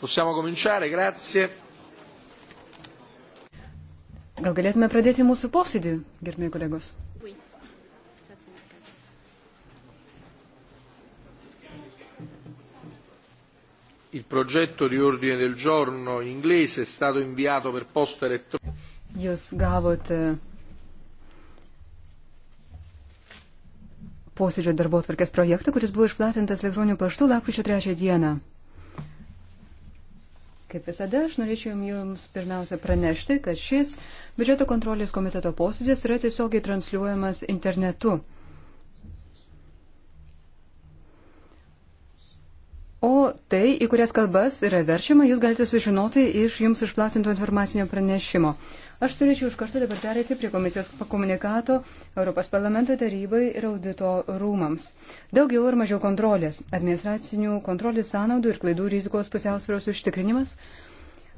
Possiamo cominciare, grazie. Gal galėtume pradėti mūsų posėdį, gerbėjai kolegos? Il progetto di ordine del giorno in inglese è stato inviato per posta elettronica. Jūs gavote posėdžio darbo tvarkės projektą, kuris buvo išplatintas elektroniniu paštu lapkričio 3 dieną. Kaip visada, aš norėčiau Jums pirmiausia pranešti, kad šis biudžeto kontrolės komiteto posėdis yra tiesiogiai transliuojamas internetu. O tai, į kurias kalbas yra verčiama, jūs galite sužinoti iš jums išplatinto informacinio pranešimo. Aš turėčiau iš karto dabar pereiti prie komisijos komunikato Europos parlamento tarybai ir audito rūmams. Daugiau ir mažiau kontrolės, administracinių kontrolės sąnaudų ir klaidų rizikos pusiausvėros užtikrinimas.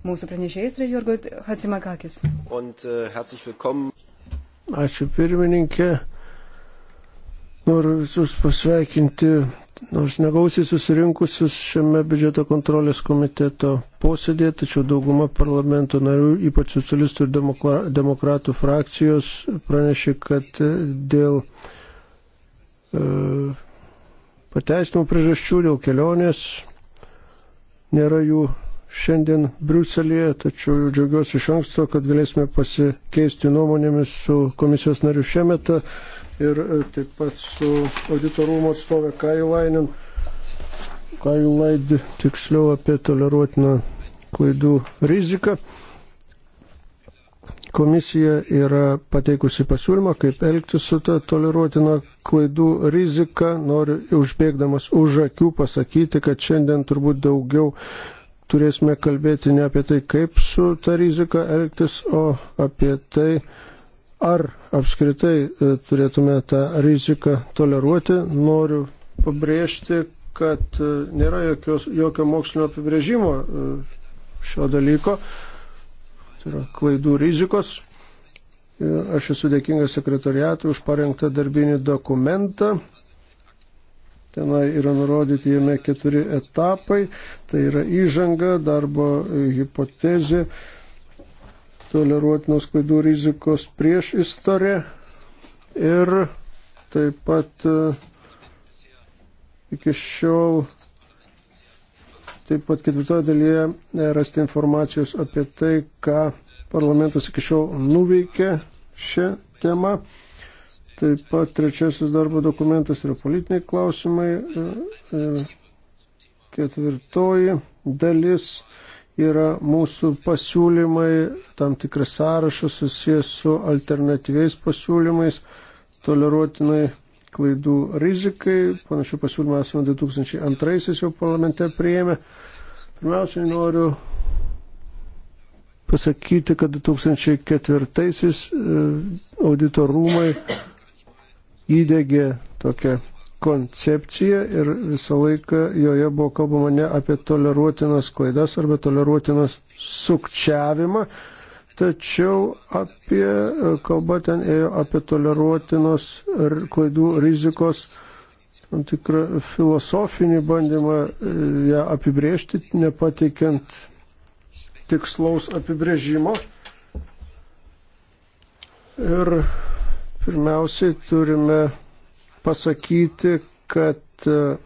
Mūsų pranešėjas yra Jurgot Hatsimakakis. Und, uh, Ačiū pirmininkė. Noriu visus pasveikinti nors negausiai susirinkusius šiame biudžeto kontrolės komiteto posėdėje, tačiau dauguma parlamento narių, ypač socialistų ir demokratų frakcijos, pranešė, kad dėl e, pateisinimų priežasčių, dėl kelionės nėra jų šiandien Briuselėje, tačiau jau džiaugiuosi iš anksto, kad galėsime pasikeisti nuomonėmis su komisijos nariu Šemeta ir e, taip pat su auditorumo atstovė Kailainin. Kailaid tiksliau apie toleruotiną klaidų riziką. Komisija yra pateikusi pasiūlymą, kaip elgtis su ta toleruotina klaidų rizika. Noriu užbėgdamas už akių pasakyti, kad šiandien turbūt daugiau turėsime kalbėti ne apie tai, kaip su ta rizika elgtis, o apie tai, ar apskritai e, turėtume tą riziką toleruoti. Noriu pabrėžti, kad e, nėra jokios, jokio mokslinio apibrėžimo e, šio dalyko, tai yra klaidų rizikos. Aš esu dėkingas sekretariatui už parengtą darbinį dokumentą. Tenai yra nurodyti jame keturi etapai. Tai yra įžanga, darbo hipotezė, toleruotinos klaidų rizikos prieš istoriją ir taip pat e, iki šiol taip pat ketvirtoje dalyje e, rasti informacijos apie tai, ką parlamentas iki šiol nuveikė šią temą. Taip pat trečiasis darbo dokumentas yra politiniai klausimai. Ir e, ketvirtoji dalis yra mūsų pasiūlymai, tam tikras sąrašas susijęs su alternatyviais pasiūlymais, toleruotinai klaidų rizikai. Panašių pasiūlymų esame 2002 jau parlamente prieėmę. Pirmiausiai noriu pasakyti, kad 2004 e, audito rūmai įdėgė tokią koncepcija ir visą laiką joje buvo kalbama ne apie toleruotinas klaidas arba toleruotinas sukčiavimą, tačiau apie, kalba ten ėjo apie toleruotinos klaidų rizikos tam tikrą filosofinį bandymą e, ją apibriežti, nepateikiant tikslaus apibrėžimo. Ir pirmiausiai turime pasakyti, kad e,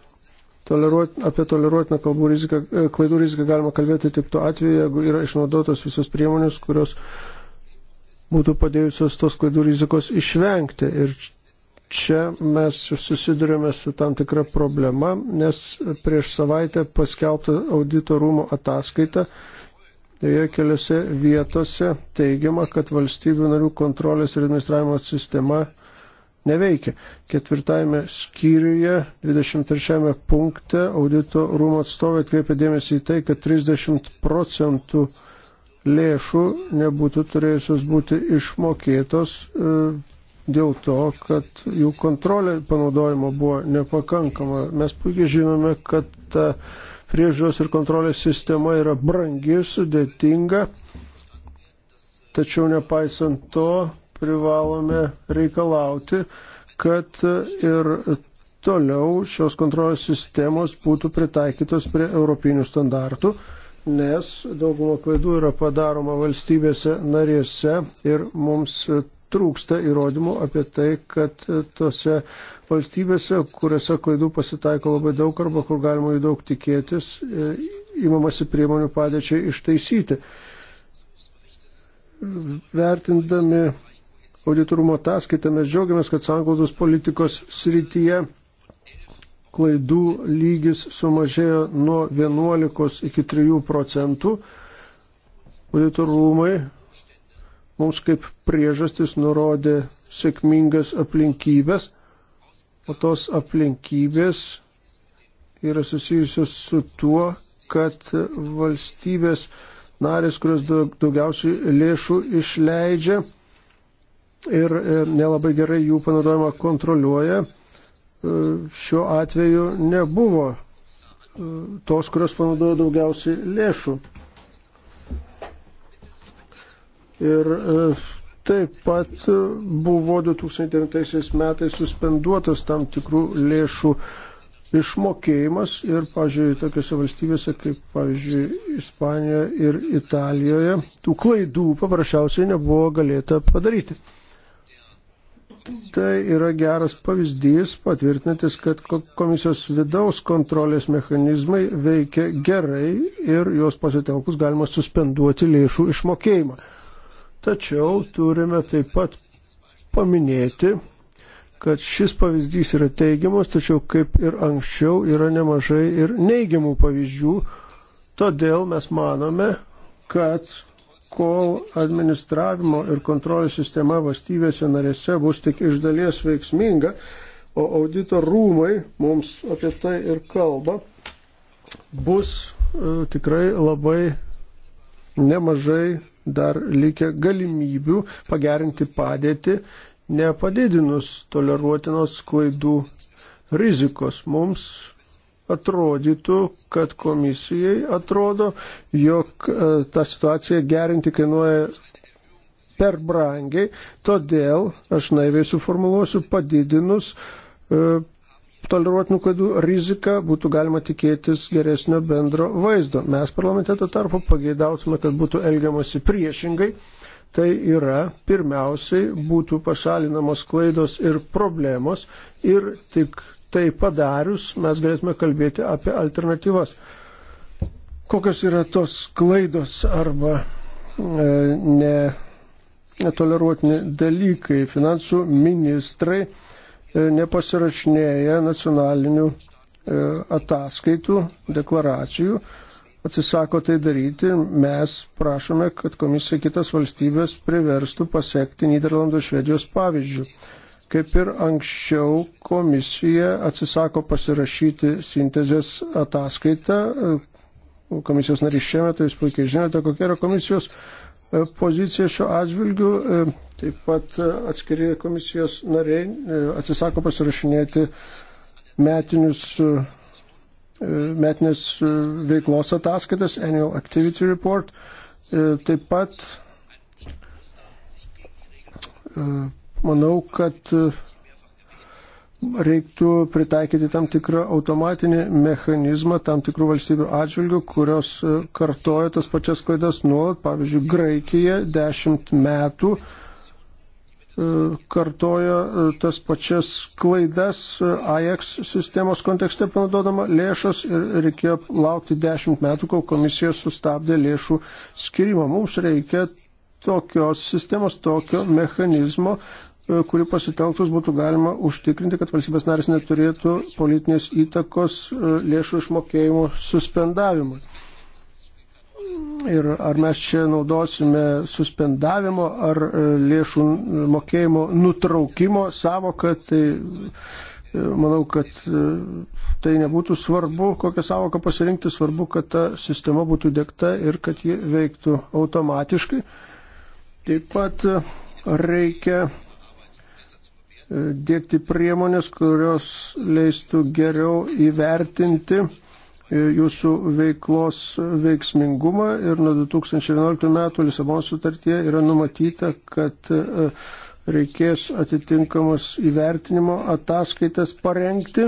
toleruot, apie toleruotiną kalbų riziką, e, klaidų riziką galima kalbėti tik tuo atveju, jeigu yra išnaudotos visos priemonės, kurios būtų padėjusios tos klaidų rizikos išvengti. Ir čia mes susidurėme su tam tikra problema, nes prieš savaitę paskelbta audito rūmų ataskaita. Joje keliose vietose teigiama, kad valstybių narių kontrolės ir administravimo sistema neveikia. Ketvirtajame skyriuje, 23 punkte, audito rūmo atstovai atkreipia dėmesį į tai, kad 30 procentų lėšų nebūtų turėjusios būti išmokėtos e, dėl to, kad jų kontrolė panaudojimo buvo nepakankama. Mes puikiai žinome, kad ta priežiūros ir kontrolės sistema yra brangi, sudėtinga, tačiau nepaisant to, privalome reikalauti, kad ir toliau šios kontrolės sistemos būtų pritaikytos prie europinių standartų, nes dauguma klaidų yra padaroma valstybėse narėse ir mums trūksta įrodymų apie tai, kad tose valstybėse, kuriuose klaidų pasitaiko labai daug arba kur galima jų daug tikėtis, įmamasi priemonių padėčiai ištaisyti. Vertindami auditorumo ataskaitą, mes džiaugiamės, kad sanglaudos politikos srityje klaidų lygis sumažėjo nuo 11 iki 3 procentų. Auditorumai mums kaip priežastis nurodė sėkmingas aplinkybės, o tos aplinkybės yra susijusios su tuo, kad valstybės narės, kurios daugiausiai lėšų išleidžia, ir e, nelabai gerai jų panaudojimą kontroliuoja, e, šiuo atveju nebuvo e, tos, kurios panaudojo daugiausiai lėšų. Ir taip pat buvo 2009 metais suspenduotas tam tikrų lėšų išmokėjimas ir, pavyzdžiui, tokiuose valstybėse kaip, pavyzdžiui, Ispanijoje ir Italijoje tų klaidų paprasčiausiai nebuvo galėta padaryti. Tai yra geras pavyzdys patvirtinantis, kad komisijos vidaus kontrolės mechanizmai veikia gerai ir juos pasitelkus galima suspenduoti lėšų išmokėjimą. Tačiau turime taip pat paminėti, kad šis pavyzdys yra teigiamas, tačiau kaip ir anksčiau yra nemažai ir neigiamų pavyzdžių. Todėl mes manome, kad kol administravimo ir kontrolės sistema valstybėse narėse bus tik iš dalies veiksminga, o audito rūmai mums apie tai ir kalba, bus e, tikrai labai nemažai dar likę galimybių pagerinti padėtį, nepadidinus toleruotinos klaidų rizikos. Mums atrodytų, kad komisijai atrodo, jog e, ta situacija gerinti kainuoja per brangiai, todėl aš naiviai suformuluosiu padidinus e, toleruotinų klaidų riziką būtų galima tikėtis geresnio bendro vaizdo. Mes parlamenteto tarpu pageidautume, kad būtų elgiamasi priešingai. Tai yra, pirmiausiai būtų pašalinamos klaidos ir problemos ir tik Tai padarius mes galėtume kalbėti apie alternatyvas. Kokios yra tos klaidos arba e, ne, netoleruotini dalykai. Finansų ministrai e, nepasirašinėja nacionalinių e, ataskaitų, deklaracijų, atsisako tai daryti, mes prašome, kad komisija kitas valstybės priverstų pasiekti Niderlandų Švedijos pavyzdžių. Kaip ir anksčiau, komisija atsisako pasirašyti sintezės ataskaitą. Komisijos narys šiemet, tai jūs puikiai žinote, kokia yra komisijos e, pozicija šiuo atžvilgiu. E, taip pat e, atskiri komisijos nariai atsisako pasirašinėti metinius metinės veiklos ataskaitas, Annual Activity Report. Taip pat Manau, kad e, reiktų pritaikyti tam tikrą automatinį mechanizmą tam tikrų valstybių atžvilgių, kurios e, kartoja tas pačias klaidas nuolat. Pavyzdžiui, Graikija dešimt metų e, kartoja tas pačias klaidas AJAX sistemos kontekste panaudodama lėšas ir reikėjo laukti dešimt metų, kol komisija sustabdė lėšų skirimą. Mums reikia tokios sistemos, tokio mechanizmo, e, kuri pasitelktus būtų galima užtikrinti, kad valstybės narės neturėtų politinės įtakos e, lėšų išmokėjimų suspendavimui. Ir ar mes čia naudosime suspendavimo ar e, lėšų mokėjimo nutraukimo savoką, tai manau, kad tai nebūtų svarbu, kokią savoką pasirinkti, svarbu, kad ta sistema būtų dėkta ir kad ji veiktų automatiškai. Taip pat e, reikia e, dėkti priemonės, kurios leistų geriau įvertinti e, jūsų veiklos veiksmingumą ir nuo 2011 metų Lisabonos sutartyje yra numatyta, kad reikės atitinkamas įvertinimo ataskaitas parengti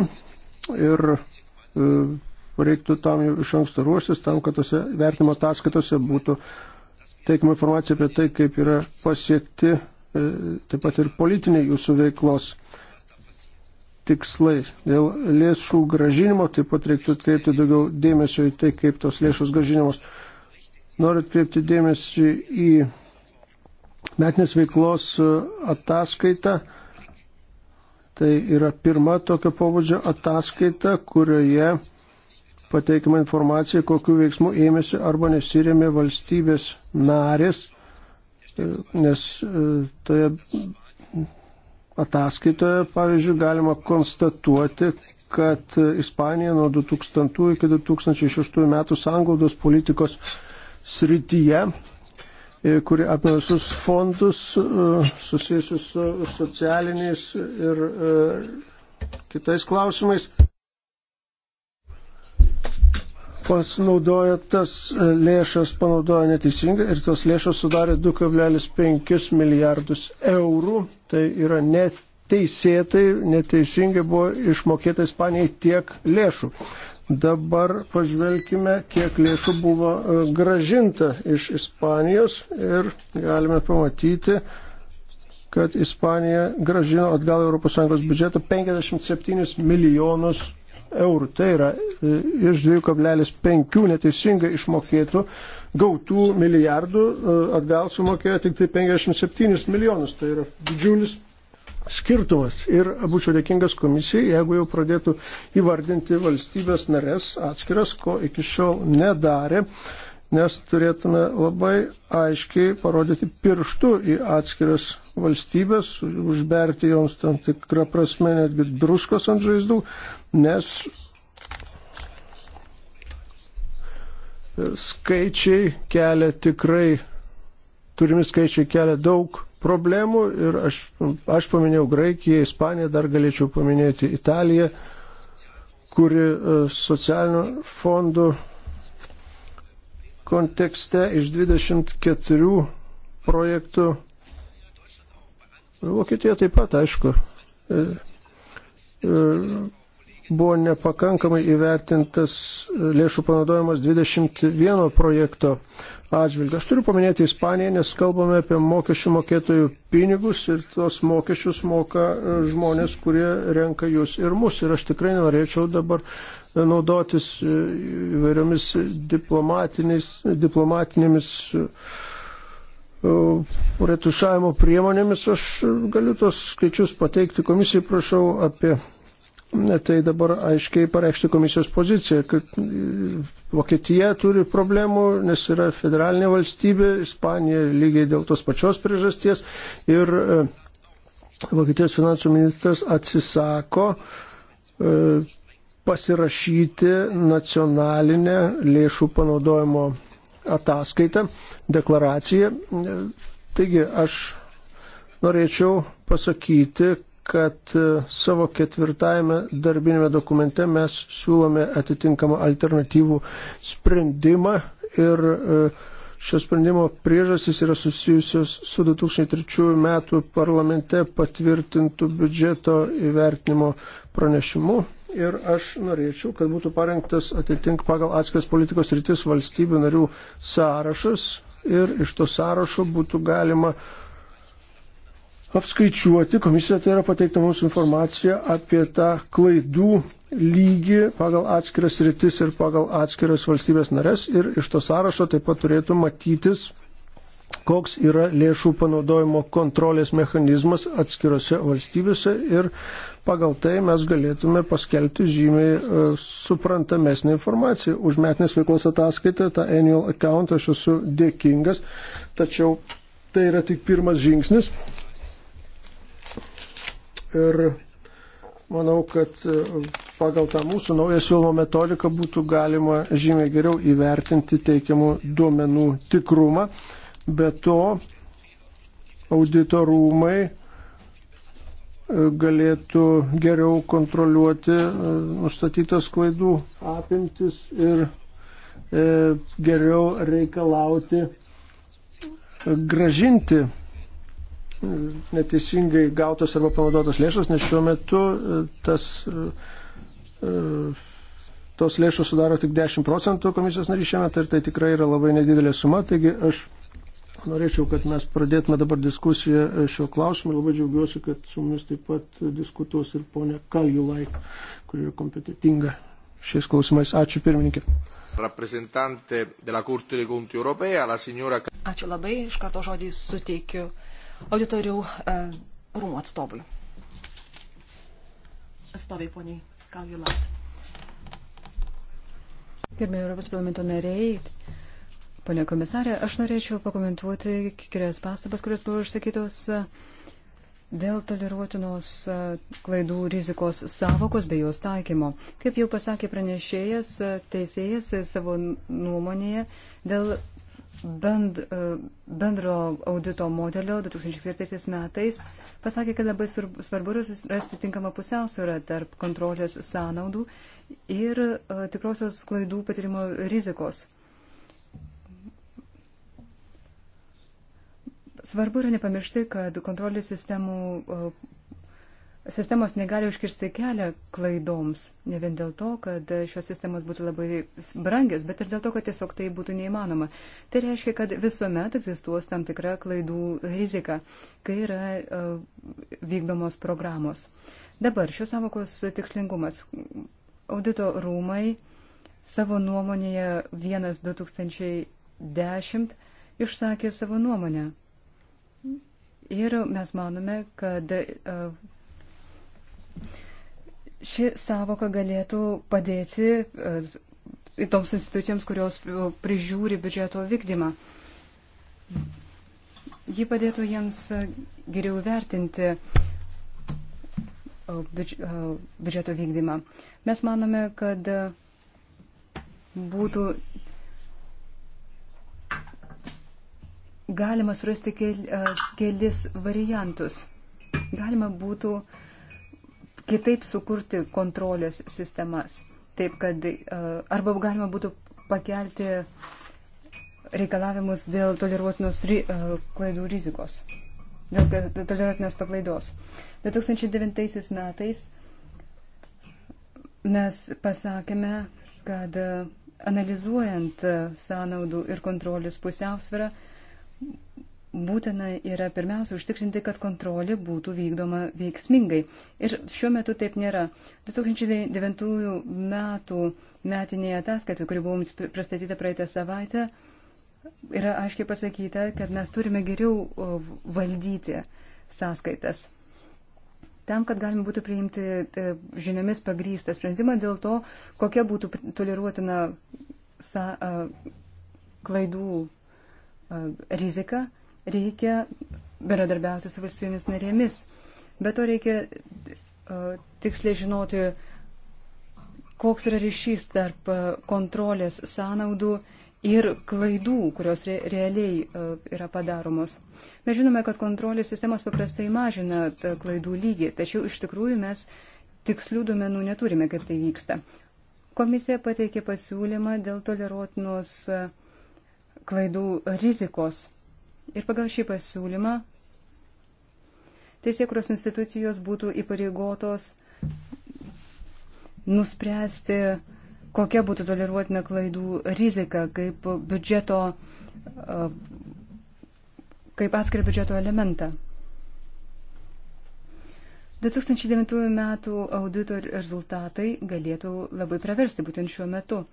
ir reiktų tam jau iš anksto ruoštis, tam, kad tose vertinimo ataskaitose būtų uh, teikima informacija apie tai, kaip yra pasiekti e, taip pat ir politiniai jūsų veiklos tikslai. Dėl lėšų gražinimo taip pat reiktų atkreipti daugiau dėmesio į tai, kaip tos lėšos gražinimos. Noriu atkreipti dėmesį į metinės veiklos e, ataskaitą. Tai yra pirma tokio pobūdžio ataskaita, kurioje pateikiama informacija, kokiu veiksmu ėmėsi arba nesirėmė valstybės narės, e, nes e, toje ataskaitoje, pavyzdžiui, galima konstatuoti, kad Ispanija nuo 2000 iki 2006 metų sanglaudos politikos srityje, e, kuri apie visus fondus susijusius su socialiniais ir kitais klausimais, pasinaudojo tas e, lėšas, panaudojo neteisingai ir tos lėšos sudarė 2,5 milijardus eurų. Tai yra neteisėtai, neteisingai buvo išmokėta Ispanijai tiek lėšų. Dabar pažvelkime, kiek lėšų buvo e, gražinta iš Ispanijos ir galime pamatyti, kad Ispanija gražino atgal ES biudžetą 57 milijonus eurų. Tai yra e, iš 2,5 neteisingai išmokėtų gautų milijardų e, atgal sumokėjo tik tai 57 milijonus. Tai yra didžiulis skirtumas. Ir būčiau dėkingas komisijai, jeigu jau pradėtų įvardinti valstybės narės atskiras, ko iki šiol nedarė, nes turėtume labai aiškiai parodyti pirštų į atskiras valstybės, užberti joms tam tikrą prasme netgi druskos ant žaizdų nes skaičiai kelia tikrai, turimi skaičiai kelia daug problemų ir aš, aš paminėjau Graikiją, Ispaniją, dar galėčiau paminėti Italiją, kuri e, socialinių fondų kontekste iš 24 projektų Vokietija taip pat, aišku, e, e, buvo nepakankamai įvertintas lėšų panaudojimas 21 projekto atžvilgiu. Aš turiu paminėti Ispaniją, nes kalbame apie mokesčių mokėtojų pinigus ir tos mokesčius moka e, žmonės, kurie renka jūs ir mus. Ir aš tikrai norėčiau dabar e, naudotis e, įvairiomis diplomatinėmis retušavimo priemonėmis. Aš galiu tos skaičius pateikti komisijai, prašau, apie tai dabar aiškiai pareikšti komisijos poziciją, kad e, Vokietija turi problemų, nes yra federalinė valstybė, Ispanija lygiai dėl tos pačios priežasties ir e, Vokietijos finansų ministras atsisako e, pasirašyti nacionalinę lėšų panaudojimo ataskaitą, deklaraciją. Taigi aš norėčiau pasakyti, kad e, savo ketvirtajame darbinėme dokumente mes siūlome atitinkamą alternatyvų sprendimą ir e, šio sprendimo priežastys yra susijusios su 2003 metų parlamente patvirtintų biudžeto įvertinimo pranešimu. Ir aš norėčiau, kad būtų parengtas atitink pagal atskiras politikos rytis valstybių narių sąrašas ir iš to sąrašo būtų galima uh, apskaičiuoti, komisija tai yra pateikta mums informacija apie tą klaidų lygį pagal atskiras rytis ir pagal atskiras valstybės narės ir iš to sąrašo taip pat turėtų matytis, koks yra lėšų panaudojimo kontrolės mechanizmas atskirose valstybėse ir pagal tai mes galėtume paskelbti žymiai e, suprantamesnį informaciją. Už metinės veiklos ataskaitą, tą annual account aš esu dėkingas, tačiau tai yra tik pirmas žingsnis ir manau, kad e, pagal tą mūsų naują siūlomą metodiką būtų galima žymiai geriau įvertinti teikiamų duomenų tikrumą. Be to, auditorumai e, galėtų geriau kontroliuoti e, nustatytas klaidų apimtis ir geriau reikalauti gražinti neteisingai gautos arba panaudotos lėšos, nes šiuo metu e, tas, e, e, tos lėšos sudaro tik 10 procentų komisijos narys šiemet ir tai tikrai yra labai nedidelė suma. Taigi aš norėčiau, kad mes pradėtume dabar diskusiją šio klausimu. Labai džiaugiuosi, kad su mumis taip pat diskutuos ir ponia Kaljulaik, kuri yra kompetitinga šiais klausimais. Ačiū pirmininkė. Ačiū labai, iš karto žodį suteikiu auditorių e, rūmų atstovui. Atstovai, poniai Kalvilat. Gerbėjai Europos parlamento nariai, ponia komisarė, aš norėčiau pakomentuoti kelias pastabas, kurios buvo išsakytos e, dėl toleruotinos e, klaidų rizikos savokos bei jos taikymo. Kaip jau pasakė pranešėjas, teisėjas savo nuomonėje dėl bend, e, bendro audito modelio 2004 metais pasakė, kad labai svarbu yra susirasti tinkamą pusiausvyrą tarp kontrolės sąnaudų ir e, tikrosios klaidų patirimo rizikos. Svarbu yra nepamiršti, kad kontrolės sistemų e, sistemos negali užkirsti kelią klaidoms, ne vien dėl to, kad šios sistemos būtų labai brangios, bet ir dėl to, kad tiesiog tai būtų neįmanoma. Tai reiškia, kad visuomet egzistuos tam tikra klaidų rizika, kai yra uh, vykdomos programos. Dabar šios savokos tikslingumas. Audito rūmai savo nuomonėje 1.2010 išsakė savo nuomonę. Ir mes manome, kad uh, Ši savoka galėtų padėti e, toms institucijoms, kurios e, prižiūri biudžeto vykdymą. Ji padėtų jiems e, geriau vertinti biudžeto vykdymą. Mes manome, kad būtų galima surasti kelis variantus. Galima būtų uh, kitaip sukurti kontrolės sistemas. Taip, kad e, arba galima būtų pakelti reikalavimus dėl toleruotinos ry, e, klaidų rizikos, dėl toleruotinos paklaidos. 2009 metais mes pasakėme, kad e, analizuojant sąnaudų ir kontrolės pusiausvyrą, būtina yra pirmiausia užtikrinti, kad kontrolė būtų vykdoma veiksmingai. Ir šiuo metu taip nėra. 2009 metų metinėje ataskaitoje, kuri buvo mums pristatyta praeitą savaitę, yra aiškiai pasakyta, kad mes turime geriau valdyti sąskaitas. Tam, kad galime būtų priimti e, žiniomis pagrystą sprendimą dėl to, kokia būtų toleruotina sa, klaidų rizika, Reikia bendradarbiauti su valstybėmis narėmis. Bet to reikia uh, tiksliai žinoti, koks yra ryšys tarp e, kontrolės sąnaudų ir klaidų, kurios re realiai uh, yra padaromos. Mes žinome, kad kontrolės sistemas paprastai mažina klaidų lygį, tačiau iš tikrųjų mes tikslių duomenų neturime, kaip tai vyksta. Komisija pateikė pasiūlymą dėl toleruotinos klaidų rizikos Ir pagal šį pasiūlymą teisėkuros institucijos būtų įpareigotos nuspręsti, kokia būtų toleruotina klaidų rizika kaip biudžeto, kaip atskirą biudžeto elementą. 2009 metų audito rezultatai galėtų labai praversti būtent šiuo metu.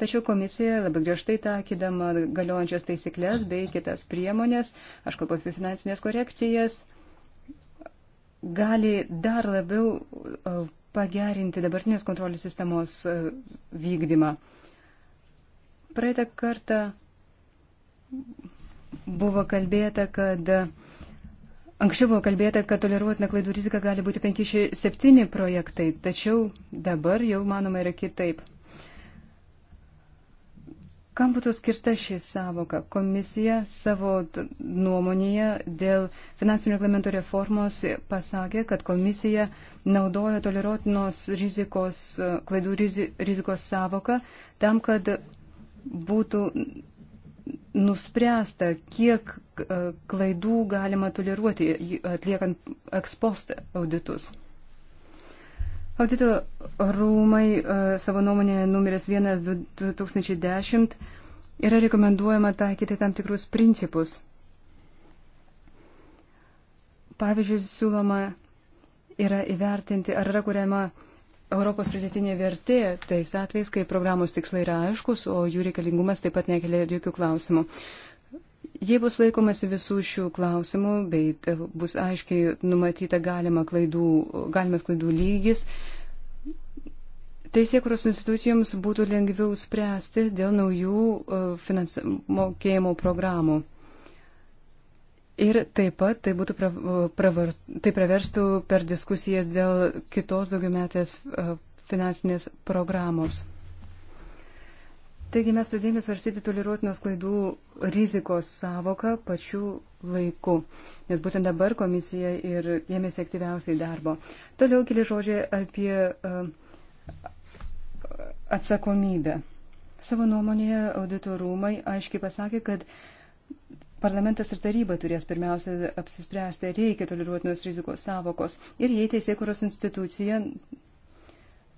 Tačiau komisija labai griežtai takydama galiojančias taisyklės bei kitas priemonės, aš kalbu apie finansinės korekcijas, gali dar labiau e, pagerinti dabartinės kontrolės sistemos e, vykdymą. Praeitą kartą buvo kalbėta, kad anksčiau buvo kalbėta, kad toleruotina klaidų rizika gali būti 5-7 projektai, tačiau dabar jau manoma yra kitaip. Kam būtų skirta ši savoka? Komisija savo nuomonėje dėl finansinio reglamento reformos pasakė, kad komisija naudoja toleruotinos rizikos, e, klaidų rizikos savoką tam, kad būtų nuspręsta, kiek e, klaidų galima toleruoti atliekant ekspostą auditus. Audito rūmai e, savo nuomonėje numeris 1 2010 yra rekomenduojama taikyti tam tikrus principus. Pavyzdžiui, siūloma yra įvertinti, ar yra kuriama Europos pridėtinė vertė tais atvejais, kai programos tikslai yra aiškus, o jų reikalingumas taip pat nekelia jokių klausimų. Jei bus laikomasi visų šių klausimų, bei e, bus aiškiai numatyta galima klaidų, galimas klaidų lygis, teisėkuros institucijoms būtų lengviau spręsti dėl naujų e, finans... mokėjimo programų. Ir taip pat tai, būtų e, pravar, tai praverstų per diskusijas dėl kitos daugiametės finansinės programos. Taigi mes pradėjome svarstyti toleruotinos klaidų rizikos savoką pačių laikų, nes būtent dabar komisija ir ėmėsi aktyviausiai darbo. Toliau keli žodžiai apie e, atsakomybę. Savo nuomonėje auditorumai aiškiai pasakė, kad Parlamentas ir taryba turės pirmiausia apsispręsti, reikia toleruotinos rizikos savokos ir jei teisėkuros institucija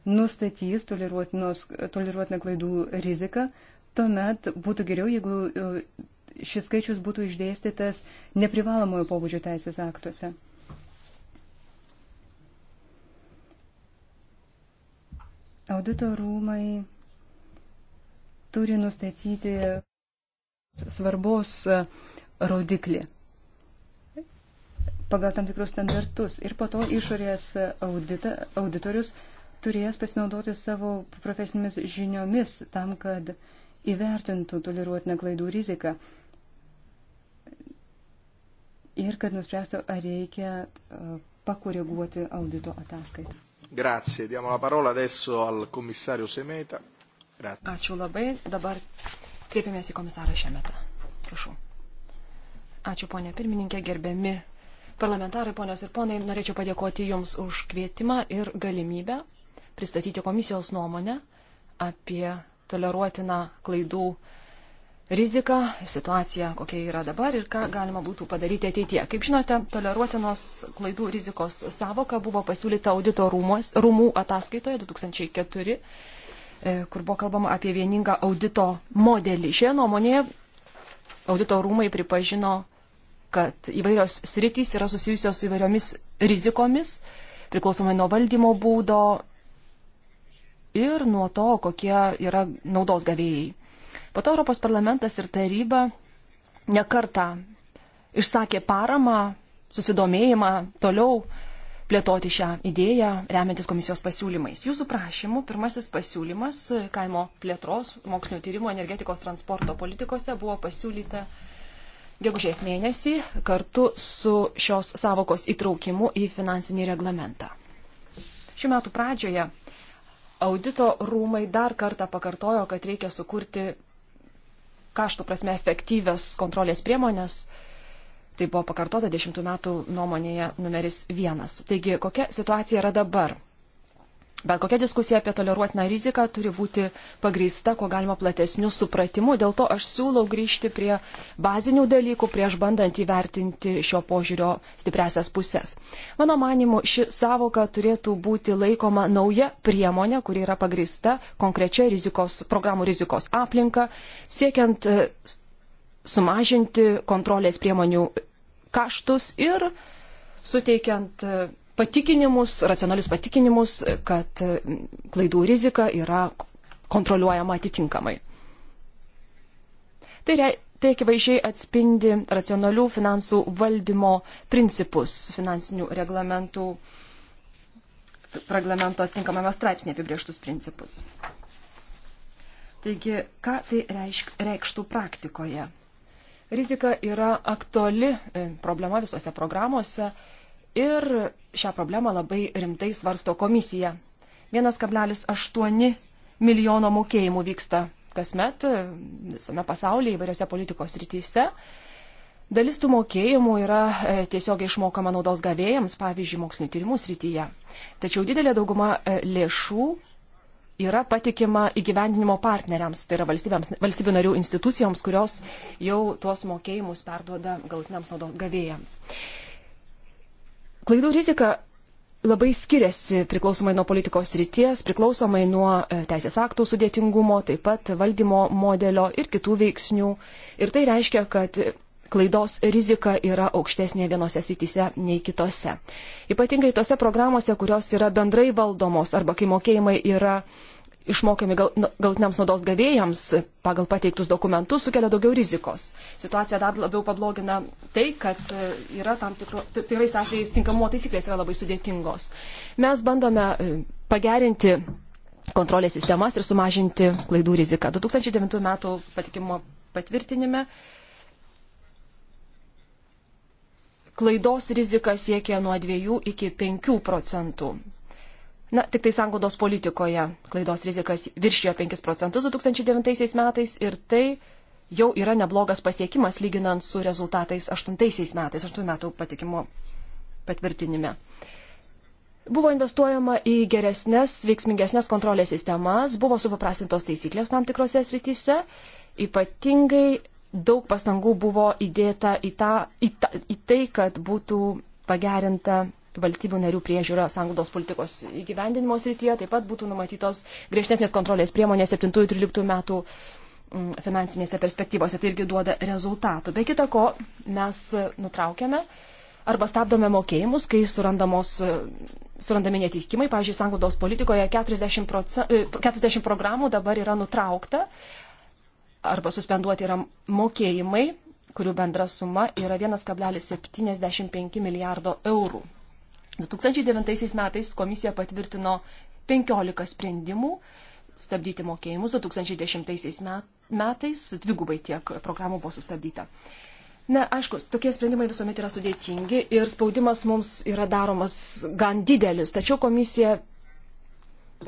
nustatys toleruotiną klaidų riziką, tuomet būtų geriau, jeigu e, šis skaičius būtų išdėstytas neprivalomojo pobūdžio teisės aktuose. Audito rūmai turi nustatyti svarbos e, rodiklį pagal tam tikrus standartus. Ir po to išorės audita, auditorius turės pasinaudoti savo profesinėmis žiniomis tam, kad įvertintų toleruotiną klaidų riziką ir kad nuspręstų, ar reikia e, pakoreguoti audito ataskaitą. Grazie. Diamo la parola adesso al commissario Semeta. Grazie. Ačiū labai. Dabar kreipiamės į komisarą Šemetą. Prašau. Ačiū, ponė pirmininkė, gerbiami parlamentarai, ponios ir ponai, norėčiau padėkoti Jums už kvietimą ir galimybę pristatyti komisijos nuomonę apie toleruotiną klaidų riziką, situaciją, kokia yra dabar ir ką galima būtų padaryti ateitie. Kaip žinote, toleruotinos klaidų rizikos savoka buvo pasiūlyta audito rūmos, rūmų ataskaitoje 2004, e, kur buvo kalbama apie vieningą audito modelį. Šioje nuomonėje audito rūmai pripažino, kad įvairios sritys yra susijusios su įvairiomis rizikomis, priklausomai nuo valdymo būdo, ir nuo to, kokie yra naudos gavėjai. Po to Europos parlamentas ir taryba nekarta išsakė paramą, susidomėjimą toliau plėtoti šią idėją, remiantis komisijos pasiūlymais. Jūsų prašymų pirmasis pasiūlymas kaimo plėtros, mokslinio tyrimo, energetikos transporto politikose buvo pasiūlyta gegužės mėnesį kartu su šios savokos įtraukimu į finansinį reglamentą. Šiuo metu pradžioje Audito rūmai dar kartą pakartojo, kad reikia sukurti kaštų prasme efektyvės kontrolės priemonės. Tai buvo pakartota 10 metų nuomonėje numeris 1. Taigi, kokia situacija yra dabar? Bet kokia diskusija apie toleruotiną riziką turi būti pagrįsta, kuo galima platesniu supratimu. Dėl to aš siūlau grįžti prie bazinių dalykų, prieš bandant įvertinti šio požiūrio stipresias pusės. Mano manimu, ši savoka turėtų būti laikoma nauja priemonė, kuri yra pagrįsta konkrečia rizikos, programų rizikos aplinka, siekiant e, sumažinti kontrolės priemonių kaštus ir suteikiant e, patikinimus, racionalius patikinimus, kad e, klaidų rizika yra kontroliuojama atitinkamai. Tai, rei, tai akivaizdžiai atspindi racionalių finansų valdymo principus finansinių reglamentų reglamento atitinkamame straipsnė apibrieštus principus. Taigi, ką tai reišk, reikštų praktikoje? Rizika yra aktuali e, problema visose programuose ir šią problemą labai rimtai svarsto komisija. 1,8 milijono mokėjimų vyksta kasmet e, visame pasaulyje įvairiose politikos rytise. Dalis tų mokėjimų yra e, tiesiog išmokama naudos gavėjams, pavyzdžiui, mokslinio tyrimų srityje. Tačiau didelė dauguma e, lėšų yra patikima įgyvendinimo partneriams, tai yra valstybių narių institucijoms, kurios jau tuos mokėjimus perduoda galutiniams naudos gavėjams. Klaidų rizika labai skiriasi priklausomai nuo politikos ryties, priklausomai nuo e, teisės aktų sudėtingumo, taip pat valdymo modelio ir kitų veiksnių. Ir tai reiškia, kad klaidos rizika yra aukštesnė vienose srityse nei kitose. Ypatingai tose programuose, kurios yra bendrai valdomos arba kai mokėjimai yra išmokami gal, nu, galtiniams naudos gavėjams pagal pateiktus dokumentus sukelia daugiau rizikos. Situacija dar labiau pablogina tai, kad e, yra tam tikro, tikrais atvejais tinkamumo taisyklės yra labai sudėtingos. Mes bandome e, pagerinti kontrolės sistemas ir sumažinti klaidų riziką. 2009 m. patikimo patvirtinime klaidos rizika siekia nuo 2 iki 5 procentų. Na, tik tai sangodos politikoje klaidos rizikas viršijo 5 procentus 2009 metais ir tai jau yra neblogas pasiekimas lyginant su rezultatais 8 metais, 8 metų patikimo patvirtinime. Buvo investuojama į geresnės, veiksmingesnės kontrolės sistemas, buvo supaprastintos taisyklės tam tikrose srityse, ypatingai daug pastangų buvo įdėta į, tą, į, ta, į tai, kad būtų pagerinta valstybių narių priežiūra sanglaudos politikos įgyvendinimo srityje. Taip pat būtų numatytos griežtesnės kontrolės priemonės 7-13 metų mm, finansinėse perspektyvose. Tai irgi duoda rezultatų. Be kita ko, mes nutraukėme arba stabdome mokėjimus, kai surandamos surandami netikimai. Pavyzdžiui, sanglaudos politikoje 40, procent, 40 programų dabar yra nutraukta arba suspenduoti yra mokėjimai, kurių bendra suma yra 1,75 milijardo eurų. 2009 metais komisija patvirtino 15 sprendimų stabdyti mokėjimus, 2010 metais dvigubai tiek programų buvo sustabdyta. Na, aišku, tokie sprendimai visuomet yra sudėtingi ir spaudimas mums yra daromas gan didelis, tačiau komisija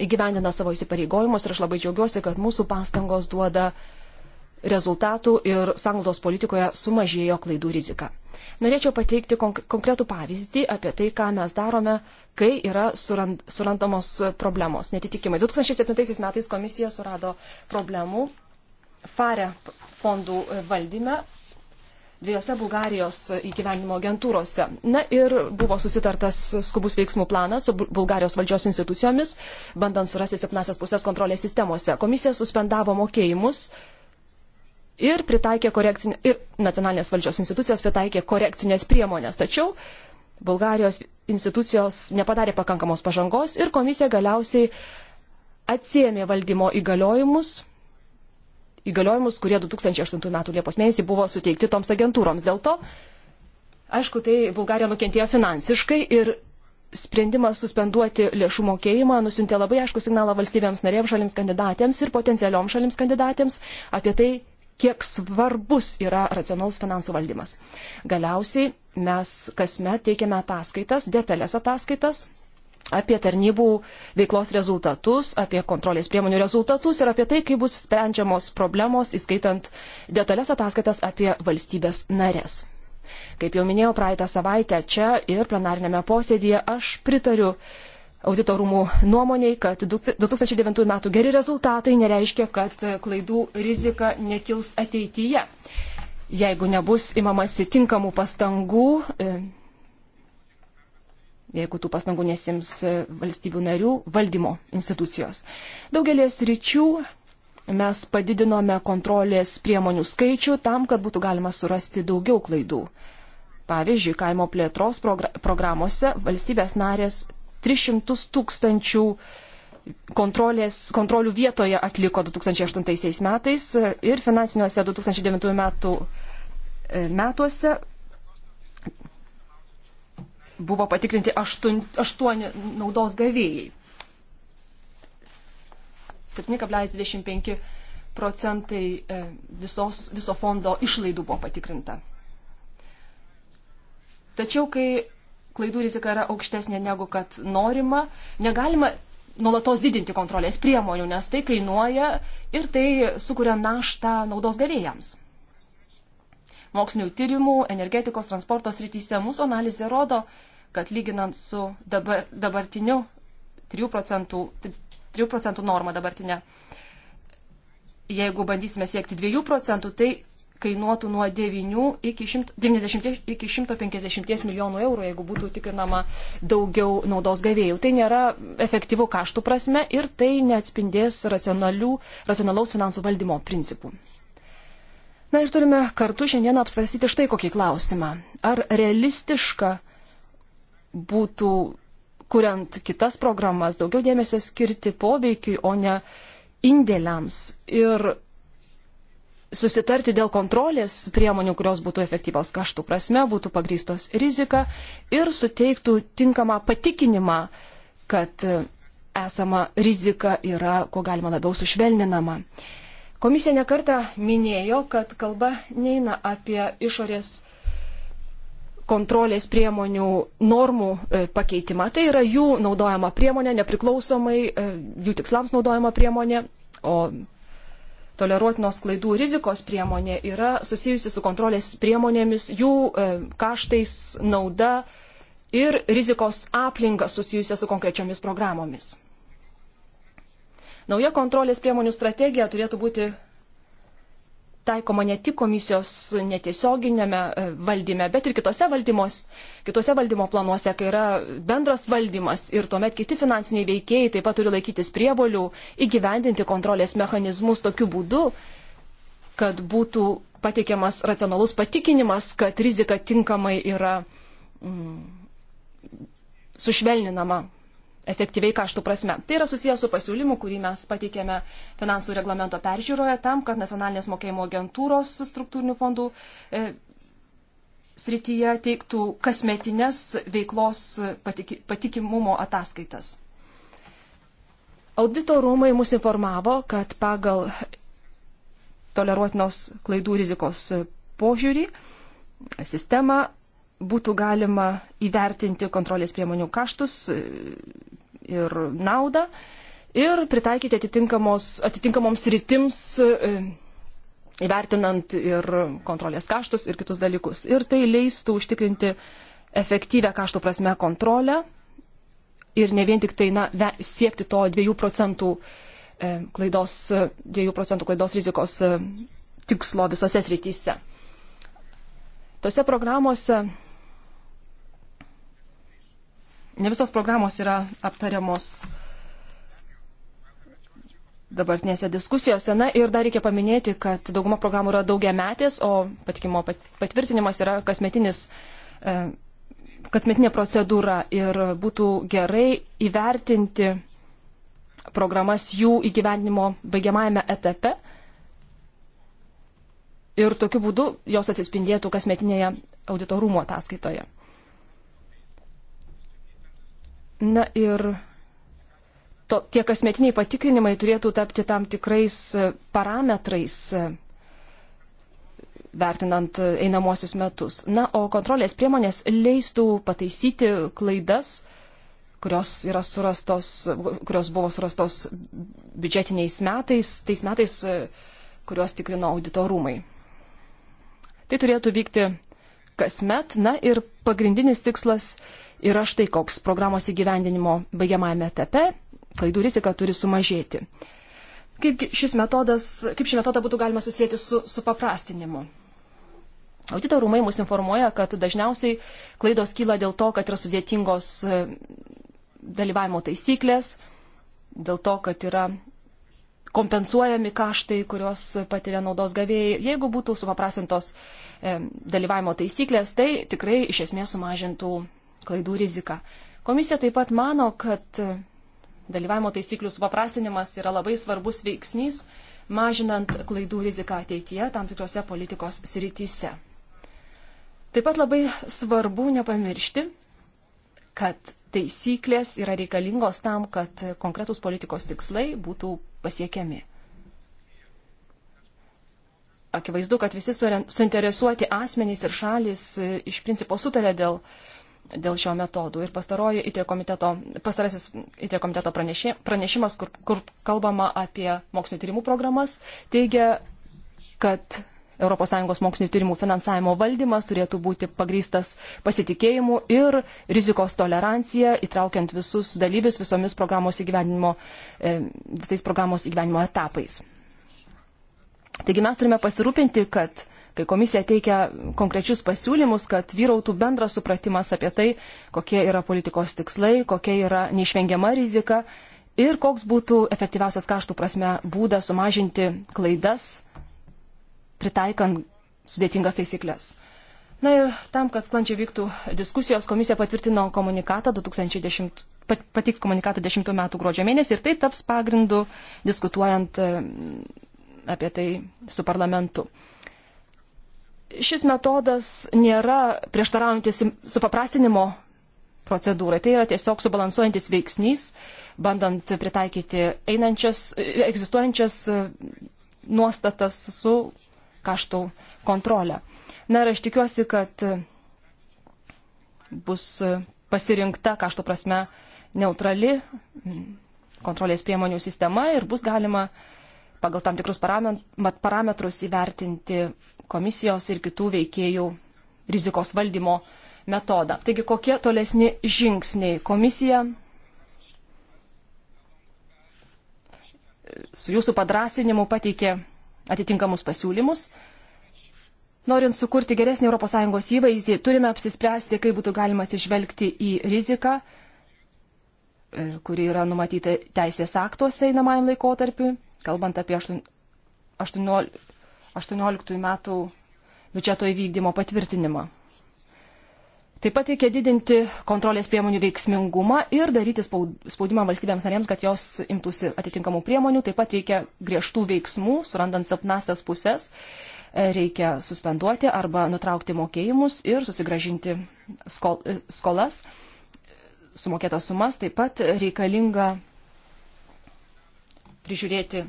įgyvendina savo įsipareigojimus ir aš labai džiaugiuosi, kad mūsų pastangos duoda rezultatų ir sanglaudos politikoje sumažėjo klaidų rizika. Norėčiau pateikti konkretų pavyzdį apie tai, ką mes darome, kai yra surand, surandamos problemos, netitikimai. 2007 metais komisija surado problemų FARE fondų valdyme dviejose Bulgarijos įgyvenimo agentūrose. Na ir buvo susitartas skubus veiksmų planas su Bulgarijos valdžios institucijomis, bandant surasti silpnasias pusės kontrolės sistemose. Komisija suspendavo mokėjimus ir, korekcinė, ir nacionalinės valdžios institucijos pritaikė korekcinės priemonės. Tačiau Bulgarijos institucijos nepadarė pakankamos pažangos ir komisija galiausiai atsiemė valdymo įgaliojimus, įgaliojimus, kurie 2008 m. Liepos mėnesį buvo suteikti toms agentūroms. Dėl to, aišku, tai Bulgarija nukentėjo finansiškai ir sprendimas suspenduoti lėšų mokėjimą nusintė labai aišku signalą valstybėms narėms, šalims kandidatėms ir potencialioms šalims kandidatėms apie tai, kiek svarbus yra racionalus finansų valdymas. Galiausiai mes kasmet teikiame ataskaitas, detalės ataskaitas apie tarnybų veiklos rezultatus, apie kontrolės priemonių rezultatus ir apie tai, kaip bus sprendžiamos problemos, įskaitant detalės ataskaitas apie valstybės narės. Kaip jau minėjau praeitą savaitę čia ir plenarinėme posėdėje, aš pritariu uh, auditorumų nuomoniai, kad 2009 metų geri rezultatai nereiškia, kad e, klaidų rizika nekils ateityje. Jeigu nebus imamasi tinkamų pastangų, e, jeigu tų pastangų nesims e, valstybių narių valdymo institucijos. Daugelės ryčių mes padidinome kontrolės priemonių skaičių tam, kad būtų galima surasti daugiau klaidų. Pavyzdžiui, kaimo plėtros progr programuose valstybės narės 300 tūkstančių kontrolių vietoje atliko 2008 metais ir finansiniuose 2009 metų e, metuose buvo patikrinti aštuoni naudos gavėjai. 7,25 procentai e, visos, viso fondo išlaidų buvo patikrinta. Tačiau, kai klaidų rizika yra aukštesnė negu kad norima. Negalima nuolatos didinti kontrolės priemonių, nes tai kainuoja ir tai sukuria naštą naudos gavėjams. Mokslinių tyrimų, energetikos, transporto srityse mūsų analizė rodo, kad lyginant su dabar, dabartiniu 3 procentų, 3 procentų norma dabartinė, jeigu bandysime siekti 2 procentų, tai kainuotų nuo 9 iki, 100, 90, iki 150 milijonų eurų, jeigu būtų tikrinama daugiau naudos gavėjų. Tai nėra efektyvų kaštų prasme ir tai neatspindės racionalaus finansų valdymo principų. Na ir turime kartu šiandien apsvarstyti štai kokį klausimą. Ar realistiška būtų, kuriant kitas programas, daugiau dėmesio skirti poveikiui, o ne indėliams ir susitarti dėl kontrolės priemonių, kurios būtų efektyvos kaštų prasme, būtų pagrystos rizika ir suteiktų tinkamą patikinimą, kad e, esama rizika yra, ko galima labiau sušvelninama. Komisija nekarta minėjo, kad kalba neina apie išorės kontrolės priemonių normų e, pakeitimą. Tai yra jų naudojama priemonė, nepriklausomai, e, jų tikslams naudojama priemonė, o toleruotinos klaidų rizikos priemonė yra susijusi su kontrolės priemonėmis, jų e, kaštais, nauda ir rizikos aplinka susijusia su konkrečiomis programomis. Nauja kontrolės priemonių strategija turėtų būti taikoma ne tik komisijos netiesioginėme e, valdyme, bet ir kitose, valdymos, kitose valdymo planuose, kai yra bendras valdymas ir tuomet kiti finansiniai veikėjai taip pat turi laikytis prievolių įgyvendinti kontrolės mechanizmus tokiu būdu, kad būtų pateikiamas racionalus patikinimas, kad rizika tinkamai yra mm, sušvelninama efektyviai kaštų prasme. Tai yra susijęs su pasiūlymu, kurį mes pateikėme finansų reglamento peržiūroje tam, kad nacionalinės mokėjimo agentūros struktūrinių fondų e, srityje teiktų kasmetinės veiklos patik, patikimumo ataskaitas. Audito rūmai mus informavo, kad pagal toleruotinos klaidų rizikos požiūrį sistemą būtų galima įvertinti kontrolės priemonių kaštus, ir naudą ir pritaikyti atitinkamoms rytims, e, įvertinant ir kontrolės kaštus ir kitus dalykus. Ir tai leistų užtikrinti efektyvę kaštų prasme kontrolę ir ne vien tik tai na, siekti to 2 procentų e, klaidos, 2 e, procentų klaidos rizikos tikslo visose srityse. Tose programuose ne visos programos yra aptariamos dabartinėse diskusijose. Na ir dar reikia paminėti, kad dauguma programų yra daugiametės, o patikimo patvirtinimas yra kasmetinis, e, kasmetinė procedūra ir būtų gerai įvertinti programas jų įgyvendinimo baigiamajame etape. Ir tokiu būdu jos atsispindėtų kasmetinėje auditorumo ataskaitoje. Na ir to, tie kasmetiniai patikrinimai turėtų tapti tam tikrais e, parametrais e, vertinant e, einamosius metus. Na, o kontrolės priemonės leistų pataisyti klaidas, kurios, surastos, kurios buvo surastos biudžetiniais metais, tais metais, kuriuos tikrino auditorumai. Tai turėtų vykti kasmet, na ir pagrindinis tikslas yra štai koks programos įgyvendinimo baigiamajame etape klaidų rizika turi sumažėti. Kaip, šis metodas, kaip šį metodą būtų galima susijęti su, su paprastinimu? Audito rūmai mus informuoja, kad dažniausiai klaidos kyla dėl to, kad yra sudėtingos e, dalyvavimo taisyklės, dėl to, kad yra kompensuojami kaštai, kuriuos patiria naudos gavėjai. Jeigu būtų supaprastintos e, dalyvavimo taisyklės, tai tikrai iš esmės sumažintų klaidų riziką. Komisija taip pat mano, kad dalyvavimo taisyklių supaprastinimas yra labai svarbus veiksnys, mažinant klaidų riziką ateityje tam tikrose politikos srityse. Taip pat labai svarbu nepamiršti, kad taisyklės yra reikalingos tam, kad konkretus politikos tikslai būtų pasiekiami. Akivaizdu, kad visi suinteresuoti asmenys ir šalis iš principo sutarė dėl uh, dėl šio metodų. Ir pastaroji ITRE komiteto, pastarasis ITRE komiteto pranešė, pranešimas, kur, kur kalbama apie mokslinio tyrimų programas, teigia, kad ES mokslinio tyrimų finansavimo valdymas turėtų būti pagrystas pasitikėjimu ir rizikos tolerancija, įtraukiant visus dalyvius visomis programos įgyvenimo, e, visais programos įgyvenimo etapais. Taigi mes turime pasirūpinti, kad kai komisija teikia konkrečius pasiūlymus, kad vyrautų bendras supratimas apie tai, kokie yra politikos tikslai, kokia yra neišvengiama rizika ir koks būtų efektyviausias kaštų prasme būdas sumažinti klaidas, pritaikant sudėtingas taisyklės. Na ir tam, kad sklandžiai vyktų diskusijos, komisija patvirtino komunikatą 2010, patiks komunikatą 10 metų gruodžio mėnesį ir tai taps pagrindu diskutuojant e, apie tai su parlamentu šis metodas nėra prieštaraujantis supaprastinimo procedūrai. Tai yra tiesiog subalansuojantis veiksnys, bandant pritaikyti einančias, egzistuojančias e, nuostatas su kaštų kontrolė. Na ir aš tikiuosi, kad bus pasirinkta kaštų prasme neutrali kontrolės priemonių sistema ir bus galima pagal tam tikrus parametrus įvertinti komisijos ir kitų veikėjų rizikos valdymo metodą. Taigi kokie tolesni žingsniai komisija su jūsų padrasinimu pateikė atitinkamus pasiūlymus. Norint sukurti geresnį ES įvaizdį, turime apsispręsti, kaip būtų galima atsižvelgti į riziką, e, kuri yra numatyta teisės aktuose einamajam laikotarpiu, kalbant apie 18 18 metų biudžeto įvykdymo patvirtinimą. Taip pat reikia didinti kontrolės priemonių veiksmingumą ir daryti spaudimą valstybėms narėms, kad jos imtųsi atitinkamų priemonių. Taip pat reikia griežtų veiksmų, surandant silpnasias pusės, e, reikia suspenduoti arba nutraukti mokėjimus ir susigražinti skol, e, skolas, sumokėtas sumas. Taip pat reikalinga prižiūrėti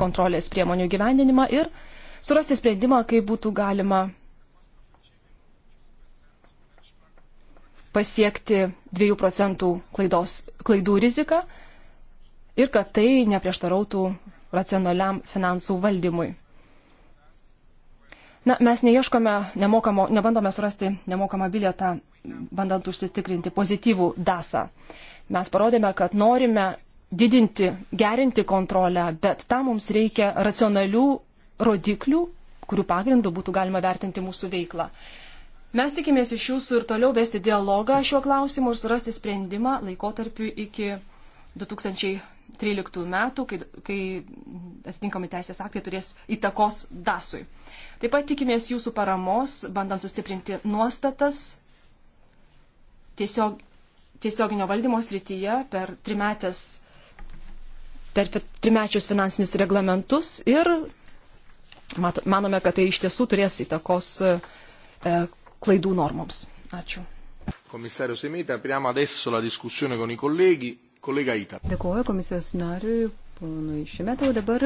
kontrolės priemonių gyvendinimą ir surasti sprendimą, kaip būtų galima pasiekti 2 procentų klaidos, klaidų riziką ir kad tai neprieštarautų racionaliam finansų valdymui. Na, mes neieškome nemokamo, nebandome surasti nemokamą bilietą, bandant užsitikrinti pozityvų dasą. Mes parodėme, kad norime didinti, gerinti kontrolę, bet tam mums reikia racionalių rodiklių, kurių pagrindų būtų galima vertinti mūsų veiklą. Mes tikimės iš jūsų ir toliau vesti dialogą šiuo klausimu ir surasti sprendimą laikotarpiu iki 2013 metų, kai, kai atitinkami teisės aktai turės įtakos DASui. Taip pat tikimės jūsų paramos, bandant sustiprinti nuostatas tiesiog, tiesioginio valdymo srityje per trimetės per trimečius finansinius reglamentus ir manome, kad tai iš tiesų turės įtakos e, e, klaidų normoms. Ačiū. Komisario Semeta, apriamo adesso la discussione con i colleghi. Kolega Ita. Dėkuoju komisijos nariui, ponui Šimetau. Dabar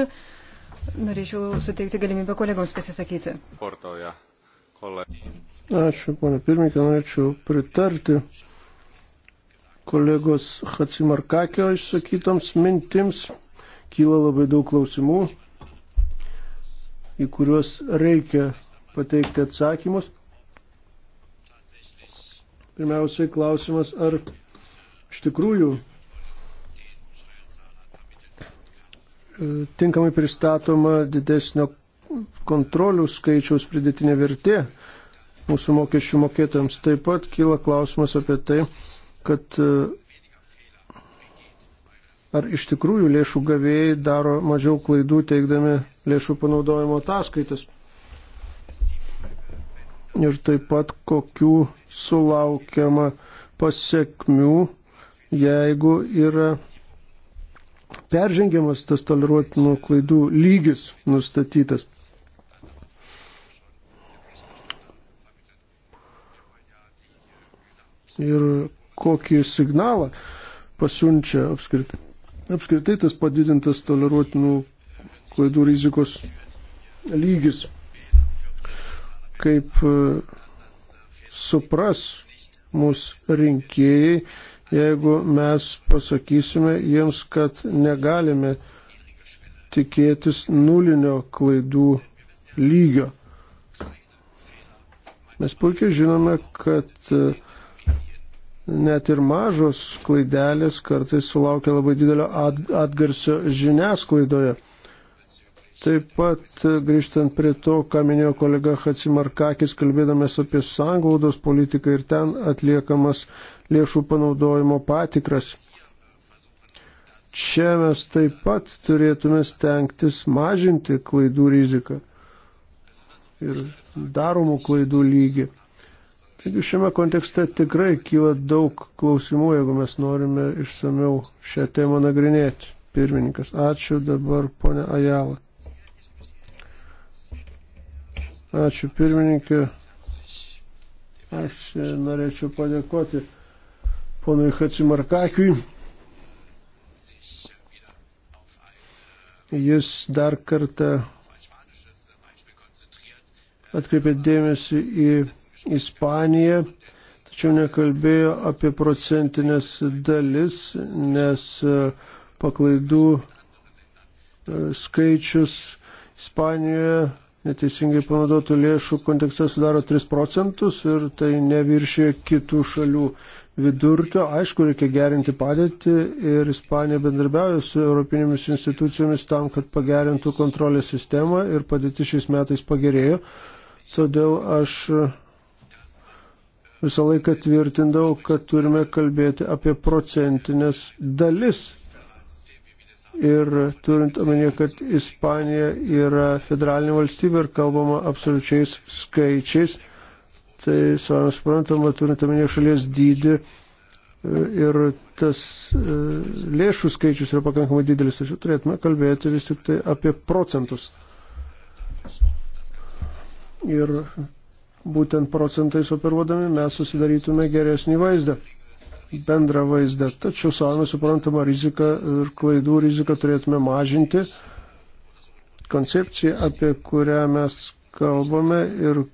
norėčiau suteikti galimybę kolegoms pasisakyti. Portoje. Ačiū, ponė pirmininkė, norėčiau pritarti kolegos Hatsimarkakio išsakytoms mintims. Kyla labai daug klausimų į kuriuos reikia pateikti atsakymus. Pirmiausiai klausimas, ar iš tikrųjų e, tinkamai pristatoma didesnio kontrolių skaičiaus pridėtinė vertė mūsų mokesčių mokėtams. Taip pat kyla klausimas apie tai, kad e, ar iš tikrųjų lėšų gavėjai daro mažiau klaidų teikdami lėšų panaudojimo ataskaitas. Ir taip pat kokių sulaukiama pasiekmių, jeigu yra peržengiamas tas toleruotinų klaidų lygis nustatytas. Ir kokį signalą pasiunčia apskritai apskritai tas padidintas toleruotinų klaidų rizikos lygis. Kaip e, supras mūsų rinkėjai, jeigu mes pasakysime jiems, kad negalime tikėtis nulinio klaidų lygio. Mes puikiai žinome, kad uh, net ir mažos klaidelės kartais sulaukia labai didelio atgarsio žiniasklaidoje. Taip pat grįžtant prie to, ką minėjo kolega Hatsimarkakis, kalbėdamas apie sanglaudos politiką ir ten atliekamas lėšų panaudojimo patikras. Čia mes taip pat turėtume stengtis mažinti klaidų riziką ir daromų klaidų lygį. Taigi šiame kontekste tikrai kyla daug klausimų, jeigu mes norime išsameu šią temą nagrinėti. Pirmininkas, ačiū dabar ponia Ajala. Ačiū pirmininkė. Aš norėčiau padėkoti ponui Hatsimarkakiui. Jis dar kartą atkreipė dėmesį į Ispaniją, tačiau nekalbėjo apie procentinės dalis, nes e, paklaidų e, skaičius Ispanijoje neteisingai panaudotų lėšų kontekste sudaro 3 procentus ir tai neviršė kitų šalių vidurkio. Aišku, reikia gerinti padėtį ir Ispanija bendarbiauja su Europinėmis institucijomis tam, kad pagerintų kontrolės sistemą ir padėti šiais metais pagerėjo. Todėl aš visą laiką tvirtindavau, kad turime kalbėti apie procentinės dalis. Ir turint omenyje, kad Ispanija yra federalinė valstybė ir kalbama absoliučiais skaičiais, tai savame suprantama, turint omenyje šalies dydį e, ir tas e, lėšų skaičius yra pakankamai didelis, tačiau turėtume kalbėti vis tik tai apie procentus. Ir būtent procentais operuodami mes susidarytume geresnį vaizdą, bendrą vaizdą. Tačiau savame suprantama rizika ir klaidų riziką turėtume mažinti. Koncepcija, apie kurią mes kalbame ir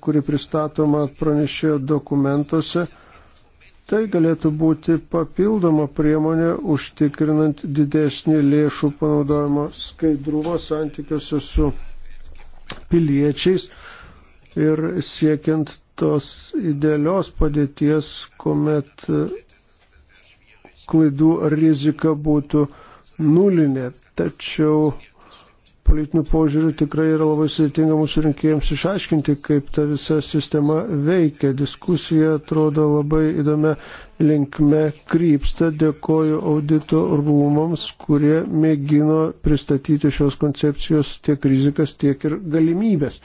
kuri pristatoma pranešėjo dokumentuose, tai galėtų būti papildoma priemonė užtikrinant didesnį lėšų panaudojimo skaidrumą santykiuose su piliečiais ir siekiant tos idealios padėties, kuomet klaidų rizika būtų nulinė. Tačiau politinių požiūrių tikrai yra labai sudėtinga mūsų rinkėjams išaiškinti, kaip ta visa sistema veikia. Diskusija atrodo labai įdomia linkme krypsta. Dėkoju audito rūmams, kurie mėgino pristatyti šios koncepcijos tiek rizikas, tiek ir galimybės.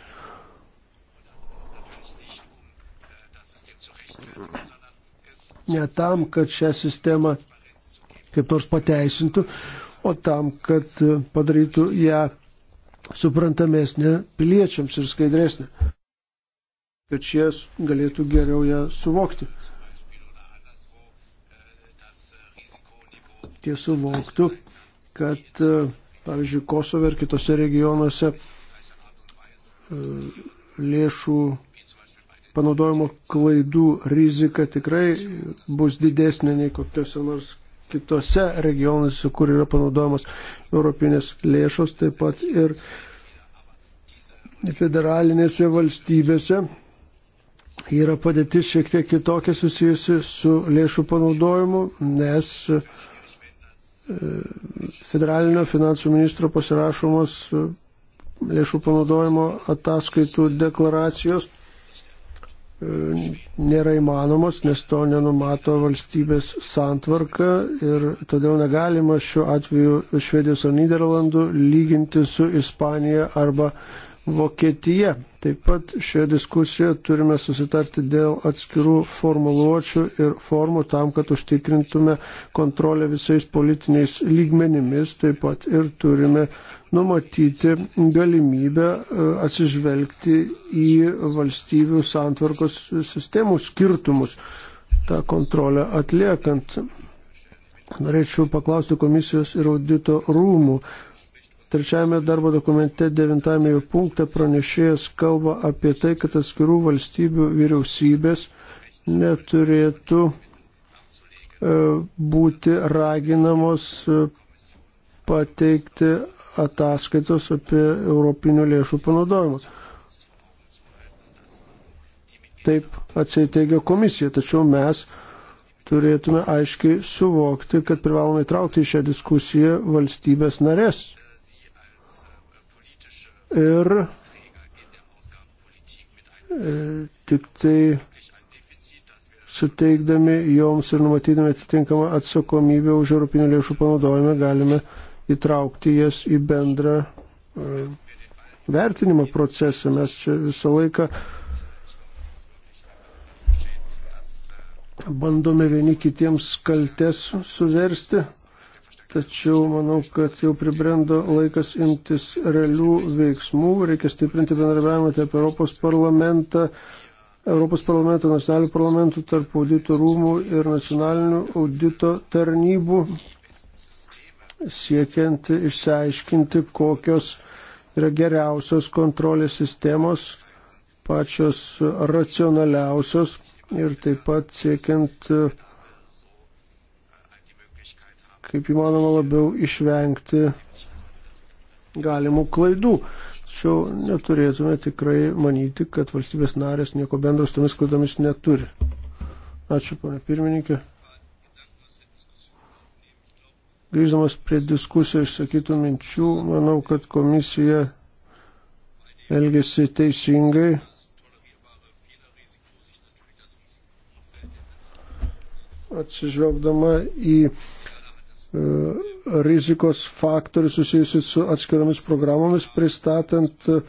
ne tam, kad šią sistemą kaip nors pateisintų, o tam, kad padarytų ją suprantamesnė piliečiams ir skaidresnė, kad šie galėtų geriau ją suvokti. Tie suvoktų, kad, pavyzdžiui, Kosovo ir kitose regionuose e, lėšų panaudojimo klaidų rizika tikrai bus didesnė nei kokiuose nors kitose regionuose, kur yra panaudojamos europinės lėšos, taip pat ir federalinėse valstybėse yra padėtis šiek tiek kitokia susijusi su lėšų panaudojimu, nes e, federalinio finansų ministro pasirašomos e, lėšų panaudojimo ataskaitų deklaracijos E, nėra įmanomos, nes to nenumato valstybės santvarka ir todėl negalima šiuo atveju Švedijos ar Niderlandų lyginti su Ispanija arba Vokietija. Taip pat šioje diskusijoje turime susitarti dėl atskirų formuluočių ir formų tam, kad užtikrintume kontrolę visais politiniais lygmenimis. Taip pat ir turime numatyti galimybę e, atsižvelgti į valstybių santvarkos sistemų skirtumus tą kontrolę atliekant. Norėčiau paklausti komisijos ir audito rūmų, Trečiajame darbo dokumente devintame jo punkte pranešėjas kalba apie tai, kad atskirų valstybių vyriausybės neturėtų e, būti raginamos e, pateikti ataskaitos apie europinių lėšų panaudojimą. Taip atsiteigia komisija, tačiau mes turėtume aiškiai suvokti, kad privalome įtraukti į šią diskusiją valstybės narės ir e, tik tai suteikdami joms ir numatydami atitinkamą atsakomybę už europinių lėšų panaudojimą galime įtraukti jas į bendrą e, vertinimo procesą. Mes čia visą laiką bandome vieni kitiems kaltes suversti, Tačiau manau, kad jau pribrendo laikas imtis realių veiksmų, reikia stiprinti bendradarbiavimą tarp Europos parlamentą, Europos parlamento, nacionalinių parlamentų, tarp audito rūmų ir nacionalinių audito tarnybų, siekiant išsiaiškinti, kokios yra geriausios kontrolės sistemos, pačios racionaliausios ir taip pat siekiant uh, kaip įmanoma labiau išvengti galimų klaidų. Tačiau neturėtume tikrai manyti, kad valstybės narės nieko bendro su tomis klaidomis neturi. Ačiū, pana pirmininkė. Grįždamas prie diskusijų išsakytų minčių, manau, kad komisija elgesi teisingai, atsižvelgdama į E, rizikos faktorių susijusių su atskiromis programomis, pristatant e,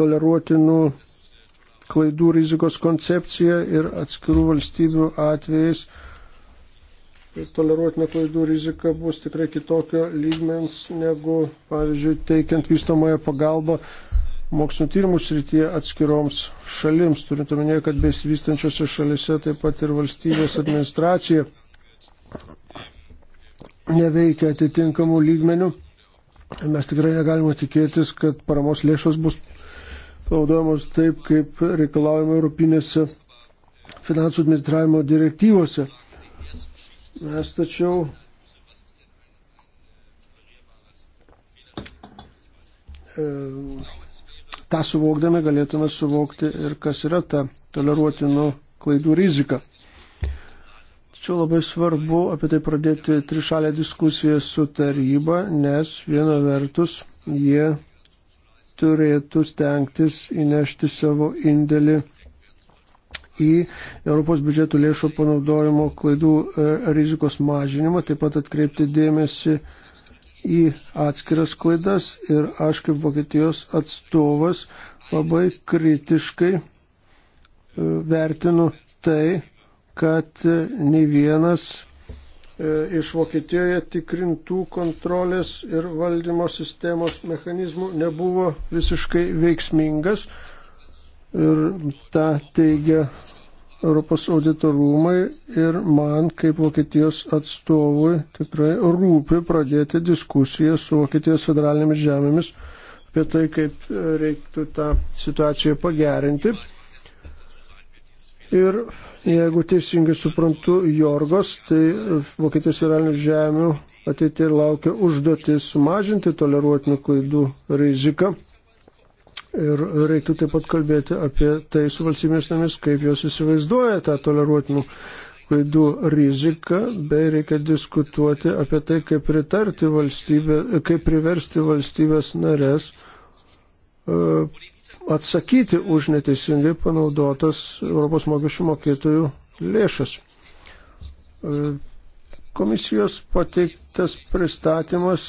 toleruotinų klaidų rizikos koncepciją ir atskirų valstybių atvejais toleruotinė klaidų rizika bus tikrai kitokio lygmens negu, pavyzdžiui, teikiant vystomąją pagalbą mokslinio tyrimų srityje atskiroms šalims, turint omenyje, kad besivystančiose šalise taip pat ir valstybės administracija neveikia atitinkamų lygmenių. Mes tikrai negalime tikėtis, kad paramos lėšos bus naudojamos taip, kaip reikalaujama Europinėse finansų administravimo direktyvose. Mes tačiau e, tą suvokdami galėtume suvokti ir kas yra ta toleruotinų klaidų rizika. Čia labai svarbu apie tai pradėti trišalę diskusiją su taryba, nes viena vertus jie turėtų stengtis įnešti savo indėlį į Europos biudžeto lėšų panaudojimo klaidų e, rizikos mažinimą, taip pat atkreipti dėmesį į atskiras klaidas ir aš kaip Vokietijos atstovas labai kritiškai e, vertinu tai, kad nei vienas e, iš Vokietijoje tikrintų kontrolės ir valdymo sistemos mechanizmų nebuvo visiškai veiksmingas. Ir tą teigia Europos auditorumai ir man kaip Vokietijos atstovui tikrai rūpi pradėti diskusiją su Vokietijos federalinėmis žemėmis apie tai, kaip reiktų tą situaciją pagerinti. Ir jeigu teisingai suprantu, Jorgos, tai Vokietijos realinių žemių ateitie laukia užduotis sumažinti toleruotinų klaidų riziką. Ir reiktų taip pat kalbėti apie tai su valstybės namis, kaip jos įsivaizduoja tą toleruotinų klaidų riziką, bei reikia diskutuoti apie tai, kaip pritarti valstybė, kaip priversti valstybės narės e, atsakyti už neteisingai panaudotas Europos mokesčių mokėtojų lėšas. E, komisijos pateiktas pristatymas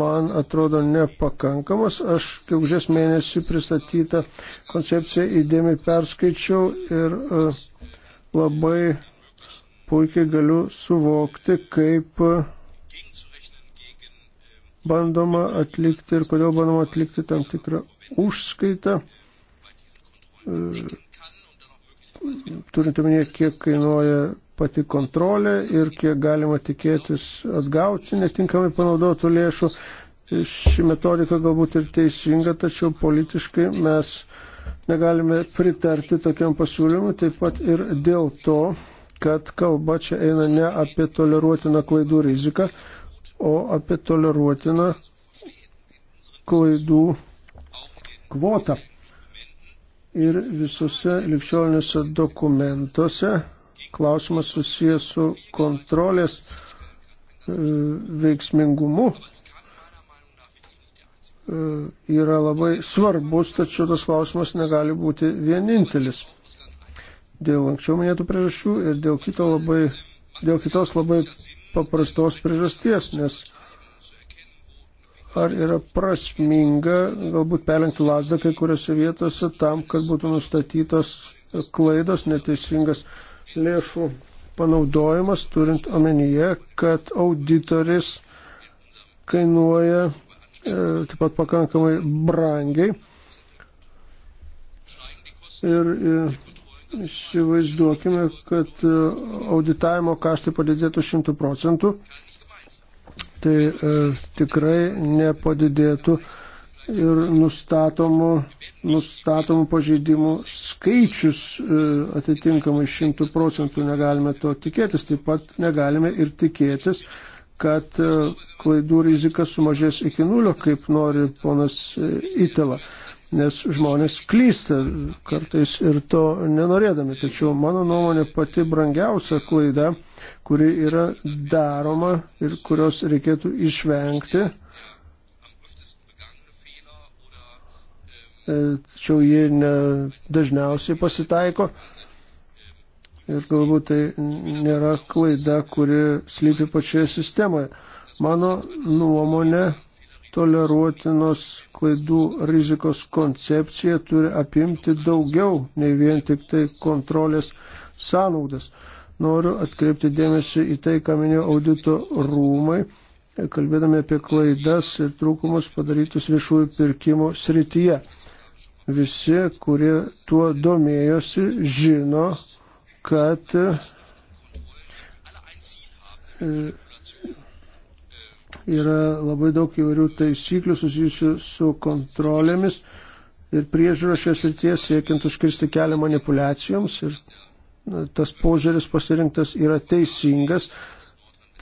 man atrodo nepakankamas. Aš kiekvienas mėnesį pristatytą koncepciją įdėmiai perskaičiau ir e, labai puikiai galiu suvokti, kaip bandoma atlikti ir kodėl bandoma atlikti tam tikrą užskaitą E, turint omenyje, kiek kainuoja pati kontrolė ir kiek galima tikėtis atgauti netinkamai panaudotų lėšų. Ši metodika galbūt ir teisinga, tačiau politiškai mes negalime pritarti tokiam pasiūlymui, taip pat ir dėl to, kad kalba čia eina ne apie toleruotiną klaidų riziką, o apie toleruotiną klaidų kvotą ir visose likščionėse dokumentuose klausimas susijęs su kontrolės e, veiksmingumu e, yra labai svarbus, tačiau tas klausimas negali būti vienintelis. Dėl anksčiau minėtų priežasčių ir dėl, kito labai, dėl kitos labai paprastos priežasties, nes ar yra prasminga galbūt perlenkti lasdą kai kuriuose vietose tam, kad būtų nustatytos klaidos, neteisingas lėšų panaudojimas, turint omenyje, kad auditoris kainuoja e, taip pat pakankamai brangiai. Ir e, įsivaizduokime, kad e, auditavimo kaštai padidėtų 100 procentų tai e, tikrai nepadidėtų ir nustatomų, nustatomų pažeidimų skaičius e, atitinkamai šimtų procentų negalime to tikėtis. Taip pat negalime ir tikėtis, kad e, klaidų rizika sumažės iki nulio, kaip nori ponas e, Itela. E, nes žmonės klysta kartais ir to nenorėdami. Tačiau mano nuomonė pati brangiausia klaida, kuri yra daroma ir kurios reikėtų išvengti. E, tačiau ji ne, dažniausiai pasitaiko. Ir galbūt tai nėra klaida, kuri slypi pačioje sistemoje. Mano nuomonė toleruotinos klaidų rizikos koncepcija turi apimti daugiau nei vien tik tai kontrolės sąnaudas. Noriu atkreipti dėmesį į tai, ką minėjo audito rūmai, kalbėdami apie klaidas ir trūkumus padarytus viešųjų pirkimų srityje. Visi, kurie tuo domėjosi, žino, kad e, yra labai daug įvairių taisyklių susijusių su kontrolėmis ir priežiūro šios srities siekiant užkirsti kelią manipulacijoms ir tas požiūris pasirinktas yra teisingas,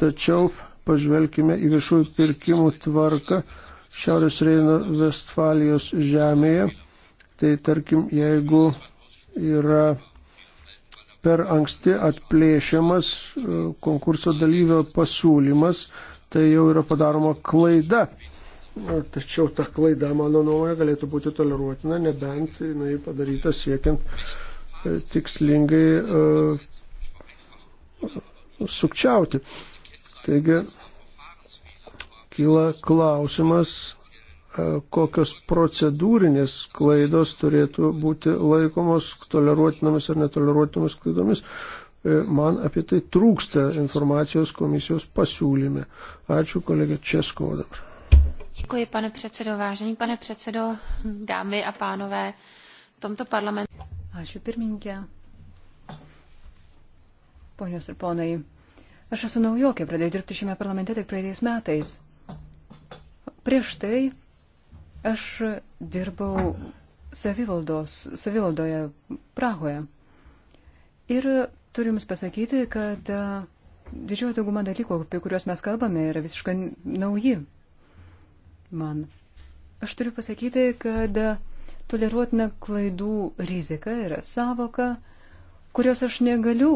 tačiau pažvelkime į viešųjų pirkimų tvarką Šiaurės Reino Vestfalijos žemėje. Tai tarkim, jeigu yra per anksti atplėšiamas e, konkurso dalyvio pasiūlymas, tai jau yra padaroma klaida. Tačiau ta klaida, mano nuomonė, galėtų būti toleruotina, nebent jinai padaryta siekiant e, tikslingai uh, sukčiauti. Taigi, kyla klausimas, uh, kokios procedūrinės klaidos turėtų būti laikomos toleruotinomis ar netoleruotinomis klaidomis. E, man apie tai trūksta informacijos komisijos pasiūlyme. Ačiū kolega Česko dabar. Děkuji, pane předsedo. Vážený pane předsedo, dámy a pánové, v tomto parlamentu. Ačiū pirmininkė. Ponios ir ponai, aš esu naujokė, pradėjau dirbti šiame parlamente tik praeitais metais. Prieš tai aš dirbau savivaldos, savivaldoje Prahoje. Ir Turiu Jums pasakyti, kad e, didžioji dauguma dalykų, apie kuriuos mes kalbame, yra visiškai nauji man. Aš turiu pasakyti, kad e, toleruotina klaidų rizika yra savoka, kurios aš negaliu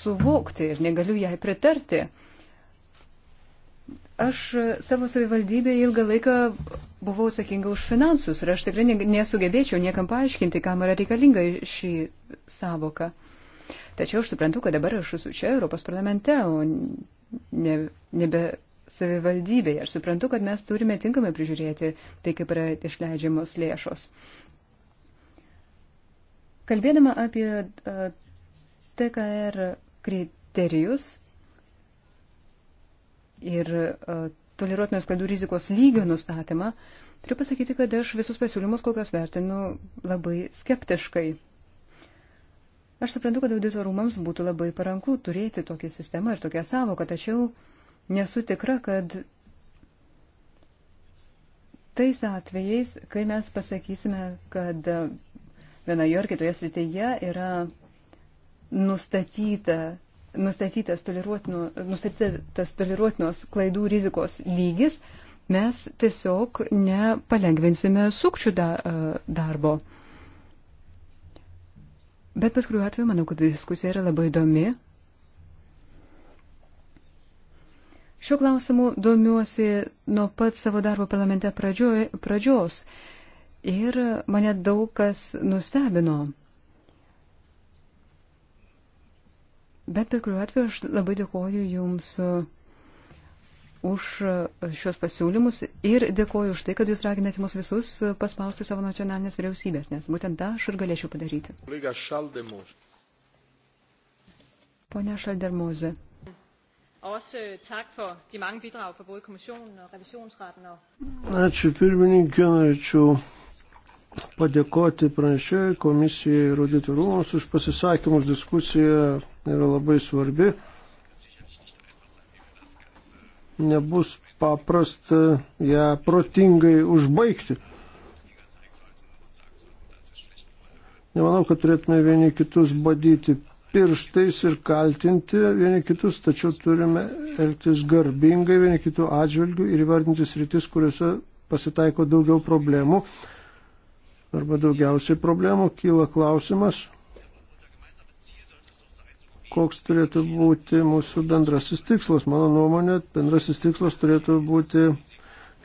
suvokti ir negaliu jai pritarti. Aš e, savo savivaldybėje ilgą laiką buvau atsakinga už finansus ir aš tikrai nesugebėčiau niekam paaiškinti, kam yra reikalinga šį savoką. Tačiau aš suprantu, kad dabar aš esu čia Europos parlamente, o ne, nebe savivaldybėje. Aš suprantu, kad mes turime tinkamai prižiūrėti tai, kaip yra išleidžiamos lėšos. Kalbėdama apie TKR kriterijus ir toleruotinos klaidų rizikos lygio nustatymą, turiu pasakyti, kad aš visus pasiūlymus kol kas vertinu labai skeptiškai. Aš suprantu, kad auditorumams būtų labai paranku turėti tokią sistemą ir tokią savoką, tačiau nesu tikra, kad tais atvejais, kai mes pasakysime, kad vienoje ar kitoje srityje yra nustatyta, nustatytas, toleruotino, nustatytas toleruotinos klaidų rizikos lygis, mes tiesiog nepalengvinsime sukčių da, e, darbo. Bet bet kuriuo atveju manau, kad diskusija yra labai įdomi. Šiuo klausimu domiuosi nuo pat savo darbo parlamente pradžioj, pradžios ir mane daug kas nustebino. Bet bet kuriuo atveju aš labai dėkoju Jums. Uh, už šios pasiūlymus ir dėkoju už tai, kad jūs raginate mus visus paspausti savo nacionalinės vyriausybės, nes būtent tą aš ir galėčiau padaryti. Pone Šaldermoze. Ačiū pirmininkė, norėčiau padėkoti pranešėjai, komisijai ir auditorumams už pasisakymus. Diskusija yra labai svarbi nebus paprasta ją protingai užbaigti. Nemanau, kad turėtume vieni kitus badyti pirštais ir kaltinti vieni kitus, tačiau turime elgtis garbingai vieni kitų atžvilgių ir įvardinti sritis, kuriuose pasitaiko daugiau problemų arba daugiausiai problemų. Kyla klausimas, koks turėtų būti mūsų bendrasis tikslas. Mano nuomonė, bendrasis tikslas turėtų būti,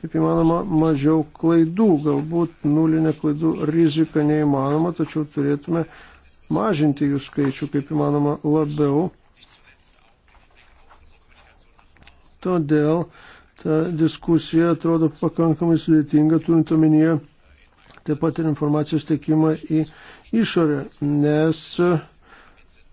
kaip įmanoma, mažiau klaidų. Galbūt nulinė klaidų rizika neįmanoma, tačiau turėtume mažinti jų skaičių, kaip įmanoma, labiau. Todėl ta diskusija atrodo pakankamai sudėtinga, turint omenyje taip pat ir informacijos tiekimą į išorę, nes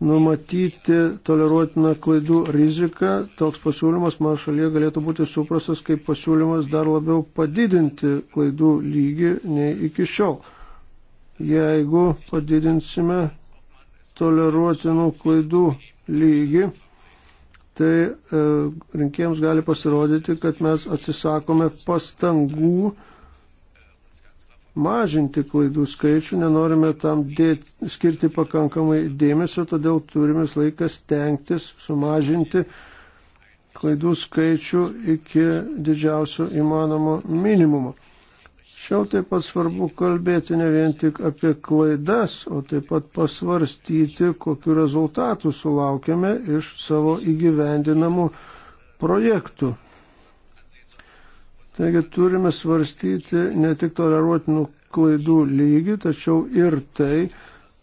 numatyti toleruotiną klaidų riziką, toks pasiūlymas mano šalyje galėtų būti suprastas kaip pasiūlymas dar labiau padidinti klaidų lygį nei iki šiol. Jeigu padidinsime toleruotinų klaidų lygį, tai e, rinkėjams gali pasirodyti, kad mes atsisakome pastangų, mažinti klaidų skaičių, nenorime tam dėti, skirti pakankamai dėmesio, todėl turime laikas tenktis sumažinti klaidų skaičių iki didžiausio įmanomo minimumo. Šiau taip pat svarbu kalbėti ne vien tik apie klaidas, o taip pat pasvarstyti, kokiu rezultatu sulaukėme iš savo įgyvendinamų projektų. Taigi turime svarstyti ne tik toleruotinų klaidų lygį, tačiau ir tai,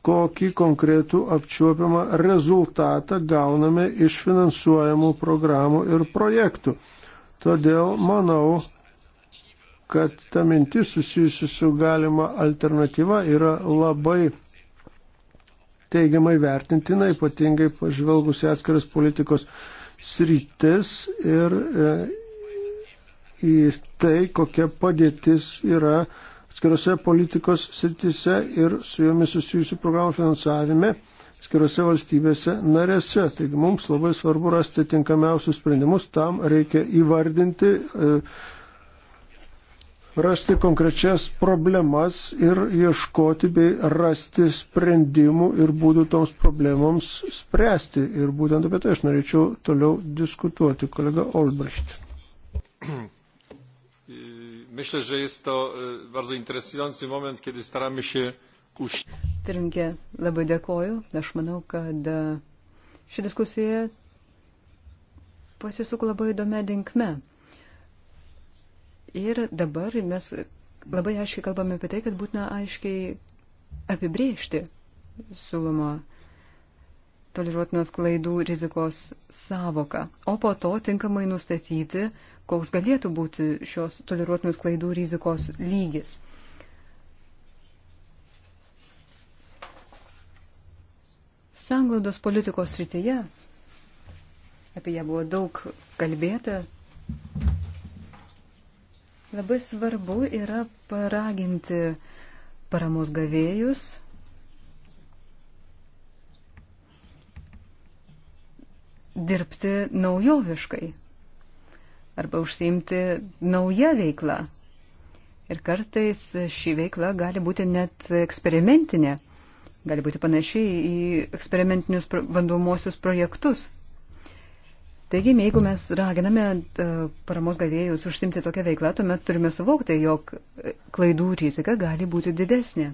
kokį konkretų apčiuopiamą rezultatą gauname iš finansuojamų programų ir projektų. Todėl manau, kad ta mintis susijusi su galima alternatyva yra labai teigiamai vertintina, ypatingai pažvelgus į atskiras politikos sritis ir e, į tai, kokia padėtis yra skiriuose politikos sritise ir su jomis susijusių programų finansavime skiriuose valstybėse narėse. Taigi mums labai svarbu rasti tinkamiausius sprendimus, tam reikia įvardinti, e, rasti konkrečias problemas ir ieškoti bei rasti sprendimų ir būdų toms problemoms spręsti. Ir būtent apie tai aš norėčiau toliau diskutuoti, kolega Olbricht. Myślę, że jest to bardzo interesujący moment, kiedy staramy się už. Pirmininkė, labai dėkoju. Aš manau, kad e, ši diskusija pasisuko labai įdomia linkme. Ir dabar mes labai aiškiai kalbame apie tai, kad būtina aiškiai apibriežti siūlomo toleruotinos klaidų rizikos savoką, o po to tinkamai nustatyti, uh, koks galėtų būti šios toleruotinos klaidų rizikos lygis. Sanglaudos politikos srityje, apie ją buvo daug kalbėta, labai svarbu yra paraginti paramos gavėjus dirbti naujoviškai, arba užsiimti naują veiklą. Ir kartais ši veikla gali būti net eksperimentinė, gali būti panašiai į eksperimentinius bandomuosius projektus. Taigi, jeigu mes raginame e, paramos gavėjus užsimti tokią veiklą, tuomet turime suvokti, jog e, klaidų rizika gali būti didesnė.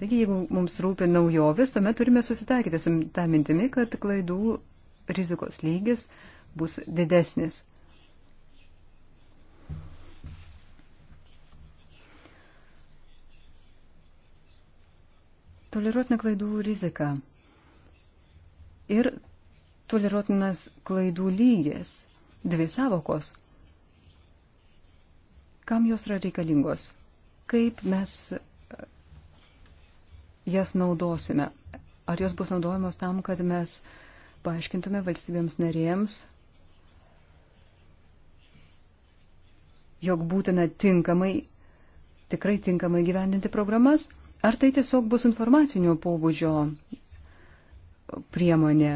Taigi, jeigu mums rūpi naujovės, tuomet turime susitaikyti su tą mintimi, kad klaidų rizikos lygis bus didesnis. Toleruotina klaidų rizika ir toleruotinas klaidų lygis - dvi savokos. Kam jos yra reikalingos? Kaip mes e, jas naudosime? Ar jos bus naudojamos tam, kad mes uh, paaiškintume valstybėms narėms, jog būtina tinkamai, tikrai tinkamai gyvendinti programas, ar tai tiesiog bus informacinio pobūdžio priemonė,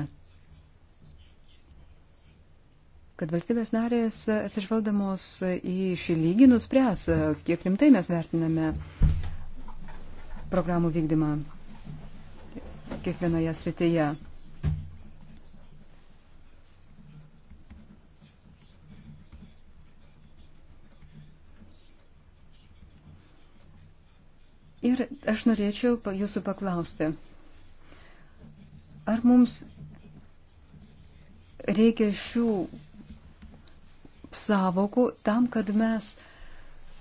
kad valstybės narės, atsižvelgdamos į šį lygį, nuspręs, kiek rimtai mes vertiname programų vykdymą kiekvienoje srityje. Ir aš norėčiau jūsų paklausti, ar mums reikia šių savokų tam, kad mes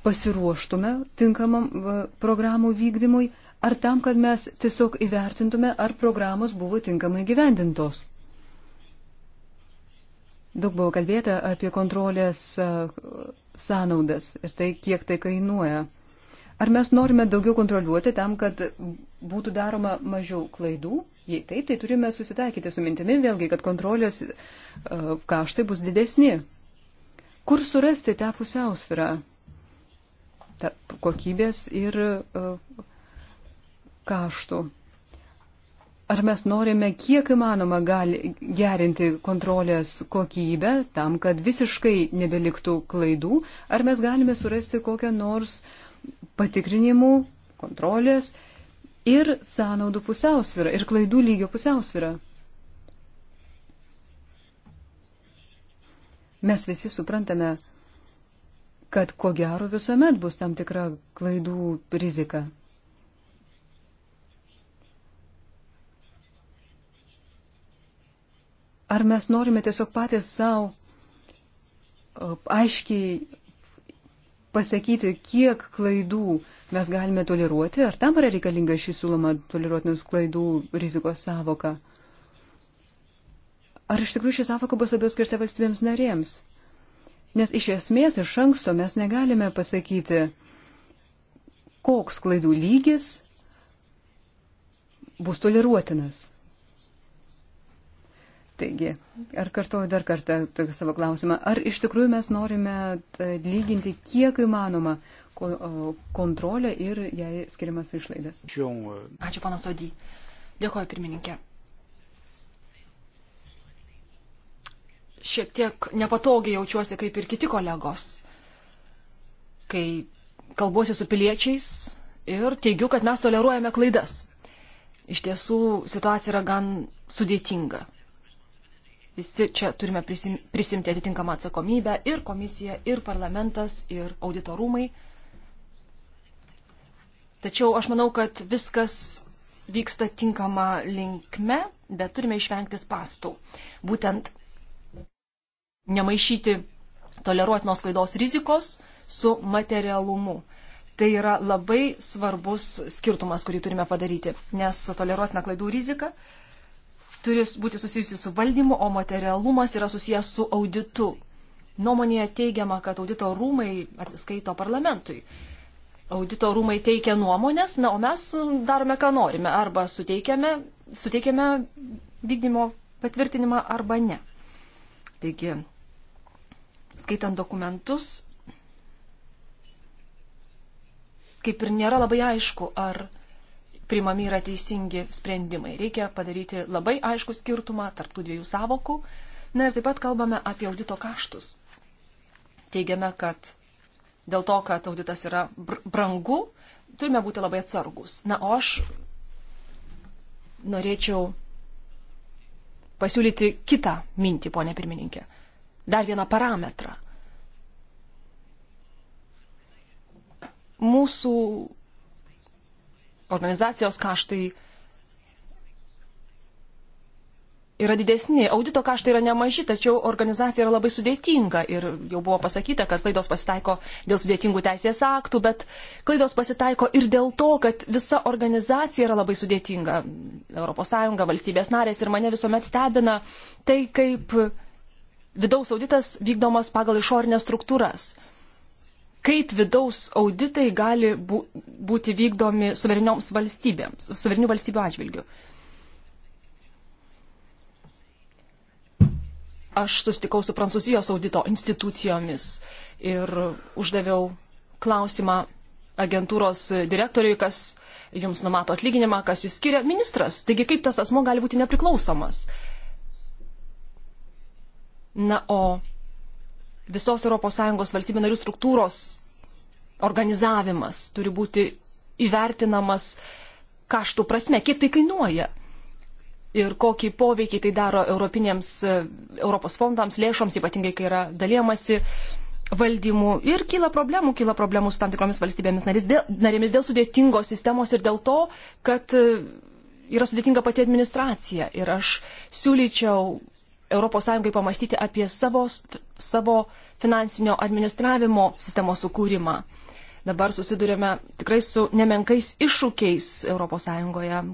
pasiruoštume tinkamam programų vykdymui, ar tam, kad mes tiesiog įvertintume, ar programos buvo tinkamai gyvendintos. Daug buvo kalbėta apie kontrolės sąnaudas ir tai, kiek tai kainuoja. Ar mes norime daugiau kontroliuoti tam, kad būtų daroma mažiau klaidų? Jei taip, tai turime susitaikyti su mintimi vėlgi, kad kontrolės e, kaštai bus didesni. Kur surasti tą pusiausvirą tarp kokybės ir e, kaštų? Ar mes norime kiek įmanoma gali gerinti kontrolės kokybę tam, kad visiškai nebeliktų klaidų, ar mes galime surasti kokią nors uh, patikrinimų, kontrolės ir sąnaudų pusiausvyrą ir klaidų lygio pusiausvyrą. Mes visi suprantame, kad ko gero visuomet bus tam tikra klaidų rizika. Ar mes norime tiesiog patys savo aiškiai pasakyti, kiek klaidų mes galime toleruoti, ar tam yra reikalinga šį siūloma toleruotinos klaidų rizikos savoka. Ar iš tikrųjų ši savoka bus labiau skirta valstybėms narėms? Nes iš esmės iš anksto mes negalime pasakyti, koks klaidų lygis bus toleruotinas. Taigi, ar kartuoju dar kartą savo klausimą, ar iš tikrųjų mes norime e, lyginti kiek įmanoma kontrolę ir jai skiriamas išlaidas? Ačiū, panas Odį. Dėkuoju, pirmininkė. Šiek tiek nepatogiai jaučiuosi kaip ir kiti kolegos, kai kalbuosi su piliečiais ir teigiu, kad mes toleruojame klaidas. Iš tiesų situacija yra gan sudėtinga visi čia turime prisim, prisimti atitinkamą atsakomybę ir komisija, ir parlamentas, ir auditorumai. Tačiau aš manau, kad viskas vyksta tinkama linkme, bet turime išvengti spastų. Būtent nemaišyti toleruotinos klaidos rizikos su materialumu. Tai yra labai svarbus skirtumas, kurį turime padaryti, nes toleruotina klaidų rizika turi būti susijusi su valdymu, o materialumas yra susijęs su auditu. Nuomonėje teigiama, kad audito rūmai atsiskaito parlamentui. Audito rūmai teikia nuomonės, na, o mes darome, ką norime. Arba suteikiame, suteikiame vykdymo patvirtinimą, arba ne. Taigi, skaitant dokumentus, kaip ir nėra labai aišku, ar primami yra teisingi sprendimai. Reikia padaryti labai aišku skirtumą tarptų dviejų savokų. Na ir taip pat kalbame apie audito kaštus. Teigiame, kad dėl to, kad auditas yra br brangu, turime būti labai atsargus. Na, o aš norėčiau pasiūlyti kitą mintį, ponė pirmininkė. Dar vieną parametrą. Mūsų organizacijos kaštai yra didesni. Audito kaštai yra nemaži, tačiau organizacija yra labai sudėtinga ir jau buvo pasakyta, kad klaidos pasitaiko dėl sudėtingų teisės aktų, bet klaidos pasitaiko ir dėl to, kad visa organizacija yra labai sudėtinga. ES, valstybės narės ir mane visuomet stebina tai, kaip vidaus auditas vykdomas pagal išorinės struktūras kaip vidaus auditai gali būti vykdomi suverenioms valstybėms, suverenių valstybių atžvilgių. Aš sustikau su Prancūzijos audito institucijomis ir uždaviau klausimą agentūros direktoriui, kas jums numato atlyginimą, kas jūs skiria ministras. Taigi kaip tas asmo gali būti nepriklausomas? Na, o visos ES valstybių narių struktūros organizavimas turi būti įvertinamas kaštų prasme, kiek tai kainuoja ir kokį poveikį tai daro europinėms e, Europos fondams, lėšoms, ypatingai kai yra dalyjamasi valdymų ir kyla problemų, kyla problemų su tam tikromis valstybėmis narys, dėl, narėmis dėl sudėtingos sistemos ir dėl to, kad e, yra sudėtinga pati administracija. Ir aš siūlyčiau ES pamastyti apie savo, savo finansinio administravimo sistemos sukūrimą. Dabar susidurėme tikrai su nemenkais iššūkiais ES,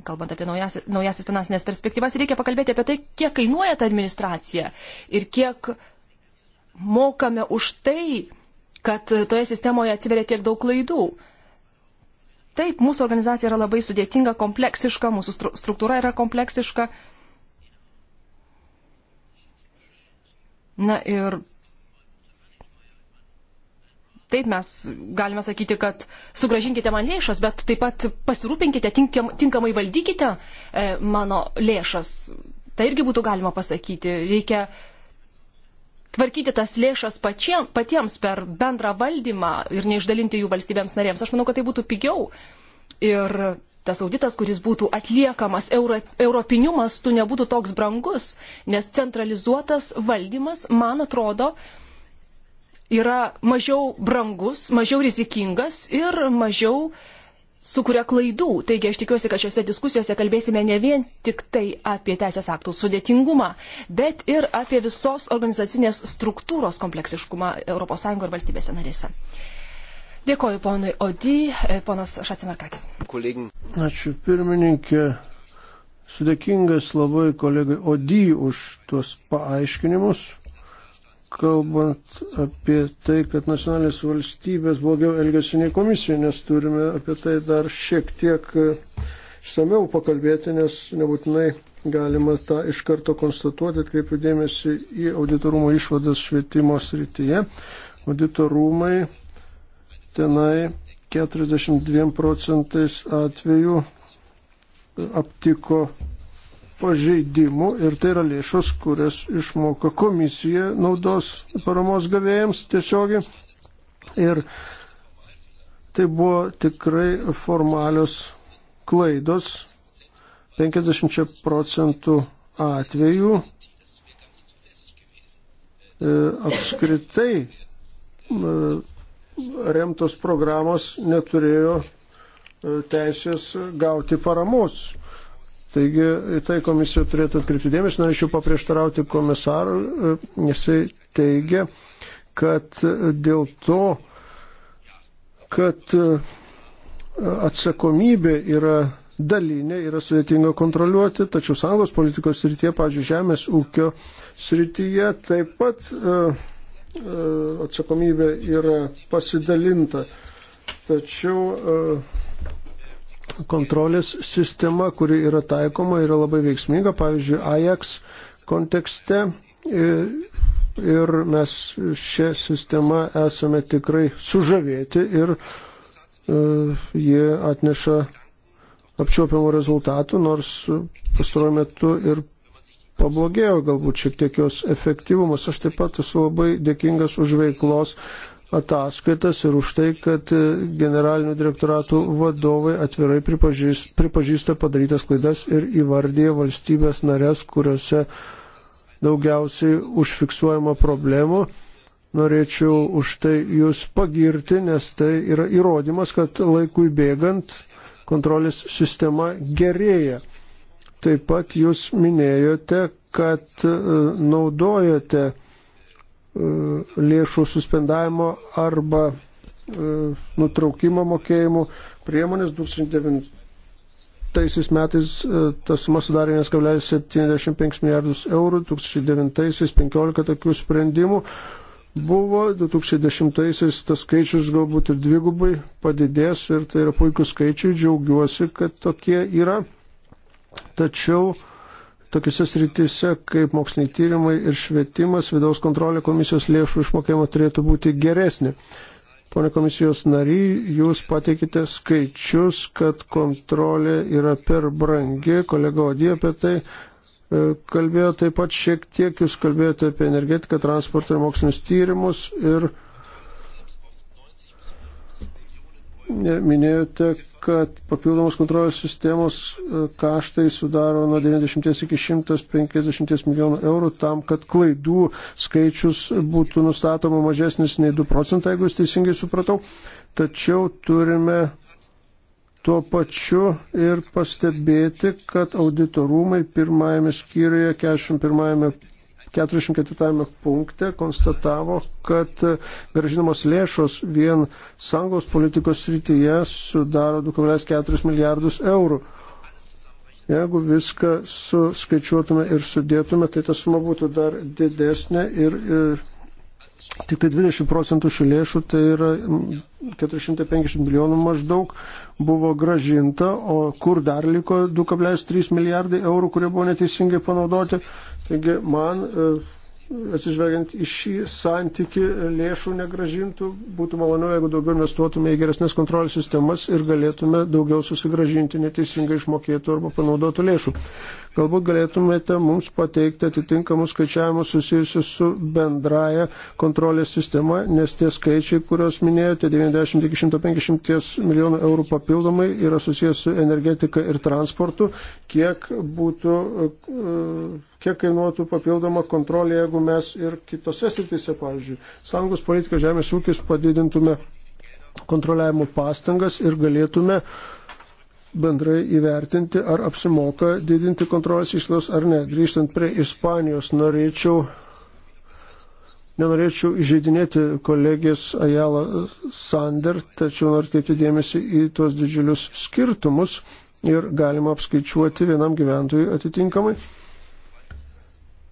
kalbant apie naujasis, naujasis finansinės perspektyvas. Reikia pakalbėti apie tai, kiek kainuoja ta administracija ir kiek mokame už tai, kad toje sistemoje atsiveria tiek daug klaidų. Taip, mūsų organizacija yra labai sudėtinga, kompleksiška, mūsų struktūra yra kompleksiška Na ir taip mes galime sakyti, kad sugražinkite man lėšas, bet taip pat pasirūpinkite, tinkiam, tinkamai valdykite e, mano lėšas. Tai irgi būtų galima pasakyti. Reikia tvarkyti tas lėšas pačiem, patiems per bendrą valdymą ir neišdalinti jų valstybėms narėms. Aš manau, kad tai būtų pigiau. Ir tas auditas, kuris būtų atliekamas euro, europiniu mastu, nebūtų toks brangus, nes centralizuotas valdymas, man atrodo, yra mažiau brangus, mažiau rizikingas ir mažiau sukuria klaidų. Taigi aš tikiuosi, kad šiuose diskusijose kalbėsime ne vien tik tai apie teisės aktų sudėtingumą, bet ir apie visos organizacinės struktūros kompleksiškumą ES ir valstybėse narėse. Dėkoju ponui Odi, e, ponas Šacimarkakis. Ačiū pirmininkė. Sudėkingas labai kolegai Odi už tuos paaiškinimus, kalbant apie tai, kad nacionalinės valstybės blogiau elgesi nei komisija, nes turime apie tai dar šiek tiek e, išsameu pakalbėti, nes nebūtinai galima tą iš karto konstatuoti, atkreipiu dėmesį į auditorumo išvadas švietimo srityje. Auditorumai tenai 42 procentais atvejų aptiko pažeidimų ir tai yra lėšos, kurias išmoka komisija naudos paramos gavėjams tiesiogiai. Ir tai buvo tikrai formalios klaidos 50 procentų atvejų e, apskritai e, remtos programos neturėjo e, teisės gauti paramos. Taigi į tai komisija turėtų atkreipti dėmesį. Norėčiau paprieštarauti komisarui, e, jisai teigia, kad e, dėl to, kad atsakomybė yra dalinė, yra sudėtinga kontroliuoti, tačiau sąjungos politikos srityje, pažiūrėjau, žemės ūkio srityje taip pat uh, E, atsakomybė yra pasidalinta. Tačiau e, kontrolės sistema, kuri yra taikoma, yra labai veiksminga, pavyzdžiui, AJAX kontekste. E, ir mes šią sistemą esame tikrai sužavėti ir jie atneša apčiuopiamų rezultatų, nors pastaruoju metu ir pablogėjo, galbūt šiek tiek jos efektyvumas. Aš taip pat esu labai dėkingas už veiklos ataskaitas ir už tai, kad e, generalinių direktoratų vadovai atvirai pripažįsta, pripažįsta padarytas klaidas ir įvardyja valstybės narės, kuriuose daugiausiai užfiksuojama problemų. Norėčiau už tai jūs pagirti, nes tai yra įrodymas, kad laikui bėgant kontrolės sistema gerėja. Taip pat jūs minėjote, kad e, naudojate e, lėšų suspendavimo arba e, nutraukimo mokėjimų priemonės 2009 2008 metais tas suma sudarė 1,75 milijardus eurų, 2009-aisiais 15 tokių sprendimų buvo, 2010-aisiais tas skaičius galbūt ir dvigubai padidės ir tai yra puikus skaičiai, džiaugiuosi, kad tokie yra. Tačiau tokiuose srityse kaip moksliniai tyrimai ir švietimas vidaus kontrolė komisijos lėšų išmokėjimo turėtų būti geresnė. Pone komisijos nary, jūs pateikite skaičius, kad kontrolė yra per brangi, kolega Odė apie tai e, kalbėjo taip pat šiek tiek, jūs kalbėjote apie energetiką, transportą ir mokslinius tyrimus ir minėjote, kad papildomos kontrolės sistemos e, kaštai sudaro nuo 90 iki 150 milijonų eurų tam, kad klaidų skaičius būtų nustatoma mažesnis nei 2 procentai, jeigu jūs teisingai supratau. Tačiau turime tuo pačiu ir pastebėti, kad auditorumai pirmajame skyriuje, 41 44 punkte konstatavo, kad gražinamos lėšos vien sangos politikos srityje sudaro 2,4 milijardus eurų. Jeigu viską suskaičiuotume ir sudėtume, tai ta suma būtų dar didesnė ir, ir tik tai 20 procentų šių lėšų, tai yra 450 milijonų maždaug, buvo gražinta, o kur dar liko 2,3 milijardai eurų, kurie buvo neteisingai panaudoti. Taigi man, e, atsižvelgiant į šį santyki lėšų negražintų, būtų malonu, jeigu daugiau investuotume į geresnės kontrolės sistemas ir galėtume daugiau susigražinti neteisingai išmokėtų arba panaudotų lėšų. Galbūt galėtumėte mums pateikti atitinkamus skaičiavimus susijusius su bendraja kontrolės sistema, nes tie skaičiai, kuriuos minėjote, 90 iki 150 milijonų eurų papildomai yra susijęs su energetika ir transportu. Kiek, būtų, e, kiek kainuotų papildoma kontrolė, jeigu mes ir kitose srityse, pavyzdžiui, sangus politika žemės ūkis padidintume kontroliavimo pastangas ir galėtume uh, bendrai įvertinti, ar apsimoka didinti kontrolės išlaidas ar ne. Grįžtant prie Ispanijos, norėčiau, nenorėčiau įžeidinėti kolegės Ajala Sander, tačiau noriu kreipti dėmesį į tuos didžiulius skirtumus ir galima apskaičiuoti vienam gyventojui atitinkamai.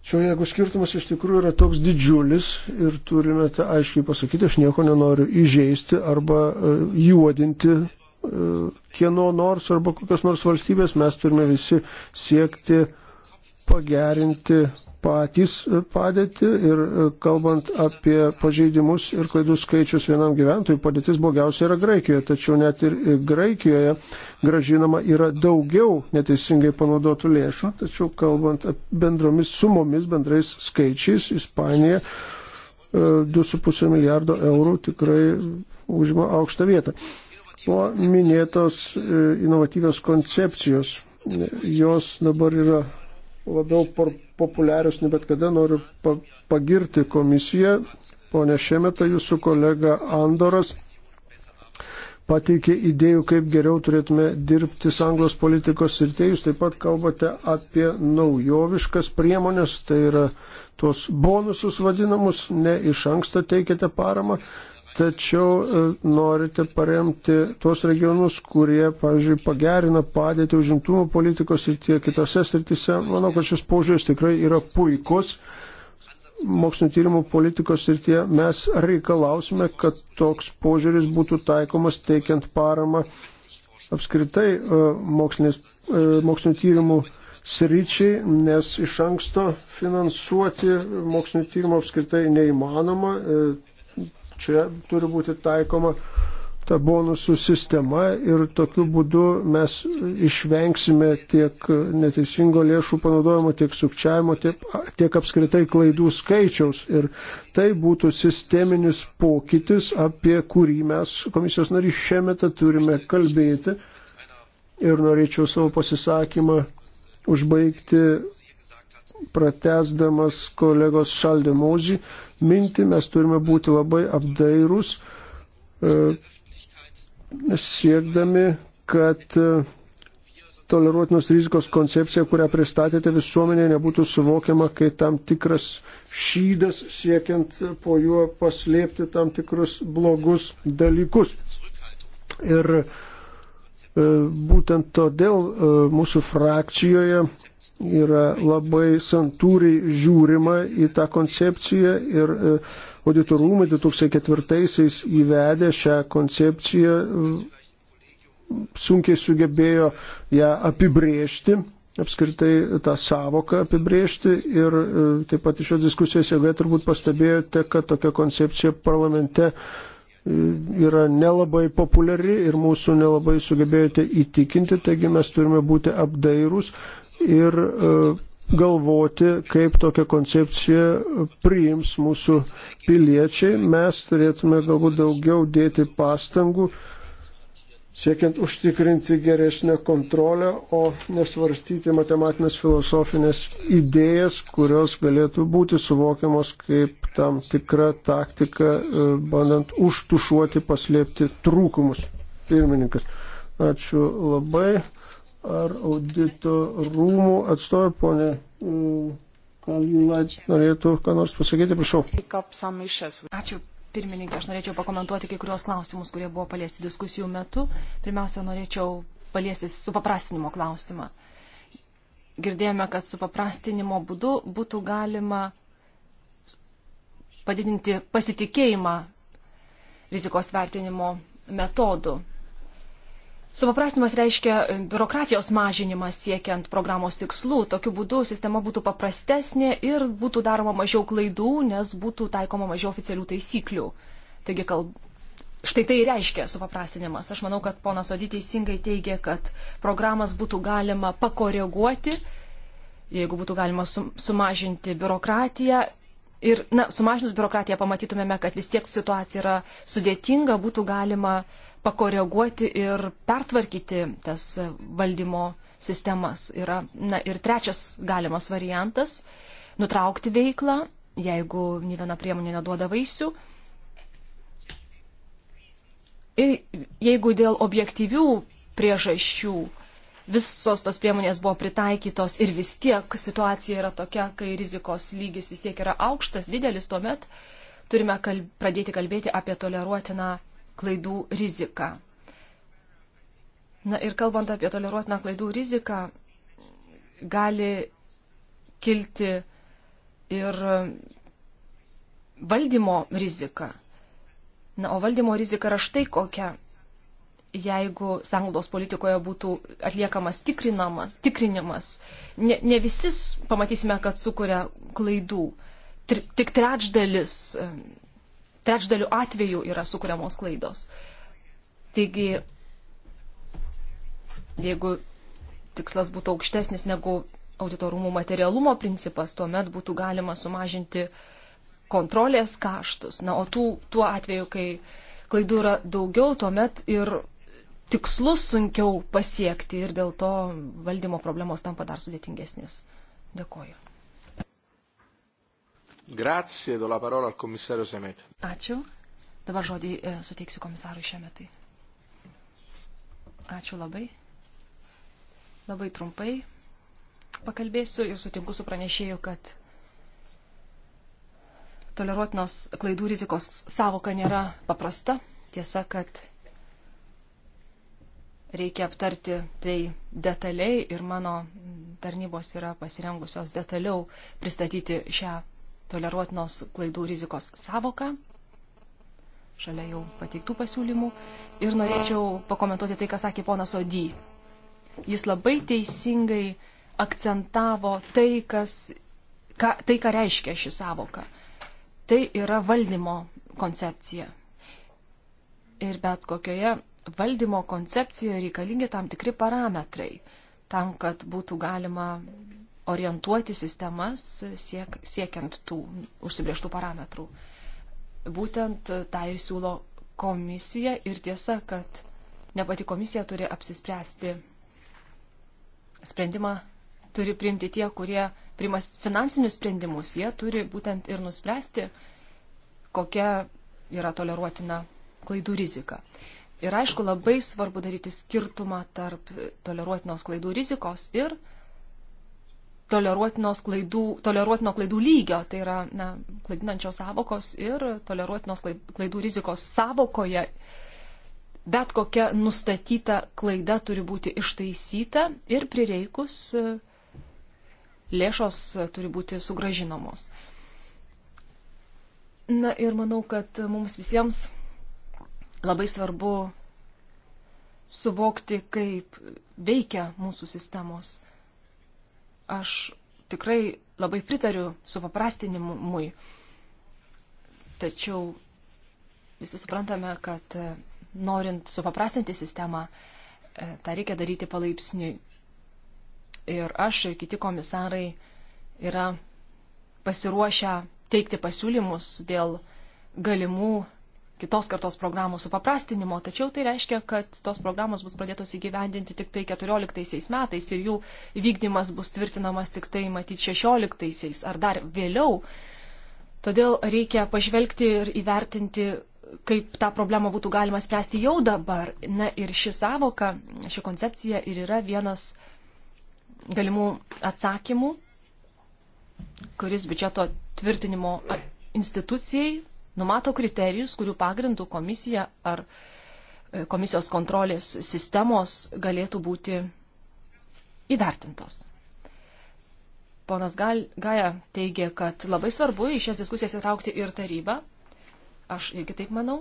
Čia jeigu skirtumas iš tikrųjų yra toks didžiulis ir turime tą aiškiai pasakyti, aš nieko nenoriu įžeisti arba e, juodinti kieno nors arba kokios nors valstybės, mes turime visi siekti pagerinti patys padėtį ir e, kalbant apie pažeidimus ir klaidų skaičius vienam gyventojui, padėtis blogiausia yra Graikijoje, tačiau net ir Graikijoje gražinama yra daugiau neteisingai panaudotų lėšų, tačiau kalbant bendromis sumomis, bendrais skaičiais, Ispanija 2,5 e, milijardo eurų tikrai užima aukštą vietą buvo minėtos e, inovatyvios koncepcijos. Jos dabar yra labiau populiarios, ne bet kada noriu pa pagirti komisiją. Pone Šemeta, jūsų kolega Andoras pateikė idėjų, kaip geriau turėtume dirbti sąjungos politikos ir tai jūs taip pat kalbate apie naujoviškas priemonės, tai yra tuos bonusus vadinamus, ne iš anksto teikiate paramą, tačiau e, norite paremti tuos regionus, kurie, pavyzdžiui, pagerina padėtį užimtumo politikos ir tie kitose srityse. Manau, kad šis požiūris tikrai yra puikus. Mokslinio tyrimo politikos ir tie mes reikalausime, kad toks požiūris būtų taikomas teikiant paramą apskritai e, e, mokslinio tyrimų sričiai, nes iš anksto finansuoti mokslinio tyrimo apskritai neįmanoma. E, Čia turi būti taikoma ta bonusų sistema ir tokiu būdu mes išvengsime tiek neteisingo lėšų panaudojimo, tiek sukčiavimo, tiek, tiek apskritai klaidų skaičiaus. Ir tai būtų sisteminis pokytis, apie kurį mes komisijos narys šiemet turime kalbėti. Ir norėčiau savo pasisakymą užbaigti pratesdamas kolegos šaldemozį mintį, mes turime būti labai apdairūs, e, siekdami, kad e, toleruotinos rizikos koncepcija, kurią pristatėte visuomenėje, nebūtų suvokiama kaip tam tikras šydas, siekiant po juo paslėpti tam tikrus blogus dalykus. Ir e, būtent todėl mūsų frakcijoje yra labai santūriai žiūrima į tą koncepciją ir e, auditorumai 2004-aisiais įvedė šią koncepciją, sunkiai sugebėjo ją apibriežti, apskritai tą savoką apibriežti ir e, taip pat iš šios diskusijos jėgoje turbūt pastebėjote, kad tokia koncepcija parlamente e, yra nelabai populiari ir mūsų nelabai sugebėjote įtikinti, taigi mes turime būti apdairūs ir e, galvoti, kaip tokią koncepciją priims mūsų piliečiai. Mes turėtume galbūt daugiau dėti pastangų, siekiant užtikrinti geresnę kontrolę, o nesvarstyti matematinės filosofinės idėjas, kurios galėtų būti suvokiamos kaip tam tikra taktika, e, bandant užtušuoti, paslėpti trūkumus. Pirmininkas. Ačiū labai ar audito rūmų atstovė, ponė Kalinait, mm, norėtų ką nors pasakyti, prašau. Ačiū. Pirmininkė, aš norėčiau pakomentuoti kai kurios klausimus, kurie buvo paliesti diskusijų metu. Pirmiausia, norėčiau paliesti supaprastinimo klausimą. Girdėjome, kad supaprastinimo būdu būtų galima padidinti pasitikėjimą rizikos vertinimo metodų. Supaprastinimas reiškia e, biurokratijos mažinimas siekiant programos tikslų. Tokiu būdu sistema būtų paprastesnė ir būtų daroma mažiau klaidų, nes būtų taikoma mažiau oficialių taisyklių. Taigi, kalb... štai tai reiškia supaprastinimas. Aš manau, kad ponas Odi teisingai teigia, kad programas būtų galima pakoreguoti, jeigu būtų galima sumažinti biurokratiją. Ir, na, sumažinus biurokratiją pamatytumėme, kad vis tiek situacija yra sudėtinga, būtų galima uh, pakoreguoti ir pertvarkyti tas valdymo sistemas. Yra, na, ir trečias galimas variantas - nutraukti veiklą, jeigu nė viena priemonė neduoda vaisių. Ir jeigu dėl objektyvių priežasčių visos tos priemonės buvo pritaikytos ir vis tiek situacija yra tokia, kai rizikos lygis vis tiek yra aukštas, didelis, tuomet turime kalb pradėti kalbėti apie toleruotiną klaidų riziką. Na ir kalbant apie toleruotiną klaidų riziką, gali kilti ir valdymo rizika. Na, o valdymo rizika yra štai kokia. Jeigu sanglaudos politikoje būtų atliekamas tikrinimas, ne, ne visi pamatysime, kad sukuria klaidų. Tri, tik trečdalis trečdaliu atveju yra sukūriamos klaidos. Taigi, jeigu tikslas būtų aukštesnis negu auditorumų materialumo principas, tuomet būtų galima sumažinti kontrolės kaštus. Na, o tų, tuo atveju, kai klaidų yra daugiau, tuomet ir tikslus sunkiau pasiekti ir dėl to valdymo problemos tampa dar sudėtingesnės. Dėkoju. Grazie, do la parola al komisario Šemetė. Ačiū. Dabar žodį e, suteiksiu komisarui Šemetai. Ačiū labai. Labai trumpai pakalbėsiu ir sutinku su pranešėju, kad toleruotinos klaidų rizikos savoka nėra paprasta. Tiesa, kad reikia aptarti tai detaliai ir mano tarnybos yra pasirengusios detaliau pristatyti šią toleruotinos klaidų rizikos savoką, šalia jau pateiktų pasiūlymų. Ir norėčiau pakomentuoti tai, ką sakė ponas Odį. Jis labai teisingai akcentavo tai, kas, ką, tai, ką reiškia ši savoka. Tai yra valdymo koncepcija. Ir bet kokioje valdymo koncepcijoje reikalingi tam tikri parametrai, tam, kad būtų galima orientuoti sistemas siek, siekiant tų užsibrieštų parametrų. Būtent tą ir siūlo komisija ir tiesa, kad ne pati komisija turi apsispręsti sprendimą, turi priimti tie, kurie priima finansinius sprendimus, jie turi būtent ir nuspręsti, kokia yra toleruotina klaidų rizika. Ir aišku, labai svarbu daryti skirtumą tarp toleruotinos klaidų rizikos ir klaidų toleruotinos klaidų, toleruotino klaidų lygio, tai yra na, klaidinančios savokos ir toleruotinos klaidų rizikos savokoje. Bet kokia nustatyta klaida turi būti ištaisyta ir prireikus e, lėšos turi būti sugražinamos. Na ir manau, kad mums visiems labai svarbu suvokti, kaip veikia mūsų sistemos Aš tikrai labai pritariu supaprastinimui, tačiau visi suprantame, kad e, norint supaprastinti sistemą, e, tą reikia daryti palaipsniui. Ir aš ir kiti komisarai yra pasiruošę teikti pasiūlymus dėl galimų kitos kartos programų supaprastinimo, tačiau tai reiškia, kad tos programos bus pradėtos įgyvendinti tik tai 14 metais ir jų vykdymas bus tvirtinamas tik tai matyti 16 ar dar vėliau. Todėl reikia pažvelgti ir įvertinti, kaip tą problemą būtų galima spręsti jau dabar. Na ir ši savoka, ši koncepcija ir yra vienas galimų atsakymų, kuris biudžeto tvirtinimo institucijai numato kriterijus, kurių pagrindų komisija ar e, komisijos kontrolės sistemos galėtų būti įvertintos. Ponas Gaja teigia, kad labai svarbu į šias diskusijas įtraukti ir tarybą. Aš irgi taip manau.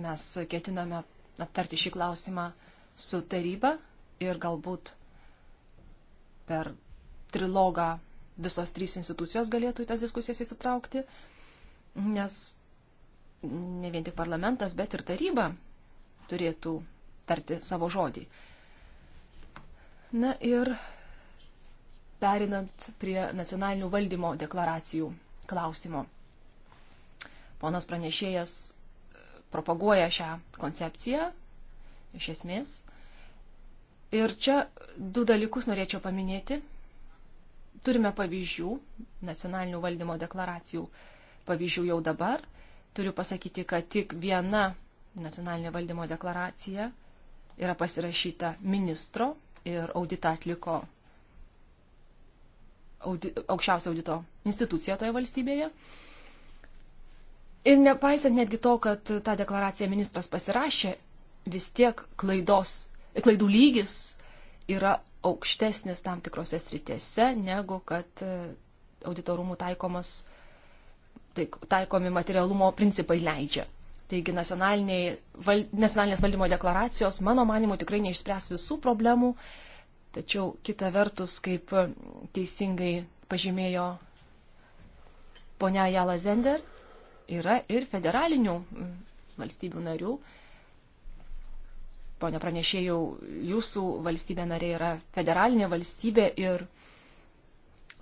Mes ketiname aptarti šį klausimą su taryba ir galbūt per trilogą visos trys institucijos galėtų į tas diskusijas įsitraukti, nes ne vien tik parlamentas, bet ir taryba turėtų tarti savo žodį. Na ir perinant prie nacionalinių valdymo deklaracijų klausimo. Ponas pranešėjas propaguoja šią koncepciją iš esmės. Ir čia du dalykus norėčiau paminėti. Turime pavyzdžių, nacionalinių valdymo deklaracijų pavyzdžių jau dabar. Turiu pasakyti, kad tik viena nacionalinė valdymo deklaracija yra pasirašyta ministro ir audita atliko audi, aukščiausia audito institucija toje valstybėje. Ir nepaisant netgi to, kad tą deklaraciją ministras pasirašė, vis tiek klaidos, klaidų lygis yra aukštesnis tam tikrose sritėse, negu kad e, auditorumų taikomas, tai taikomi materialumo principai leidžia. Taigi val, nacionalinės valdymo deklaracijos, mano manimu, tikrai neišspręs visų problemų, tačiau kita vertus, kaip teisingai pažymėjo ponia Jala Zender, yra ir federalinių valstybių narių, ponio pranešėjau, jūsų valstybė narė yra federalinė valstybė ir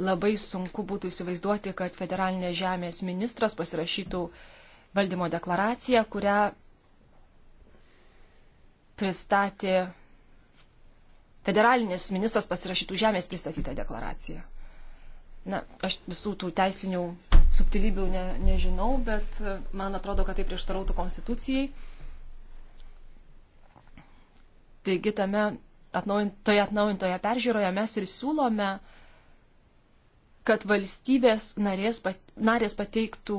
labai sunku būtų įsivaizduoti, kad federalinės žemės ministras pasirašytų valdymo deklaraciją, kurią pristatė federalinis ministras pasirašytų žemės pristatytą deklaraciją. Na, aš visų tų teisinių subtilybių ne, nežinau, bet man atrodo, kad tai prieštarautų konstitucijai. Taigi tame atnaujintoje, atnaujintoje peržiūroje mes ir siūlome, kad valstybės narės, narės pateiktų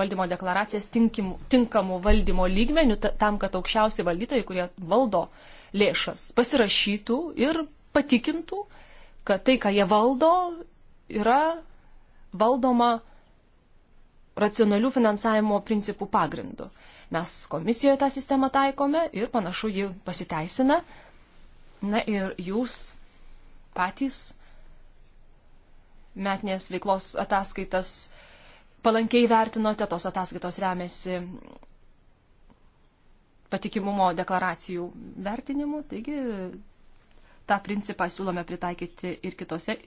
valdymo deklaracijas tinkim, tinkamų valdymo lygmenių tam, kad aukščiausi valdytojai, kurie valdo lėšas, pasirašytų ir patikintų, kad tai, ką jie valdo, yra valdoma racionalių finansavimo principų pagrindu. Mes komisijoje tą sistemą taikome ir panašu ji pasiteisina. Na ir jūs patys metinės veiklos ataskaitas palankiai vertinote, tos ataskaitos remiasi patikimumo deklaracijų vertinimu, taigi tą principą siūlome pritaikyti ir kitose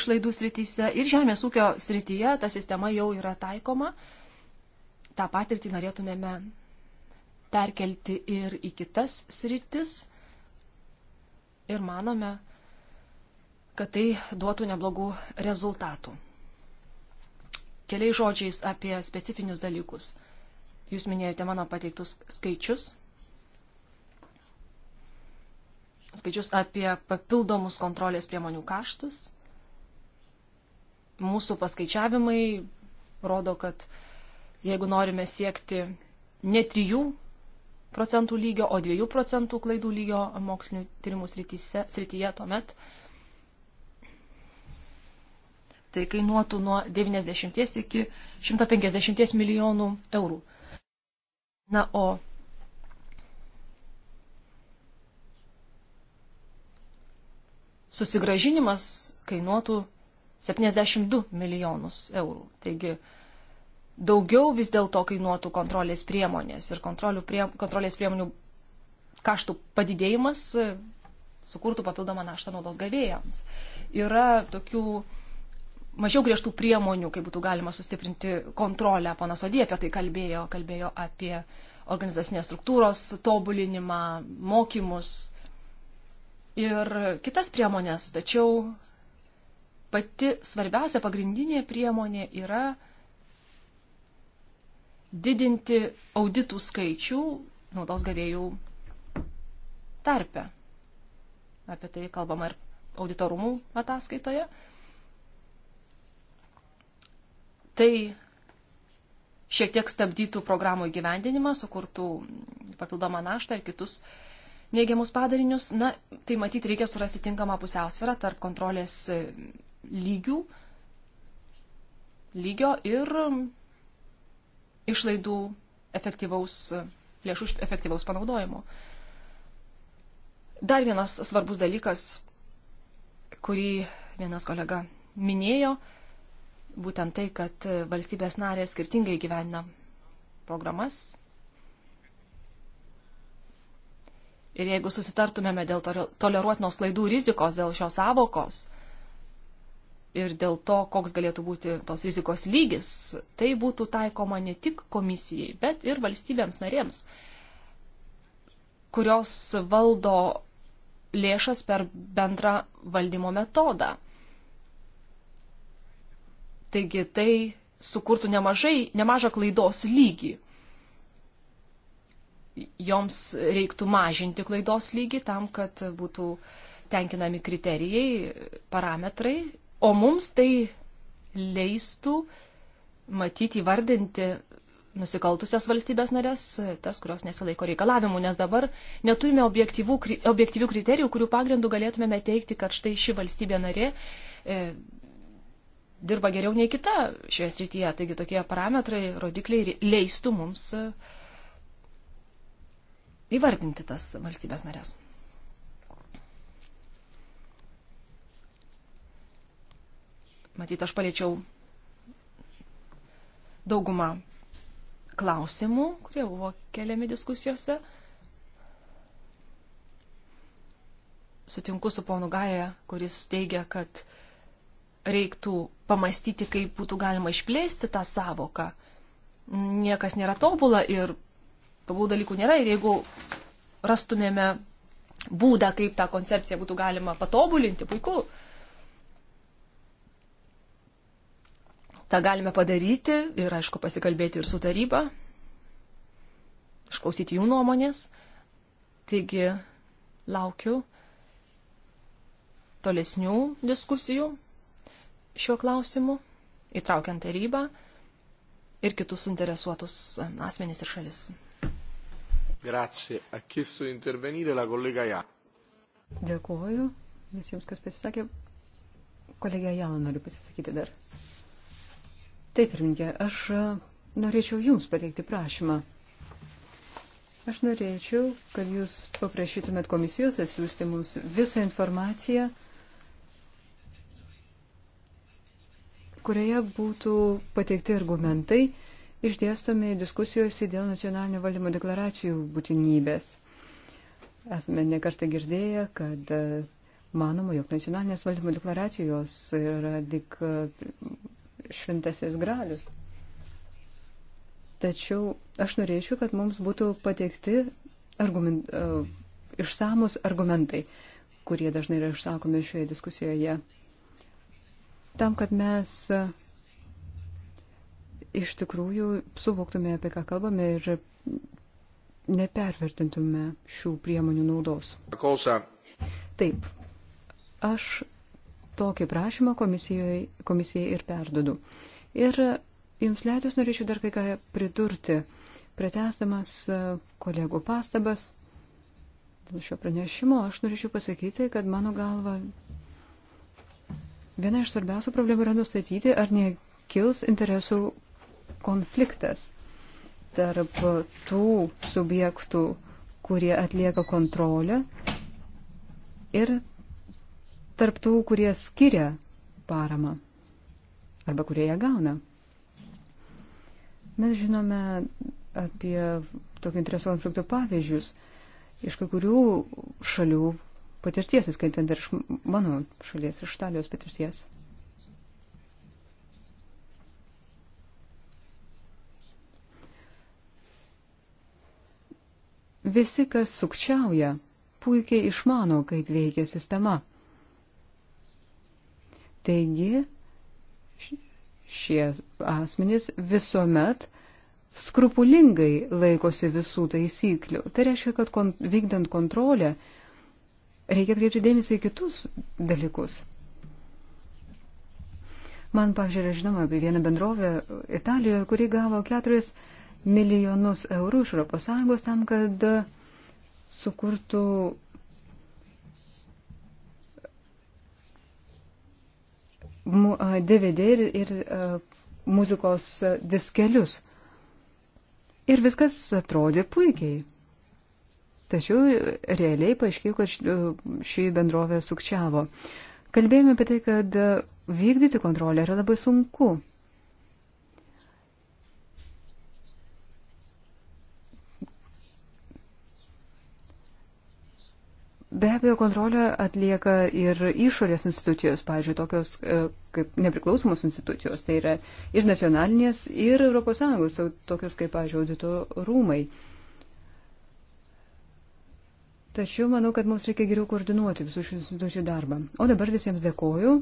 išlaidų srityse. Ir žemės ūkio srityje ta sistema jau yra taikoma tą patirtį norėtumėme perkelti ir į kitas sritis ir manome, kad tai duotų neblogų rezultatų. Keliai žodžiais apie specifinius dalykus. Jūs minėjote mano pateiktus skaičius. Skaičius apie papildomus kontrolės priemonių kaštus. Mūsų paskaičiavimai rodo, kad jeigu norime siekti ne 3 procentų lygio, o 2 procentų klaidų lygio mokslinių tyrimų srityse, srityje, tuomet tai kainuotų nuo 90 iki 150 milijonų eurų. Na, o susigražinimas kainuotų 72 milijonus eurų. Taigi daugiau vis dėlto kainuotų kontrolės priemonės ir prie, kontrolės priemonių kaštų padidėjimas e, sukurtų papildomą naštą naudos gavėjams. Yra tokių mažiau griežtų priemonių, kaip būtų galima sustiprinti kontrolę. Pana Sodė apie tai kalbėjo, kalbėjo apie organizacinės struktūros tobulinimą, mokymus ir kitas priemonės. Tačiau pati svarbiausia pagrindinė priemonė yra didinti auditų skaičių naudos gavėjų tarpe. Apie tai kalbama ir auditorumų ataskaitoje. Tai šiek tiek stabdytų programų įgyvendinimą, sukurtų papildomą naštą ir kitus neigiamus padarinius. Na, tai matyti reikia surasti tinkamą pusiausvyrą tarp kontrolės lygių, lygio ir išlaidų efektyvaus, lėšų efektyvaus panaudojimo. Dar vienas svarbus dalykas, kurį vienas kolega minėjo, būtent tai, kad valstybės narės skirtingai gyvena programas. Ir jeigu susitartumėme dėl toleruotinos klaidų rizikos dėl šios savokos, ir dėl to, koks galėtų būti tos rizikos lygis, tai būtų taikoma ne tik komisijai, bet ir valstybėms narėms, kurios valdo lėšas per bendrą valdymo metodą. Taigi tai sukurtų nemažai, nemažą klaidos lygį. Joms reiktų mažinti klaidos lygį tam, kad būtų tenkinami kriterijai, parametrai O mums tai leistų matyti įvardinti nusikaltusias valstybės narės, tas, kurios nesilaiko reikalavimų, nes dabar neturime objektyvių, objektyvių kriterijų, kurių pagrindų galėtumėme teikti, kad štai ši valstybė narė e, dirba geriau nei kita šioje srityje. Taigi tokie parametrai, rodikliai leistų mums e, įvardinti tas valstybės narės. Matyt, aš paliečiau daugumą klausimų, kurie buvo keliami diskusijose. Sutinku su ponu Gaja, kuris teigia, kad reiktų pamastyti, kaip būtų galima išplėsti tą savoką. Niekas nėra tobula ir tobulų dalykų nėra ir jeigu rastumėme būdą, kaip tą koncepciją būtų galima patobulinti, puiku. Uh, tą galime padaryti ir, aišku, pasikalbėti ir su taryba, išklausyti jų nuomonės. Taigi laukiu tolesnių diskusijų šiuo klausimu, įtraukiant tarybą ir kitus interesuotus e, asmenys ir šalis. Grazie. Ha chiesto di intervenire la collega Ja. Dėkuoju visiems, kas pasisakė. Kolegė Jala noriu pasisakyti dar. Taip, pirmininkė, aš e, norėčiau Jums pateikti prašymą. Aš norėčiau, kad Jūs paprašytumėt komisijos atsiųsti mums visą informaciją, kurioje būtų pateikti argumentai išdėstomi diskusijose dėl nacionalinio valdymo deklaracijų būtinybės. Esame nekartą girdėję, kad e, manoma, jog nacionalinės valdymo deklaracijos yra tik šventasis gralius. Tačiau aš norėčiau, kad mums būtų pateikti argument, uh, e, išsamus argumentai, kurie dažnai yra išsakomi šioje diskusijoje. Tam, kad mes e, iš tikrųjų suvoktume, apie ką kalbame ir nepervertintume šių priemonių naudos. Klausa. Taip, aš tokį prašymą komisijai ir perdodu. Ir jums leidus norėčiau dar kai ką pridurti, pritestamas e, kolegų pastabas. Dėl šio pranešimo aš norėčiau pasakyti, kad mano galva viena iš svarbiausių problemų yra nustatyti, ar nekils interesų konfliktas tarp tų subjektų, kurie atlieka kontrolę ir tarptų, kurie skiria paramą arba kurie ją gauna. Mes žinome apie tokio interesų konflikto pavyzdžius iš kai kurių šalių patirties, skaitant ir iš mano šalies, iš Italijos patirties. Visi, kas sukčiauja, puikiai išmano, kaip veikia sistema. Taigi šie asmenys visuomet skrupulingai laikosi visų taisyklių. Tai reiškia, kad kon, vykdant kontrolę reikia atkreipti dėmesį į kitus dalykus. Man, pavyzdžiui, yra žinoma apie vieną bendrovę Italijoje, kuri gavo 4 milijonus eurų iš ES tam, kad sukurtų DVD ir, ir muzikos diskelius. Ir viskas atrodė puikiai. Tačiau realiai paaiškėjo, kad šį bendrovę sukčiavo. Kalbėjome apie tai, kad vykdyti kontrolę yra labai sunku. Be abejo, kontrolę atlieka ir išorės institucijos, pavyzdžiui, tokios e, kaip nepriklausomos institucijos, tai yra ir nacionalinės, ir ES, tokios kaip, pavyzdžiui, audito rūmai. Tačiau manau, kad mums reikia geriau koordinuoti visų šių institucijų darbą. O dabar visiems dėkoju.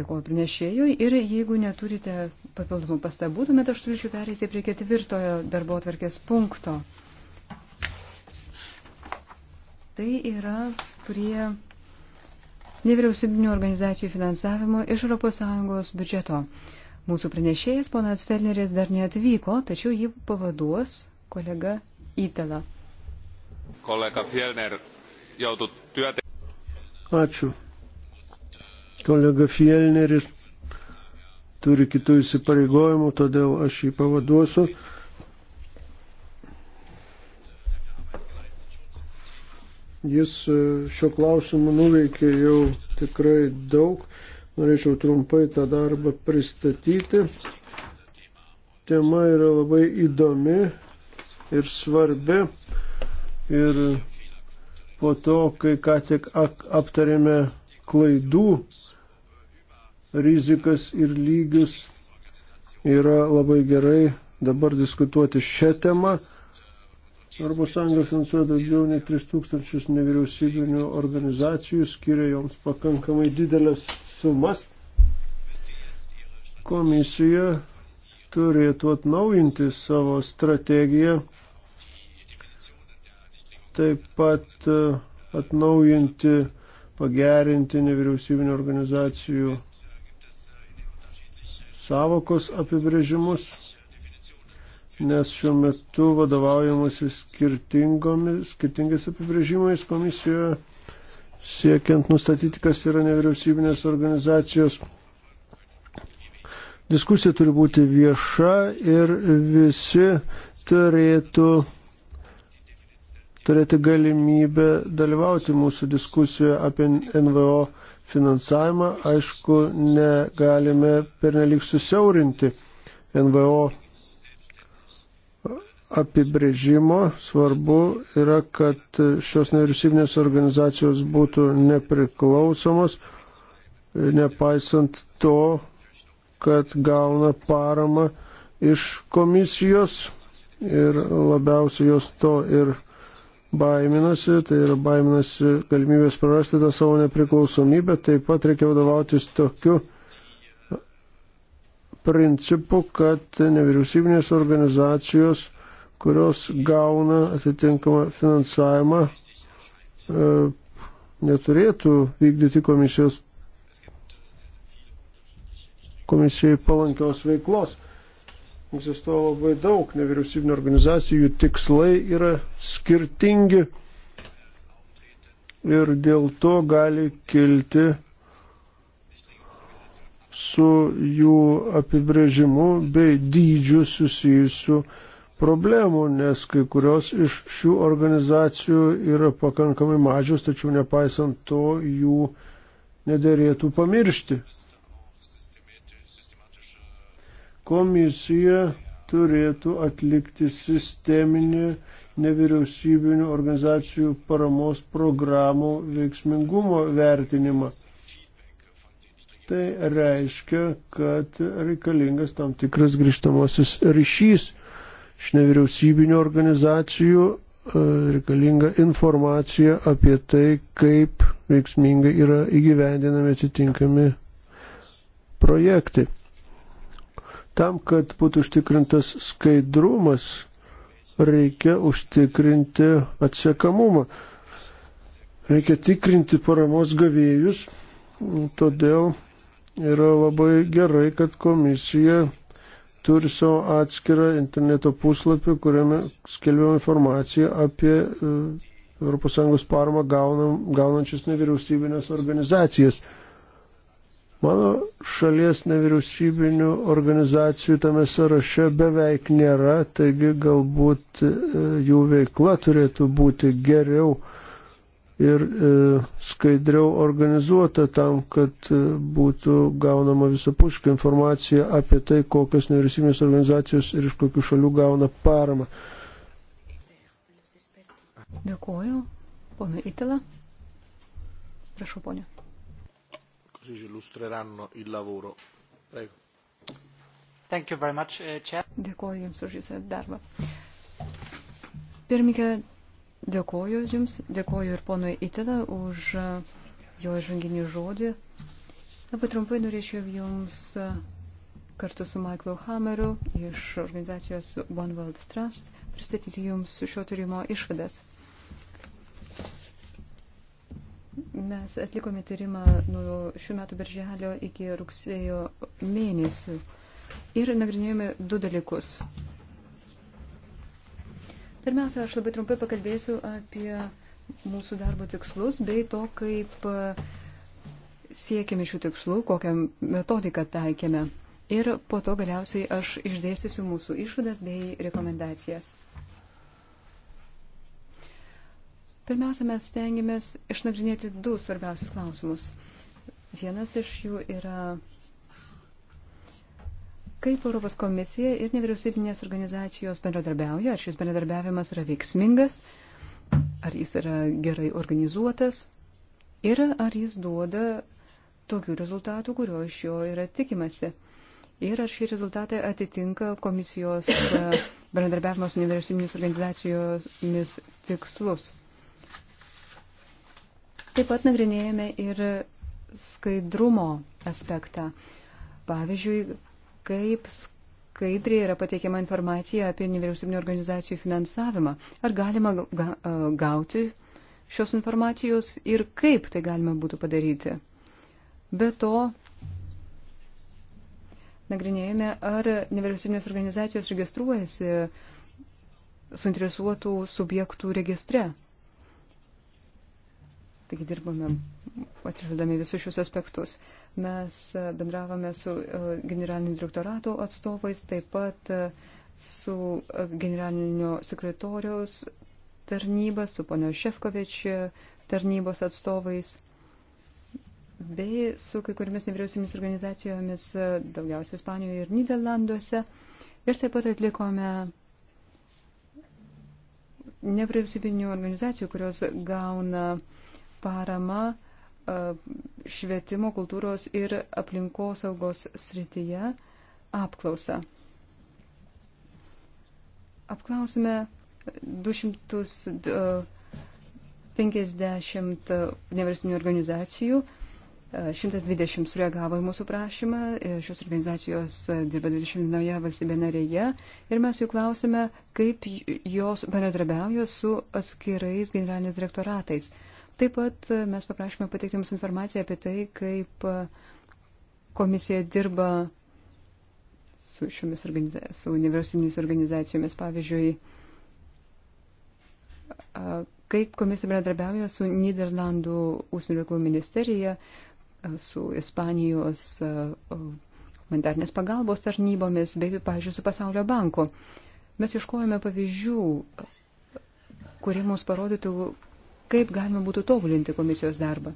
Dėkoju pranešėjui ir jeigu neturite papildomų pastabų, tuomet aš turėčiau pereiti prie ketvirtojo darbo atvarkės punkto tai yra prie nevyriausybinio organizacijų finansavimo iš ES biudžeto. Mūsų pranešėjas, ponas Felneris, dar neatvyko, tačiau jį pavaduos kolega Itala. Kolega Fielner, jautut työtä. Ačiū. Kolega Fielneris turi kitų įsipareigojimų, todėl aš jį pavaduosiu. Jis e, šio klausimu nuveikė jau tikrai daug. Norėčiau trumpai tą darbą pristatyti. Tema yra labai įdomi ir svarbi. Ir po to, kai ką tik aptarėme klaidų rizikas ir lygius, yra labai gerai dabar diskutuoti šią temą. ES finansuoja daugiau nei 3000 nevyriausybinių organizacijų, skiria joms pakankamai didelės sumas. Komisija turėtų atnaujinti savo strategiją, taip pat e, atnaujinti, pagerinti nevyriausybinių organizacijų savokos apibrėžimus nes šiuo metu vadovaujamosi skirtingais apibrėžimais komisijoje siekiant nustatyti, kas yra nevyriausybinės organizacijos. Diskusija turi būti vieša ir visi turėtų turėti galimybę dalyvauti mūsų diskusijoje apie NVO finansavimą. Aišku, negalime pernelik susiaurinti NVO apibrėžimo svarbu yra, kad šios nevyriausybinės organizacijos būtų nepriklausomos, nepaisant to, kad gauna paramą iš komisijos ir labiausiai jos to ir baiminasi, tai yra baiminasi galimybės prarasti tą savo nepriklausomybę, taip pat reikia vadovautis tokiu principu, kad nevyriausybinės organizacijos kurios gauna atitinkamą finansavimą, e, neturėtų vykdyti komisijos komisijai palankios veiklos. Egzistuoja labai daug nevyriausybinio organizacijų, jų tikslai yra skirtingi ir dėl to gali kilti su jų apibrėžimu bei dydžiu susijusiu su problemų, nes kai kurios iš šių organizacijų yra pakankamai mažos, tačiau nepaisant to jų nedėrėtų pamiršti. Komisija turėtų atlikti sisteminį nevyriausybinių organizacijų paramos programų veiksmingumo vertinimą. Tai reiškia, kad reikalingas tam tikras grįžtamasis ryšys iš nevyriausybinių organizacijų e, reikalinga informacija apie tai, kaip veiksmingai yra įgyvendinami atitinkami projektai. Tam, kad būtų užtikrintas skaidrumas, reikia užtikrinti atsiekamumą. Reikia tikrinti paramos gavėjus, todėl yra labai gerai, kad komisija turi savo atskirą interneto puslapį, kuriame skelbiama informacija apie ES paramą gaunam, gaunančias nevyriausybinės organizacijas. Mano šalies nevyriausybinių organizacijų tame sąraše beveik nėra, taigi galbūt e, jų veikla turėtų būti geriau ir e, skaidriau organizuota tam, kad e, būtų gaunama visapuška informacija apie tai, kokios nevyriausybinės organizacijos ir iš kokių šalių gauna paramą. Dėkuoju. Pono Itala. Prašau, ponė. Così ci illustreranno il lavoro. Prego. Thank you very much, eh, Chair. Dėkuoju Jums už Jūsų darbą. Pirmininkė, Dėkoju Jums, dėkoju ir ponui Itila už jo žanginį žodį. Labai trumpai norėčiau Jums kartu su Michaelu Hameru iš organizacijos One World Trust pristatyti Jums šio tyrimo išvadas. Mes atlikome tyrimą nuo šių metų birželio iki rugsėjo mėnesių ir nagrinėjome du dalykus. Pirmiausia, aš labai trumpai pakalbėsiu apie mūsų darbo tikslus bei to, kaip e, siekime šių tikslų, kokią metodiką taikėme. Ir po to galiausiai aš išdėstysiu mūsų išvadas bei rekomendacijas. Pirmiausia, mes stengiamės išnagrinėti du svarbiausius klausimus. Vienas iš jų yra Kaip Europos komisija ir nevyriausybinės organizacijos bendradarbiauja, ar šis bendradarbiavimas yra veiksmingas, ar jis yra gerai organizuotas ir ar jis duoda tokių rezultatų, kurio iš jo yra tikimasi. Ir ar šie rezultatai atitinka komisijos e, bendradarbiavimo su nevyriausybinės organizacijomis tikslus. Taip pat nagrinėjame ir skaidrumo aspektą. Pavyzdžiui, kaip skaidriai yra pateikiama informacija apie nevyriausybinio organizacijų finansavimą. Ar galima gauti šios informacijos ir kaip tai galima būtų padaryti? Be to, nagrinėjame, ar nevyriausybinės organizacijos registruojasi suinteresuotų subjektų registre. Taigi dirbame atsižvelgdami visus šius aspektus. Uh, Mes e, bendravome su e, generaliniu direktorato atstovais, taip pat e, su generalinio sekretoriaus tarnyba, su ponio Šefkovič tarnybos atstovais bei su kai kuriamis nevyriausiamis organizacijomis, daugiausiai Ispanijoje ir Niderlanduose. Ir taip pat atlikome nevyriausybinių organizacijų, kurios gauna paramą E, švietimo, kultūros ir aplinkosaugos srityje apklausą. Apklausime 250 e, universinių organizacijų. 120 e, sureagavo į mūsų prašymą, šios organizacijos dirba 21 valstybė narėje ir mes jų klausime, kaip jos bendradarbiauja su atskirais generaliniais direktoratais Taip pat mes paprašėme pateikti jums informaciją apie tai, kaip komisija dirba su šiomis organiza su universitinėmis organizacijomis, pavyzdžiui, kaip komisija bendradarbiauja su Niderlandų ūsinių reikalų ministerija, su Ispanijos humanitarnės pagalbos tarnybomis, bei, pavyzdžiui, su Pasaulio banku. Mes iškojame pavyzdžių, kurie mums parodytų, kaip galima būtų tobulinti komisijos darbą.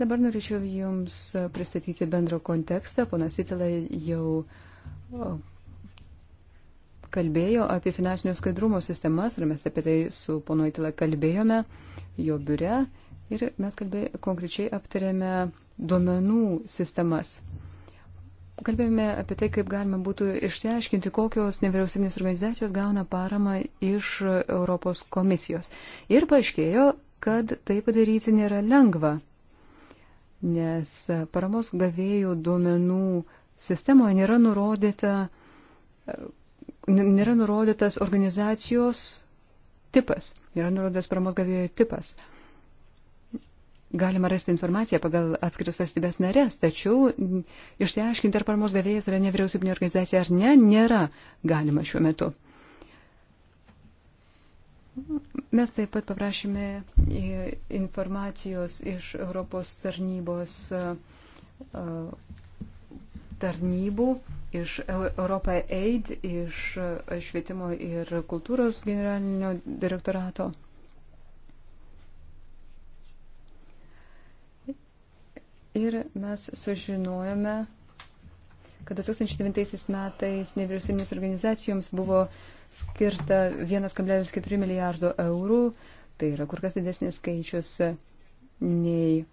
Dabar norėčiau Jums pristatyti bendrą kontekstą. Ponas Itala jau kalbėjo apie finansinio skaidrumo sistemas ir mes apie tai su pono Itala kalbėjome jo biure ir mes kalbė, konkrečiai aptarėme duomenų sistemas kalbėjome apie tai, kaip galima būtų išsiaiškinti, kokios nevyriausybinės organizacijos gauna paramą iš Europos komisijos. Ir paaiškėjo, kad tai padaryti nėra lengva, nes paramos gavėjų duomenų sistemoje nėra, nurodyta, nėra nurodytas organizacijos tipas, nėra nurodytas paramos gavėjų tipas galima rasti informaciją pagal atskiras valstybės narės, tačiau išsiaiškinti, ar paramos gavėjas yra nevyriausybinė organizacija ar ne, nėra galima šiuo metu. Mes taip pat paprašėme informacijos iš Europos tarnybos tarnybų, iš Europa Aid, iš švietimo ir kultūros generalinio direktorato. Ir mes sužinojome, kad 2009 metais nevyriausybinės organizacijoms buvo skirta 1,4 milijardo eurų, tai yra kur kas didesnis skaičius nei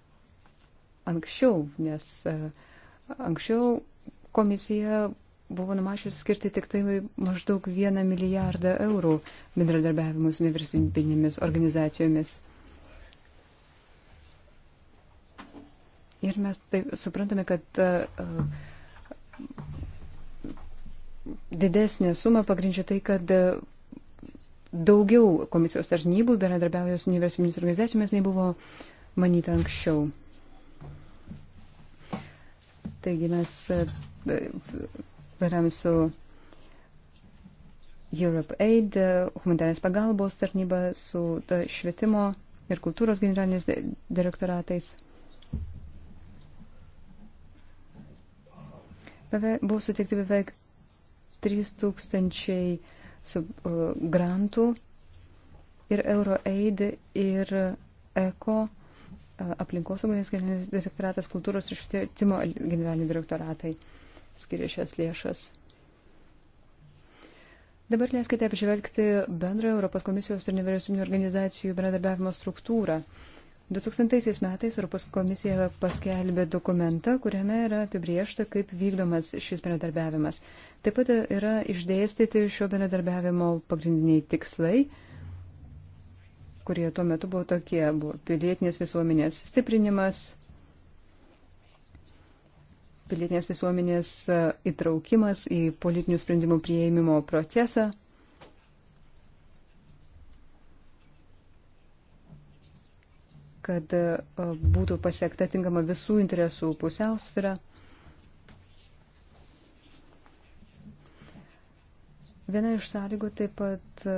anksčiau, nes e, anksčiau komisija buvo numačiusi skirti tik tai maždaug 1 milijardą eurų bendradarbiavimui su nevyriausybinėmis organizacijomis. Ir mes taip suprantame, kad e, e, didesnė suma pagrindžia tai, kad e, daugiau komisijos tarnybų bendradarbiauja su universitinėmis organizacijomis nei buvo manyta anksčiau. Taigi mes varam su Europe Aid, humanitarės pagalbos tarnyba, su švietimo ir kultūros generaliniais direktoratais. Beveik, buvo suteikti beveik 3000 sub, uh, grantų ir EuroAid ir ECO uh, aplinkosauginis generalinis direktoratas kultūros ir švietimo generaliniai direktoratai skiria šias lėšas. Dabar leiskite apžvelgti bendrą Europos komisijos ir nevyriausybinio organizacijų bendradarbiavimo struktūrą. Uh, 2000 metais Europos komisija paskelbė dokumentą, kuriame yra apibriešta, kaip vykdomas šis bendradarbiavimas. Taip pat yra išdėstyti šio bendradarbiavimo pagrindiniai tikslai, kurie tuo metu buvo tokie, buvo pilietinės visuomenės stiprinimas, pilietinės visuomenės e, įtraukimas į politinių sprendimų prieimimo procesą kad e, būtų pasiekta tinkama visų interesų pusiausvyrą. Viena iš sąlygų taip pat e,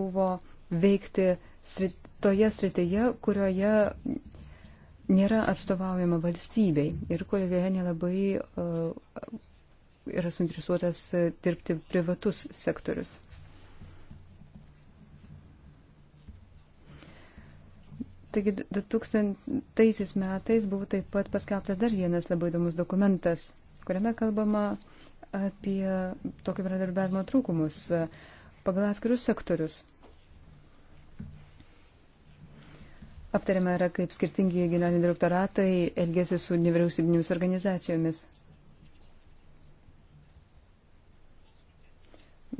buvo veikti toje srityje, kurioje nėra atstovaujama valstybei ir kurioje nelabai e, yra suinteresuotas dirbti privatus sektorius. Taigi 2000 metais buvo taip pat paskelbtas dar vienas labai įdomus dokumentas, kuriame kalbama apie tokio bendradarbiavimo trūkumus e, pagal atskirius sektorius. Aptarėme yra, kaip skirtingi generaliniai direktoratai elgėsi su nevyriausybinėmis organizacijomis.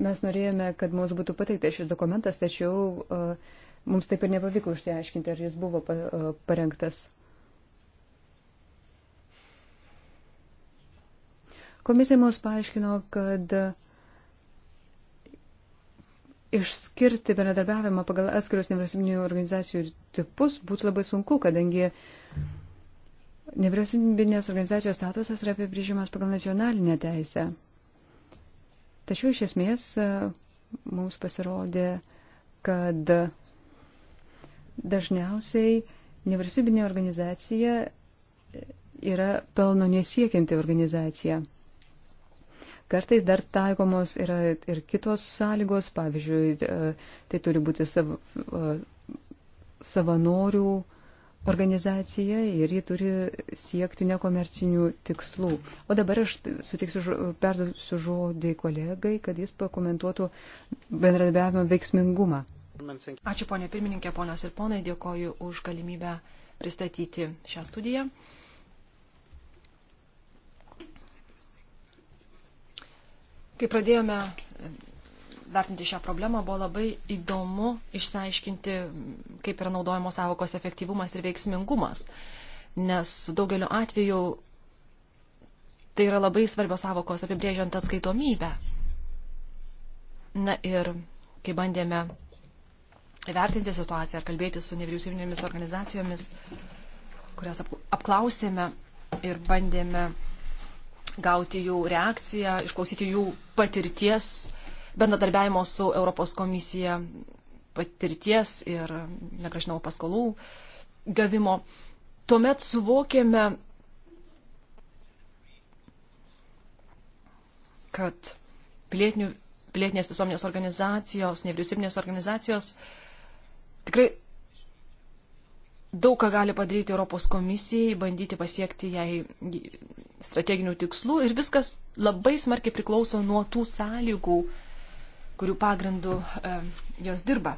Mes norėjome, kad mums būtų pateiktas šis dokumentas, tačiau uh, Mums taip ir nepavyko užsiaiškinti, ar jis buvo e, parengtas. Komisija mums paaiškino, kad išskirti bendradarbiavimą pagal atskirius nevyriausybinių organizacijų tipus būtų labai sunku, kadangi nevyriausybinės organizacijos statusas yra apibrėžimas pagal nacionalinę teisę. Tačiau iš esmės e, mums pasirodė, kad dažniausiai nevyriausybinė organizacija yra pelno nesiekianti organizacija. Kartais dar taikomos yra ir kitos sąlygos, pavyzdžiui, tai turi būti sav, savanorių organizacija ir ji turi siekti nekomercinių tikslų. O dabar aš sutiksiu, perduosiu žodį kolegai, kad jis pakomentuotų bendradarbiavimo veiksmingumą. Ačiū ponė pirmininkė, ponios ir ponai, dėkoju už galimybę pristatyti šią studiją. Kai pradėjome vertinti šią problemą, buvo labai įdomu išsiaiškinti, kaip yra naudojamos savokos efektyvumas ir veiksmingumas. Nes daugeliu atveju tai yra labai svarbios savokos apibrėžiant atskaitomybę. Na ir kai bandėme vertinti situaciją ar kalbėti su nevyriausybinėmis organizacijomis, kurias apklausėme ir bandėme gauti jų reakciją, išklausyti jų patirties, bendradarbiavimo su Europos komisija patirties ir negražinamų paskolų gavimo. Tuomet suvokėme, kad pilietinių, pilietinės visuomenės organizacijos, nevyriausybinės organizacijos uh, tikrai daug ką gali padaryti Europos komisijai, bandyti pasiekti jai strateginių tikslų ir viskas labai smarkiai priklauso nuo tų sąlygų, kurių pagrindų e, jos dirba.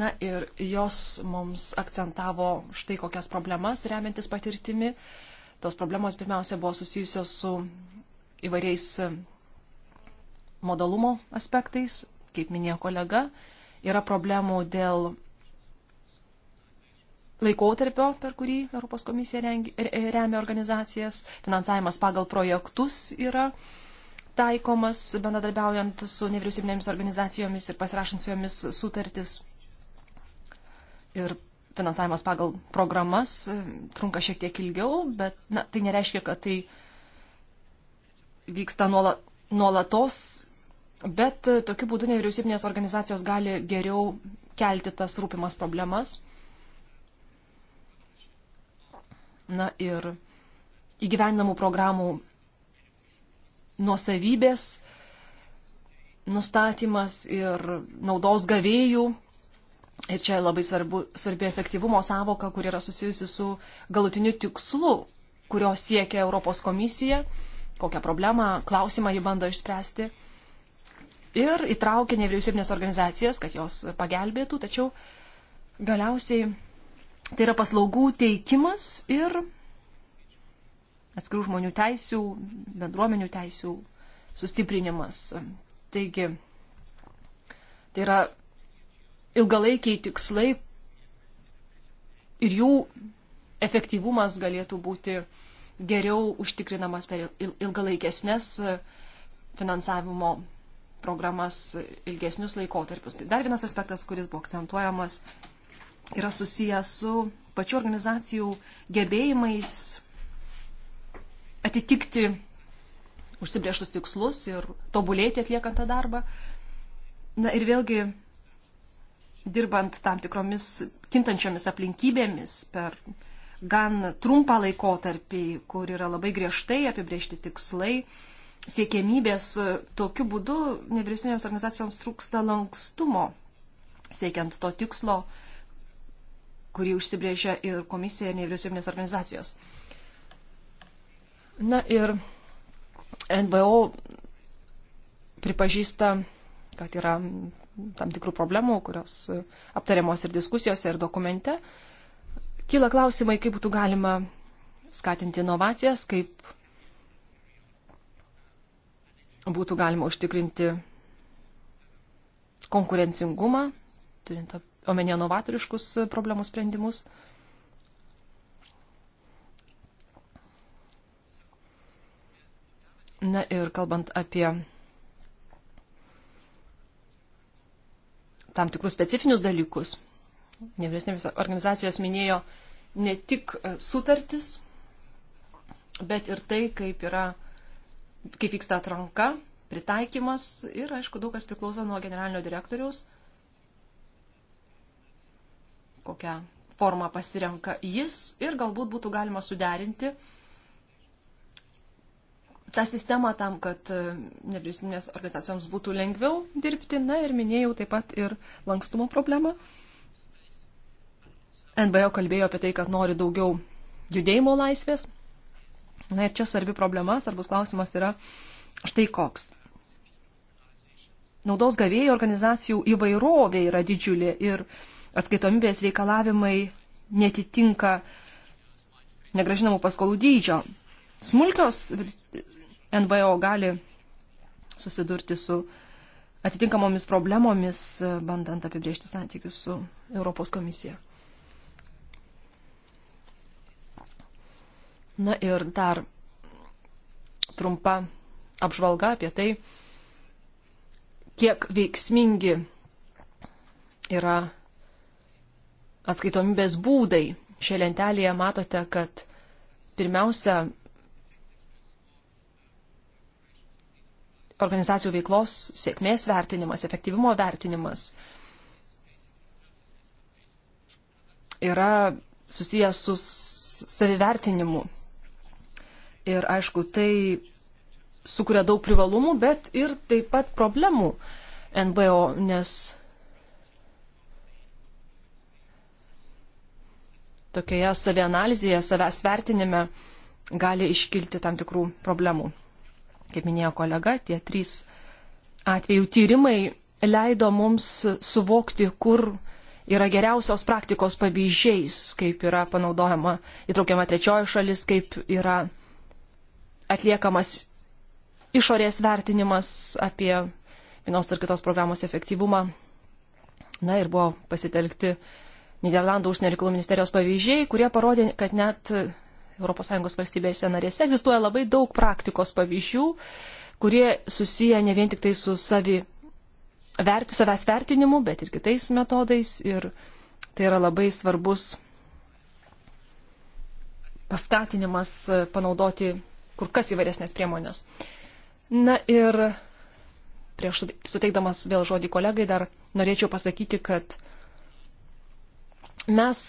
Na ir jos mums akcentavo štai kokias problemas remiantis patirtimi. Tos problemos pirmiausia buvo susijusios su įvairiais e, modalumo aspektais, kaip minėjo kolega, yra problemų dėl laikotarpio, per kurį Europos komisija rengi, remia organizacijas, finansavimas pagal projektus yra taikomas, bendradarbiaujant su nevyriausybinėmis organizacijomis ir pasirašant su jomis sutartis. Ir finansavimas pagal programas e, trunka šiek tiek ilgiau, bet na, tai nereiškia, kad tai vyksta nuola, nuolatos Bet e, tokiu būdu nevyriausybinės organizacijos gali geriau kelti tas rūpimas problemas. Na ir įgyvendamų programų nuosavybės nustatymas ir naudos gavėjų. Ir čia labai svarbu, svarbi efektyvumo savoka, kur yra susijusi su galutiniu tikslu, kurio siekia Europos komisija, kokią problemą, klausimą jį bando išspręsti ir įtraukė nevyriausybinės organizacijas, kad jos pagelbėtų, tačiau galiausiai tai yra paslaugų teikimas ir atskirų žmonių teisių, bendruomenių teisių sustiprinimas. Taigi, tai yra ilgalaikiai tikslai ir jų efektyvumas galėtų būti geriau užtikrinamas per ilgalaikesnės finansavimo programas ilgesnius laikotarpius. Tai dar vienas aspektas, kuris buvo akcentuojamas, yra susijęs su pačių organizacijų gebėjimais atitikti užsibrieštus tikslus ir tobulėti atliekant tą darbą. Na ir vėlgi, dirbant tam tikromis kintančiomis aplinkybėmis per gan trumpą laikotarpį, kur yra labai griežtai apibriežti tikslai, siekėmybės e, tokiu būdu nevyriausybinėms organizacijoms trūksta lankstumo siekiant to tikslo, kurį užsibrėžia ir komisija, ir nevyriausybinės organizacijos. Na ir NVO pripažįsta, kad yra tam tikrų problemų, kurios aptariamos ir diskusijose, ir dokumente. Kyla klausimai, kaip būtų galima skatinti inovacijas, kaip būtų galima užtikrinti konkurencingumą, turint omenyje novatoriškus problemų sprendimus. Na ir kalbant apie tam tikrus specifinius dalykus, nevyriausybinės organizacijos minėjo ne tik sutartis, bet ir tai, kaip yra kaip vyksta atranka, pritaikymas ir, aišku, daug kas priklauso nuo generalinio direktoriaus, kokią formą pasirenka jis ir galbūt būtų galima suderinti tą sistemą tam, kad e, nevyriausybinės organizacijoms būtų lengviau dirbti. Na ir minėjau taip pat ir lankstumo problemą. NBO kalbėjo apie tai, kad nori daugiau judėjimo laisvės. Na ir čia svarbi problema, svarbus klausimas yra štai koks. Naudos gavėjų organizacijų įvairovė yra didžiulė ir atskaitomybės reikalavimai netitinka negražinamų paskolų dydžio. Smulkios NVO gali susidurti su atitinkamomis problemomis, bandant apibriežti santykius su Europos komisija. Na ir dar trumpa apžvalga apie tai, kiek veiksmingi yra atskaitomybės būdai. Šią lentelėje matote, kad pirmiausia, organizacijų veiklos sėkmės vertinimas, efektyvumo vertinimas yra susijęs su savivertinimu Ir aišku, tai sukuria daug privalumų, bet ir taip pat problemų NBO, nes tokioje savianalizėje, savęs vertinime gali iškilti tam tikrų problemų. Kaip minėjo kolega, tie trys atvejų tyrimai leido mums suvokti, kur yra geriausios praktikos pavyzdžiais, kaip yra panaudojama įtraukiama trečioji šalis, kaip yra atliekamas išorės vertinimas apie vienos ar kitos programos efektyvumą. Na ir buvo pasitelkti Niderlandų užsienio reikalų ministerijos pavyzdžiai, kurie parodė, kad net ES valstybėse narėse egzistuoja labai daug praktikos pavyzdžių, kurie susiję ne vien tik tai su savi, verti, savęs vertinimu, bet ir kitais metodais. Ir tai yra labai svarbus paskatinimas panaudoti kur kas įvairesnės priemonės. Na ir prieš suteikdamas vėl žodį kolegai dar norėčiau pasakyti, kad mes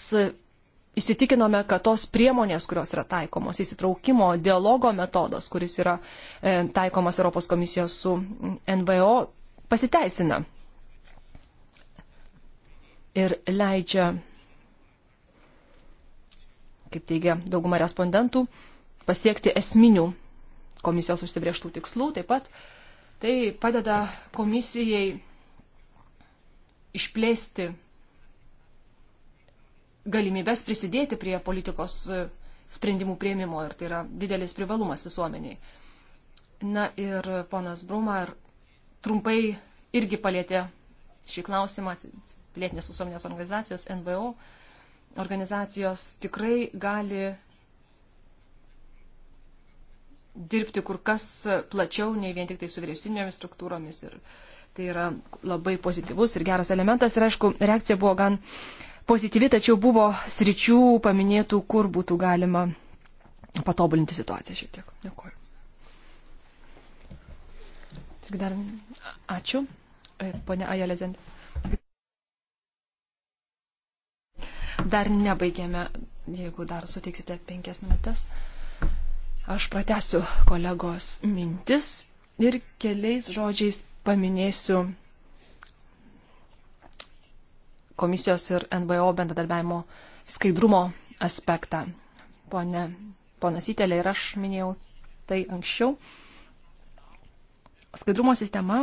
įsitikinome, kad tos priemonės, kurios yra taikomos, įsitraukimo dialogo metodas, kuris yra e, taikomas Europos komisijos su NVO, pasiteisina ir leidžia, kaip teigia dauguma respondentų, pasiekti esminių komisijos užsibrieštų tikslų. Taip pat tai padeda komisijai išplėsti galimybės prisidėti prie politikos e, sprendimų prieimimo ir tai yra didelis privalumas visuomeniai. Na ir ponas Brumar trumpai irgi palėtė šį klausimą, pilietinės visuomenės organizacijos, NVO organizacijos tikrai gali dirbti kur kas plačiau, nei vien tik tai su vyriausybinėmis struktūromis. Ir tai yra labai pozityvus ir geras elementas. Ir aišku, reakcija buvo gan pozityvi, tačiau buvo sričių paminėtų, kur būtų galima patobulinti situaciją šiek tiek. Dėkuoju. Tik dar ačiū. E, Pone Ajelezent. Dar nebaigėme, jeigu dar suteiksite penkias minutės. Aš pratęsiu kolegos mintis ir keliais žodžiais paminėsiu komisijos ir NVO bendradarbiavimo skaidrumo aspektą. Pone, ponas Itelė ir aš minėjau tai anksčiau. Skaidrumo sistema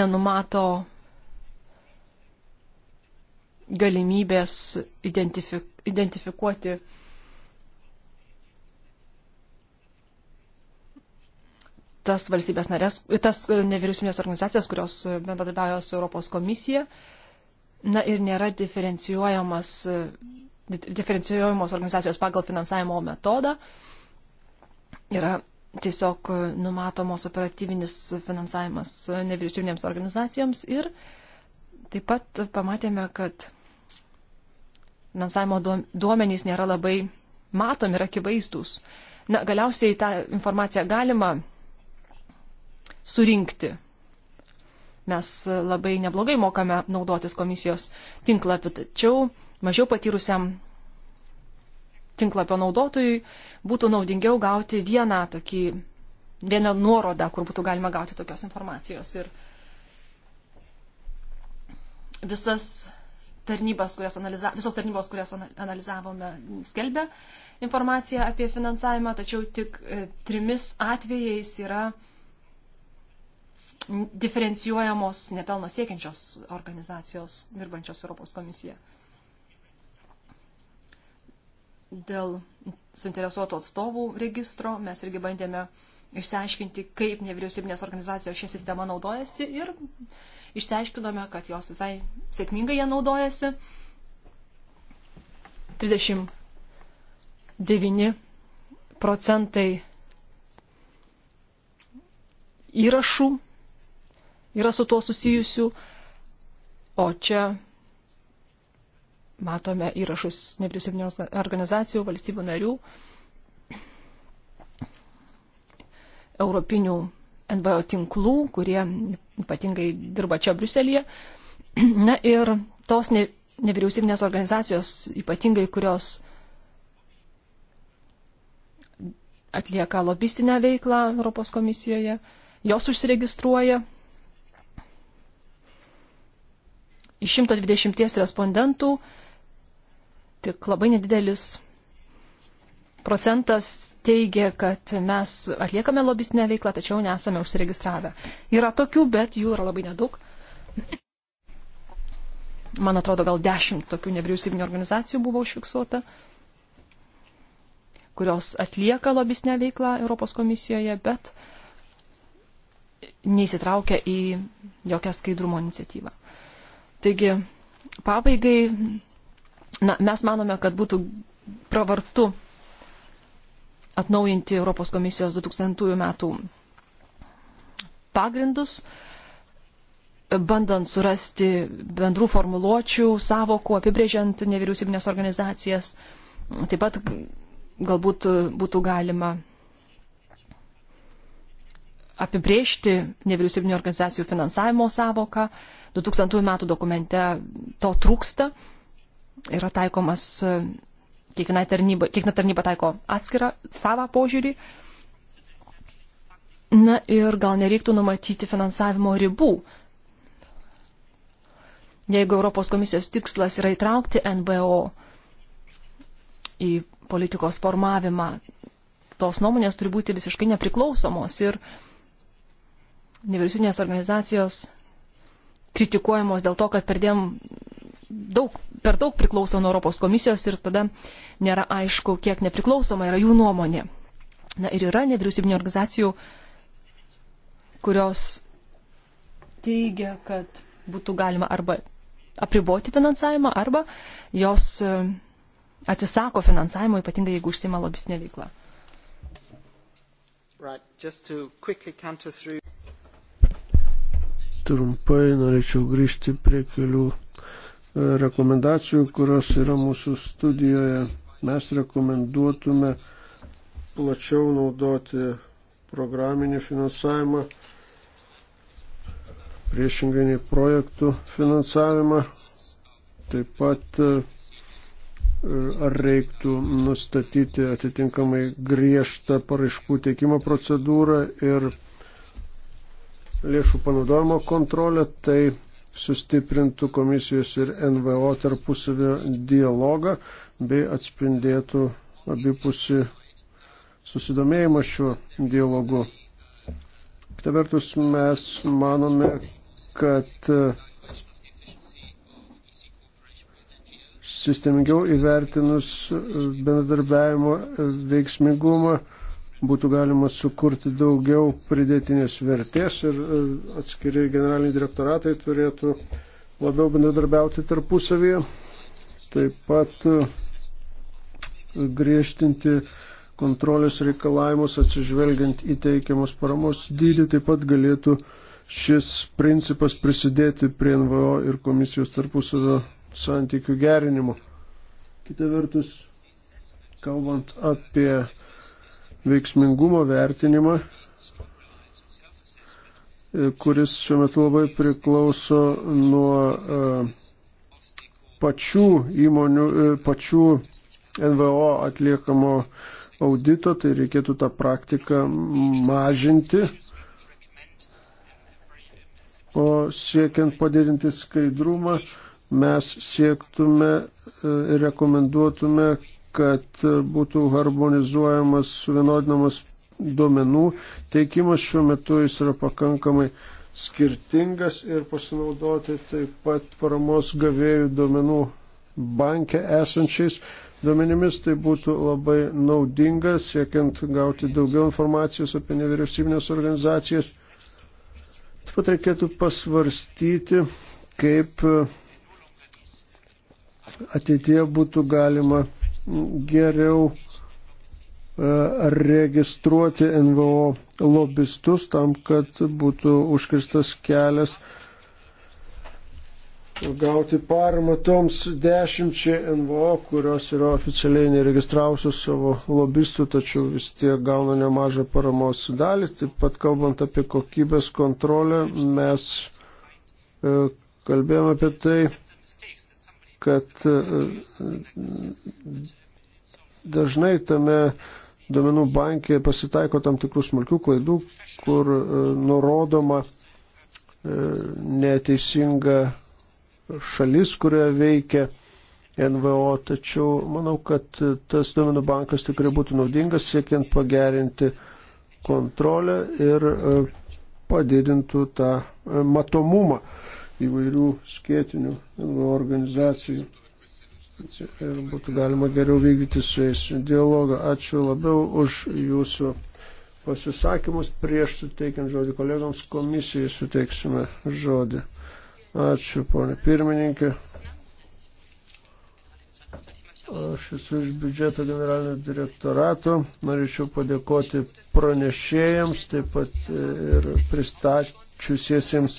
nenumato galimybės identifik, identifikuoti tas valstybės narės, tas nevyriausybinės organizacijas, kurios bendradarbiauja su Europos komisija. Na ir nėra diferencijuojamas, diferencijuojamos organizacijos pagal finansavimo metodą. Yra tiesiog numatomos operatyvinis finansavimas nevyriausybinėms organizacijoms ir taip pat pamatėme, kad finansavimo duomenys nėra labai matomi ir akivaizdūs. Na, galiausiai tą informaciją galima surinkti. Mes labai neblogai mokame naudotis komisijos tinklapį, tačiau mažiau patyrusiam tinklapio naudotojui būtų naudingiau gauti vieną tokį, vieną nuorodą, kur būtų galima gauti tokios informacijos. Ir visas tarnybas, kurias analiza, visos tarnybos, kurias analizavome, skelbė informaciją apie finansavimą, tačiau tik e, trimis atvejais yra diferencijuojamos nepelno siekiančios organizacijos dirbančios Europos komisija. Dėl suinteresuotų atstovų registro mes irgi bandėme išsiaiškinti, kaip nevyriausybinės organizacijos šią sistemą naudojasi ir uh, išsiaiškinome, kad jos visai sėkmingai jie naudojasi. 39 procentai įrašų yra su tuo susijusių, o čia matome įrašus nevyriausybinio organizacijų, valstybių narių, europinių NBO tinklų, kurie ypatingai dirba čia Bruselėje. Na ir tos ne, nevyriausybinės organizacijos, ypatingai kurios atlieka lobistinę veiklą Europos komisijoje, jos užsiregistruoja. Iš 120 respondentų tik labai nedidelis procentas teigia, kad mes atliekame lobistinę veiklą, tačiau nesame užsiregistravę. Yra tokių, bet jų yra labai nedaug. Man atrodo, gal dešimt tokių nevyriausybinio organizacijų buvo užfiksuota, kurios atlieka lobistinę veiklą Europos komisijoje, bet neįsitraukia į jokią skaidrumo iniciatyvą. Taigi, pabaigai, na, mes manome, kad būtų pravartu atnaujinti Europos komisijos 2000 metų pagrindus, bandant surasti bendrų formuluočių, savokų, apibrėžiant nevyriausybinės organizacijas. Taip pat galbūt būtų galima apibrėžti nevyriausybinio organizacijų finansavimo savoką. 2000 metų dokumente to trūksta. Yra taikomas Kiekviena tarnyba, kiekviena tarnyba taiko atskirą savo požiūrį. Na ir gal nereiktų numatyti finansavimo ribų. Jeigu Europos komisijos tikslas yra įtraukti NBO į politikos formavimą, tos nuomonės turi būti visiškai nepriklausomos ir nevyriausybinės organizacijos kritikuojamos dėl to, kad perdėm daug, per daug priklauso nuo Europos komisijos ir tada nėra aišku, kiek nepriklausoma yra jų nuomonė. Na ir yra nevyriausybinio organizacijų, kurios teigia, kad būtų galima arba apriboti finansavimą, arba jos e, atsisako finansavimo, ypatingai jeigu užsima lobistinė veikla. Right, Trumpai norėčiau grįžti prie kelių rekomendacijų, kurios yra mūsų studijoje. Mes rekomenduotume plačiau naudoti programinį finansavimą, priešingai nei projektų finansavimą. Taip pat e, ar reiktų nustatyti atitinkamai griežtą paraiškų teikimo procedūrą ir lėšų panaudojimo kontrolę, tai sustiprintų komisijos ir NVO tarpusavio dialogą bei atspindėtų abipusi susidomėjimą šiuo dialogu. Kita vertus, mes manome, kad e, sistemingiau įvertinus e, bendradarbiavimo veiksmingumą būtų galima sukurti daugiau pridėtinės vertės ir e, atskiri generaliniai direktoratai turėtų labiau bendradarbiauti tarpusavyje. Taip pat e, griežtinti kontrolės reikalavimus atsižvelgiant į teikiamus paramos dydį, taip pat galėtų šis principas prisidėti prie NVO ir komisijos tarpusavio santykių gerinimo. Kita vertus, kalbant apie veiksmingumo vertinimą, e, kuris šiuo metu labai priklauso nuo e, pačių įmonių, e, pačių NVO atliekamo audito, tai reikėtų tą praktiką mažinti. O siekiant padidinti skaidrumą, mes siektume ir rekomenduotume, kad būtų harmonizuojamas, suvienodinamas duomenų teikimas. Šiuo metu jis yra pakankamai skirtingas ir pasinaudoti taip pat paramos gavėjų duomenų banke esančiais duomenimis. Tai būtų labai naudinga, siekiant gauti daugiau informacijos apie nevyriausybinės organizacijas. Taip pat reikėtų pasvarstyti, kaip ateitie būtų galima geriau e, registruoti NVO lobistus tam, kad būtų užkirstas kelias gauti paramą toms dešimčiai NVO, kurios yra oficialiai neregistravusios savo lobistų, tačiau vis tiek gauna nemažą paramos dalį. Taip pat kalbant apie kokybės kontrolę, mes e, kalbėjome apie tai, kad e, dažnai tame duomenų bankė pasitaiko tam tikrų smulkių klaidų, kur e, nurodoma e, neteisinga šalis, kurioje veikia NVO, tačiau manau, kad e, tas duomenų bankas tikrai būtų naudingas siekiant pagerinti kontrolę ir padidintų tą matomumą įvairių skėtinių NVO organizacijų ir būtų galima geriau vykdyti su jais dialogą. Ačiū labiau už jūsų pasisakymus. Prieš suteikiant žodį kolegoms komisijai suteiksime žodį. Ačiū, ponė pirmininkė. Aš esu iš biudžeto generalinio direktorato. Norėčiau padėkoti pranešėjams, taip pat ir pristačiusiesiems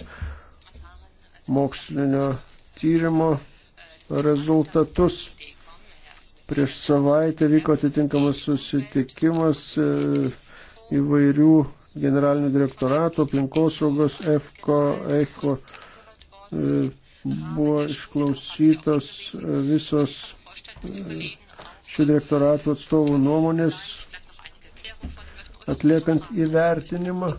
mokslinio tyrimo rezultatus. Prieš savaitę vyko atitinkamas susitikimas e, įvairių generalinių direktoratų, aplinkosaugos, EFKO, ECHO. Buvo išklausytos e, visos e, šių direktoratų atstovų nuomonės atliekant įvertinimą.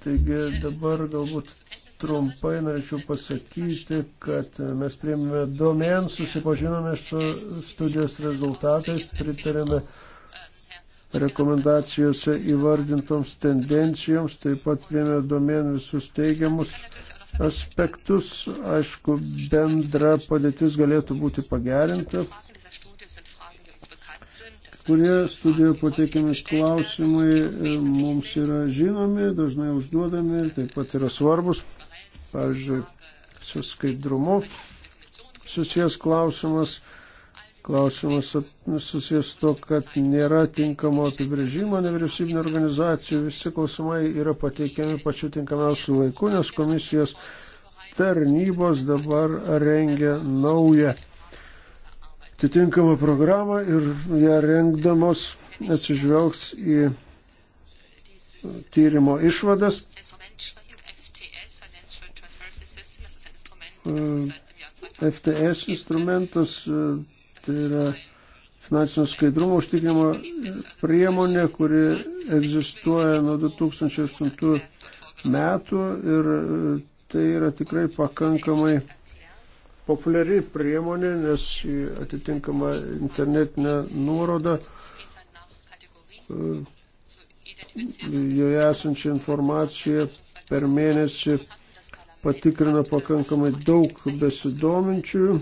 Taigi dabar galbūt trumpai norėčiau pasakyti, kad mes priėmėme domen, susipažinome su studijos rezultatais, pritarėme rekomendacijose įvardintoms tendencijoms, taip pat priėmė domen visus teigiamus aspektus. Aišku, bendra padėtis galėtų būti pagerinta. Kurie studijoje pateikiami klausimai mums yra žinomi, dažnai užduodami, taip pat yra svarbus pavyzdžiui, su skaidrumu susijęs klausimas. Klausimas susijęs to, kad nėra tinkamo apibrėžimo nevyriausybinio organizacijų, visi klausimai yra pateikiami pačiu tinkamiausiu laiku, nes komisijos tarnybos dabar rengia naują atitinkamą programą ir ją rengdamos atsižvelgs į tyrimo išvadas Mm, FTS instrumentas, e, tai yra finansinio skaidrumo užtikrimo priemonė, kuri egzistuoja nuo 2008 metų ir e, tai yra tikrai pakankamai populiari priemonė, nes atitinkama internetinė nuoroda e, joje esančią informaciją per mėnesį patikrina pakankamai daug besidominčiųjų.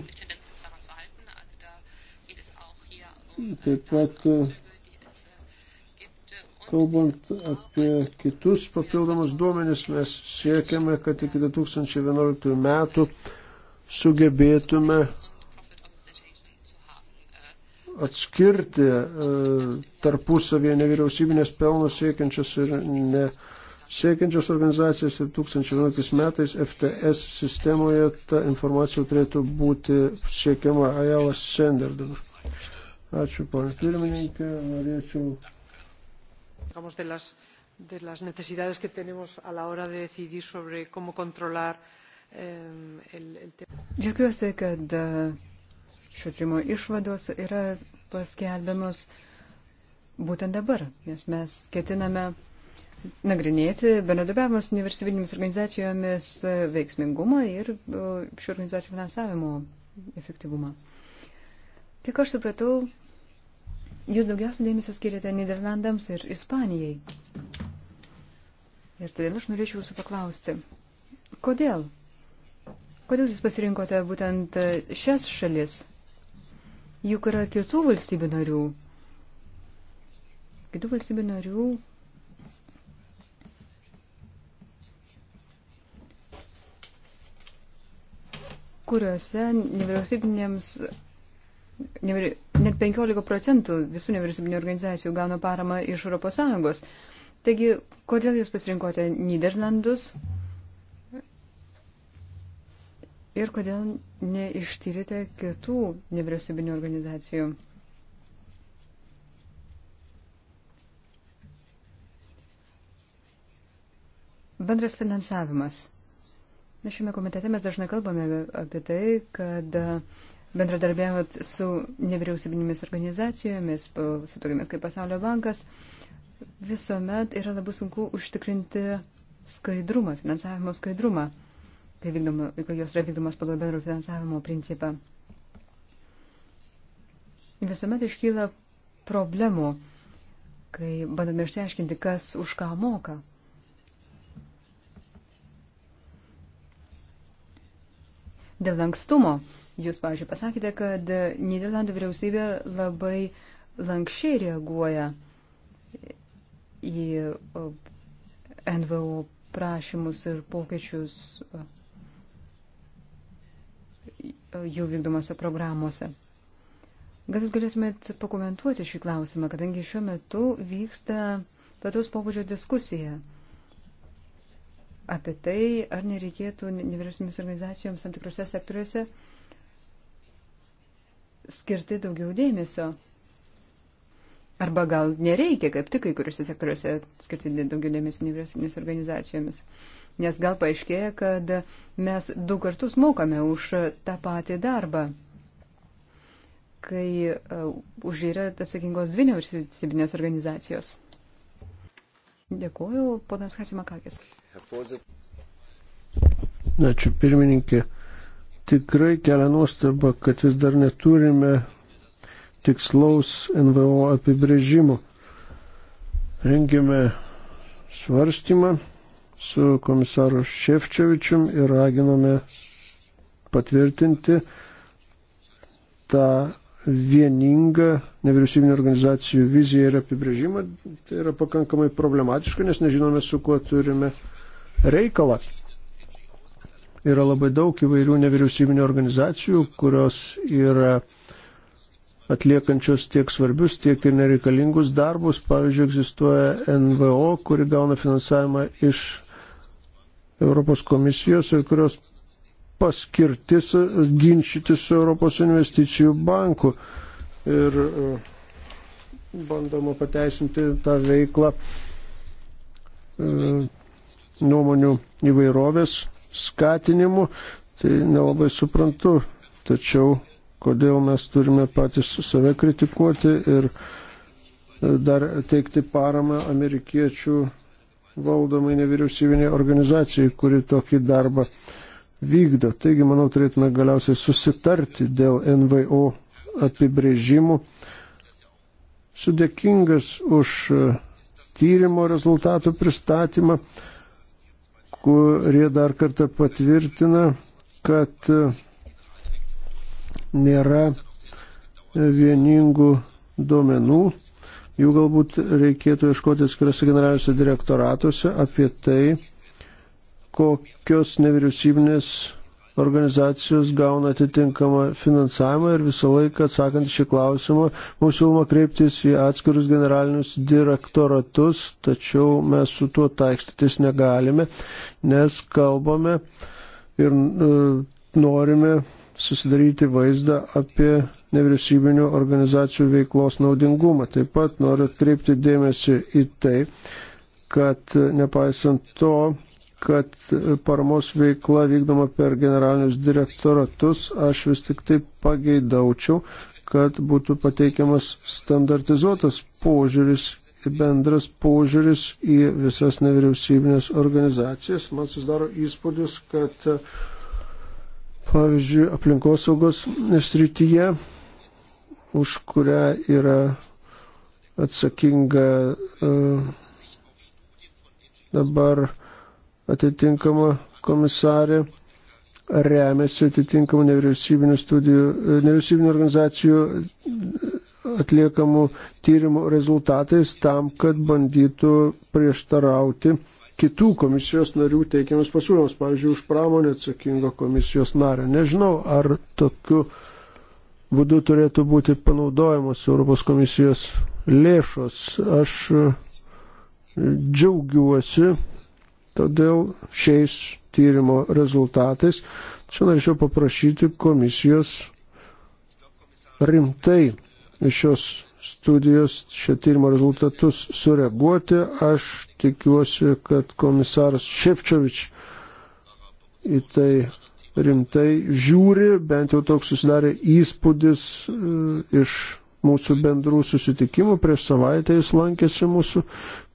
Taip pat Kalbant apie kitus papildomus duomenis, mes siekiame, kad iki 2011 metų sugebėtume atskirti e, tarpusavėje nevyriausybinės pelnus siekiančias ir ne Siekiančios organizacijos 2011 metais FTS sistemoje ta informacija turėtų būti siekiama Ajalas Sender dabar. Ačiū, ponė pirmininkė, norėčiau. Vamos de las, de las necesidades que tenemos a la hora de decidir sobre cómo controlar um, el, el tema. Džiaugiuosi, kad eh, šio trimo išvados yra paskelbiamos būtent dabar, nes mes ketiname nagrinėti bendradarbiavimo su universitybinėmis organizacijomis e, veiksmingumą ir e, šių organizacijų finansavimo efektyvumą. Tik aš supratau, jūs daugiausia dėmesio skiriate Niderlandams ir Ispanijai. Ir todėl aš norėčiau jūsų paklausti, kodėl? Kodėl jūs pasirinkote būtent e, šias šalis? Juk yra kitų valstybių narių. Kitų valstybių narių, kuriuose nevyriausybinėms, nevyri, net 15 procentų visų nevyriausybinio organizacijų gauna paramą iš ES. Taigi, kodėl jūs pasirinkote Niderlandus ir kodėl neištyrėte kitų nevyriausybinio organizacijų? Bendras finansavimas. Na, šiame komitete mes dažnai kalbame apie tai, kad e, bendradarbiavot su nevyriausybinėmis organizacijomis, su tokiamis kaip Pasaulio bankas, visuomet yra labai sunku užtikrinti skaidrumą, finansavimo skaidrumą, kai, vykdoma, kai jos yra vykdomas pagal bendro finansavimo principą. Visuomet iškyla problemų, kai bandome išsiaiškinti, kas už ką moka. dėl lankstumo. Jūs, pavyzdžiui, pasakėte, kad Niderlandų vyriausybė labai lankščiai reaguoja į NVO prašymus ir pokyčius jų vykdomose programuose. Gal jūs galėtumėt pakomentuoti šį klausimą, kadangi šiuo metu vyksta plataus pobūdžio diskusija apie tai, ar nereikėtų nevyriausybėms organizacijoms tam tikrose sektoriuose skirti daugiau dėmesio. Arba gal nereikia, kaip tik kai kuriuose sektoriuose skirti daugiau dėmesio nevyriausybinės organizacijomis. Nes gal paaiškėja, kad mes du kartus mokame už tą patį darbą, kai uh, už yra atsakingos dvi nevyriausybinės organizacijos. Dėkuoju, ponas Hasimakakis. Ačiū pirmininkė. Tikrai kelia nuostaba, kad vis dar neturime tikslaus NVO apibrėžimo. Rengiame svarstymą su komisaru Šefčiovičium ir raginome patvirtinti tą vieningą nevyriausybinio organizacijų viziją ir apibrėžimą. Tai yra pakankamai problematiška, nes nežinome, su kuo turime reikalą. Yra labai daug įvairių nevyriausybinio organizacijų, kurios yra atliekančios tiek svarbius, tiek ir nereikalingus darbus. Pavyzdžiui, egzistuoja NVO, kuri gauna finansavimą iš Europos komisijos ir kurios paskirtis ginčyti su Europos investicijų banku. Ir e, bandoma pateisinti tą veiklą e, nuomonių įvairovės skatinimu, tai nelabai suprantu. Tačiau kodėl mes turime patys save kritikuoti ir e, dar teikti paramą amerikiečių valdomai nevyriausybinė organizacija, kuri tokį darbą vykdo. Taigi, manau, turėtume galiausiai susitarti dėl NVO apibrėžimų. Sudėkingas už e, tyrimo rezultatų pristatymą kurie dar kartą patvirtina, kad nėra vieningų duomenų. Jų galbūt reikėtų iškoti atskirose generaliniuose direktoratuose apie tai, kokios nevyriausybinės organizacijos gauna atitinkamą finansavimą ir visą laiką atsakant šį klausimą, mums siūloma kreiptis į atskirus generalinius direktoratus, tačiau mes su tuo taikstytis negalime, nes kalbame ir e, norime susidaryti vaizdą apie nevyriausybinių organizacijų veiklos naudingumą. Taip pat noriu atkreipti dėmesį į tai, kad nepaisant to, kad paramos veikla vykdoma per generalinius direktoratus, aš vis tik tai pageidaučiau, kad būtų pateikiamas standartizuotas požiūris, bendras požiūris į visas nevyriausybinės organizacijas. Man susidaro įspūdis, kad pavyzdžiui, aplinkosaugos srityje, už kurią yra atsakinga e, dabar uh, atitinkama komisarė remiasi atitinkamų nevyriausybinių studijų, nevyriausybinių organizacijų atliekamų tyrimų rezultatais tam, kad bandytų prieštarauti kitų komisijos narių teikiamus pasiūlymus, pavyzdžiui, už pramonę atsakingo komisijos narę. Nežinau, ar tokiu būdu turėtų būti panaudojamos Europos komisijos lėšos. Aš džiaugiuosi Todėl šiais tyrimo rezultatais čia norėčiau paprašyti komisijos rimtai šios studijos, šio tyrimo rezultatus sureaguoti. Aš tikiuosi, kad komisaras Šefčiovič į tai rimtai žiūri, bent jau toks susidarė įspūdis e, iš mūsų bendrų susitikimų. Prieš savaitę jis lankėsi mūsų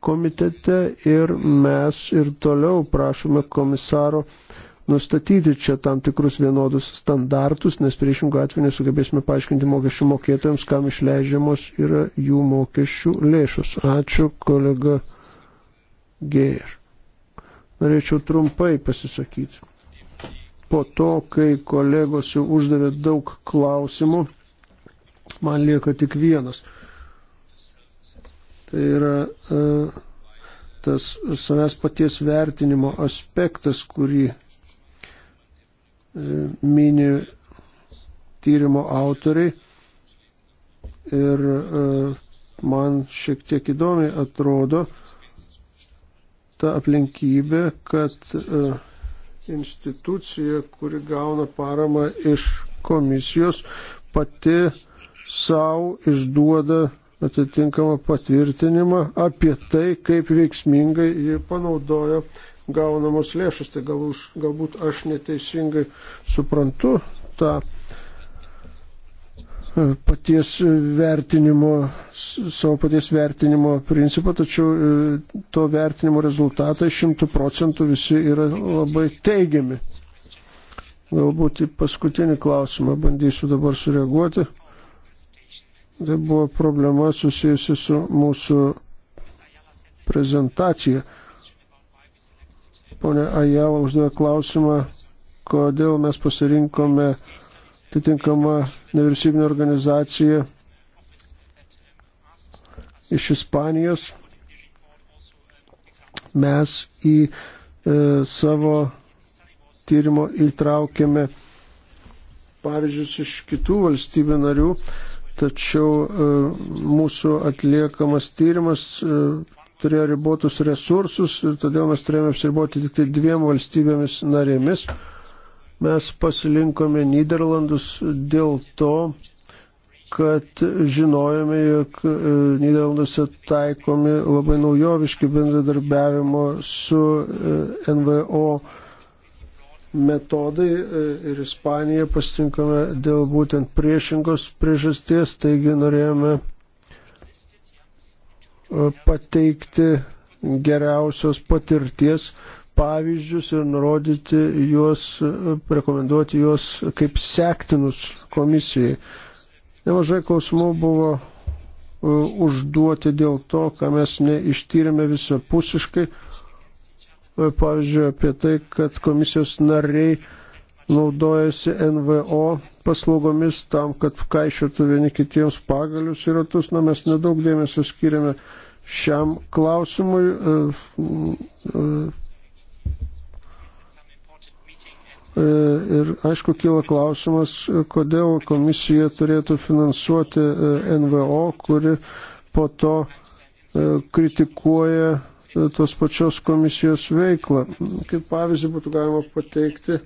komitete ir mes ir toliau prašome komisaro nustatyti čia tam tikrus vienodus standartus, nes priešingų atveju nesugebėsime paaiškinti mokesčių mokėtojams, kam išleidžiamos yra jų mokesčių lėšus. Ačiū, kolega Geir. Norėčiau trumpai pasisakyti. Po to, kai kolegos jau uždavė daug klausimų, man lieka tik vienas. Tai yra e, tas savęs paties vertinimo aspektas, kurį e, mini tyrimo autoriai. Ir e, man šiek tiek įdomiai atrodo ta aplinkybė, kad institucija, kuri gauna paramą iš komisijos, pati savo išduoda atitinkamą patvirtinimą apie tai, kaip veiksmingai ji panaudojo gaunamos lėšus. Tai gal už, galbūt aš neteisingai suprantu tą e, paties vertinimo, savo paties vertinimo principą, tačiau e, to vertinimo rezultatai šimtų procentų visi yra labai teigiami. Galbūt į paskutinį klausimą bandysiu dabar sureaguoti. Tai buvo problema susijusi su mūsų prezentacija. Pone Ajala uždavė klausimą, kodėl mes pasirinkome atitinkamą nevyriausybinę organizaciją iš Ispanijos. Mes į e, savo tyrimo įtraukėme pavyzdžius iš kitų valstybių narių. E, tačiau e, mūsų atliekamas tyrimas e, turėjo ribotus resursus ir todėl mes turėjome apsiriboti tik tai dviem valstybėmis narėmis. Mes pasilinkome Niderlandus dėl to, kad žinojome, jog e, Niderlanduose taikomi labai naujoviški bendradarbiavimo su NVO metodai e, ir Ispaniją pasitinkame dėl būtent priešingos priežasties, taigi norėjome e, pateikti geriausios patirties pavyzdžius ir nurodyti juos, e, rekomenduoti juos kaip sektinus komisijai. Nemažai klausimų buvo užduoti dėl to, ką mes neištyrėme visapusiškai. pusiškai E, pavyzdžiui, apie tai, kad komisijos nariai naudojasi NVO paslaugomis tam, kad kaišiotų vieni kitiems pagalius ir ratus. Na, mes nedaug dėmesio skiriame šiam klausimui. E, e, ir aišku, kyla klausimas, kodėl komisija turėtų finansuoti NVO, kuri po to kritikuoja tos pačios komisijos veiklą. Kaip pavyzdį būtų galima pateikti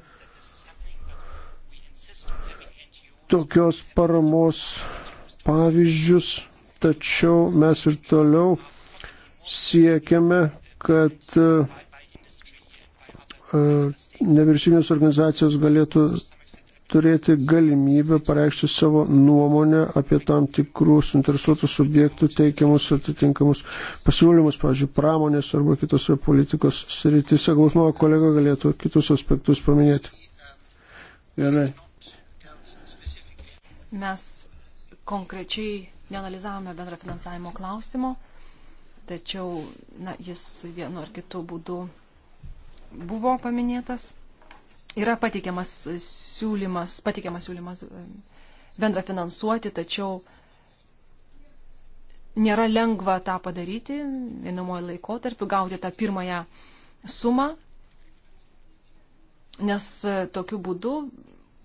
tokios paramos pavyzdžius, tačiau mes ir toliau siekiame, kad e, e, nevyriausybinės organizacijos galėtų turėti galimybę pareikšti savo nuomonę apie tam tikrų suinteresuotų subjektų teikiamus atitinkamus pasiūlymus, pavyzdžiui, pramonės arba kitose politikos sritise. Galbūt mano kolega galėtų kitus aspektus paminėti. Gerai. Mes konkrečiai neanalizavome bendra finansavimo klausimo, tačiau na, jis vienu ar kitu būdu buvo paminėtas. Yra pateikiamas siūlymas, pateikiamas siūlymas e, bendra finansuoti, tačiau nėra lengva tą padaryti, einamojo laikotarpiu, gauti tą pirmąją sumą, nes e, tokiu būdu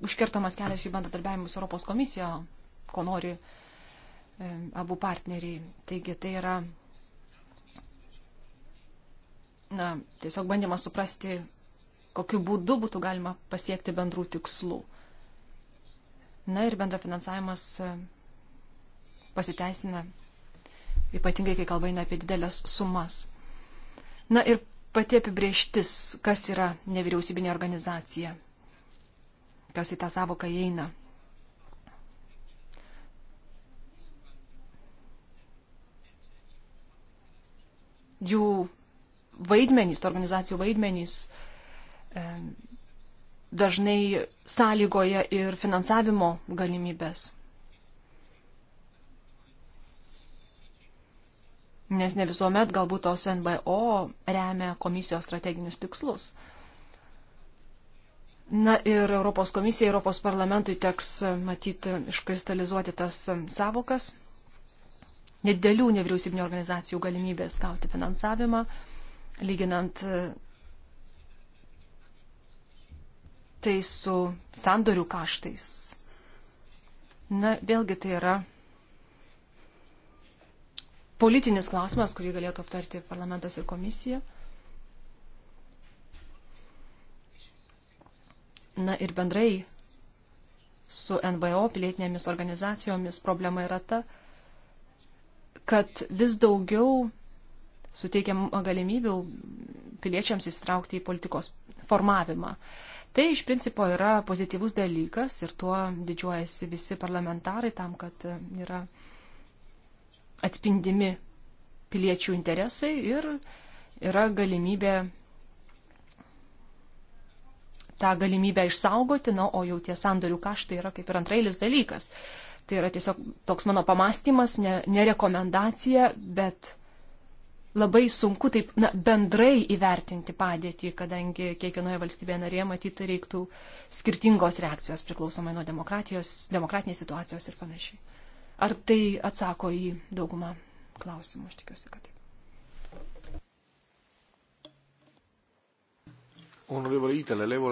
užkertamas kelias į bendradarbiavimus Europos komisiją, ko nori e, abu partneriai. Taigi tai yra na, tiesiog bandymas suprasti, kokiu būdu būtų galima pasiekti bendrų tikslų. Na ir bendrafinansavimas e, pasiteisina, ypatingai kai kalba eina apie didelės sumas. Na ir pati apibrieštis, kas yra nevyriausybinė organizacija, kas į tą savoką įeina. Jų vaidmenys, to organizacijų vaidmenys E, dažnai sąlygoja ir finansavimo galimybės. Nes ne visuomet galbūt tos NBO remia komisijos strateginius tikslus. Na ir Europos komisija, Europos parlamentui teks e, matyti iškristalizuoti tas e, savokas. Nedėlių nevyriausybinio organizacijų galimybės gauti finansavimą, lyginant tai su sandorių kaštais. Na, vėlgi tai yra politinis klausimas, kurį galėtų aptarti parlamentas ir komisija. Na ir bendrai su NVO pilietinėmis organizacijomis problema yra ta, kad vis daugiau suteikiam galimybių piliečiams įsitraukti į politikos formavimą. Uh, Tai iš principo yra pozityvus dalykas ir tuo didžiuojasi visi parlamentarai tam, kad e, yra atspindimi piliečių interesai ir yra galimybė tą galimybę išsaugoti, na, o jau tie sandorių kaštai yra kaip ir antrailis dalykas. Tai yra tiesiog toks mano pamastymas, ne, ne rekomendacija, bet labai sunku taip na, bendrai įvertinti padėtį, kadangi kiekvienoje valstybėje narėje matyt reiktų skirtingos reakcijos priklausomai nuo demokratinės situacijos ir panašiai. Ar tai atsako į daugumą klausimų? Aš tikiuosi, kad taip. Onorevole Itala, levo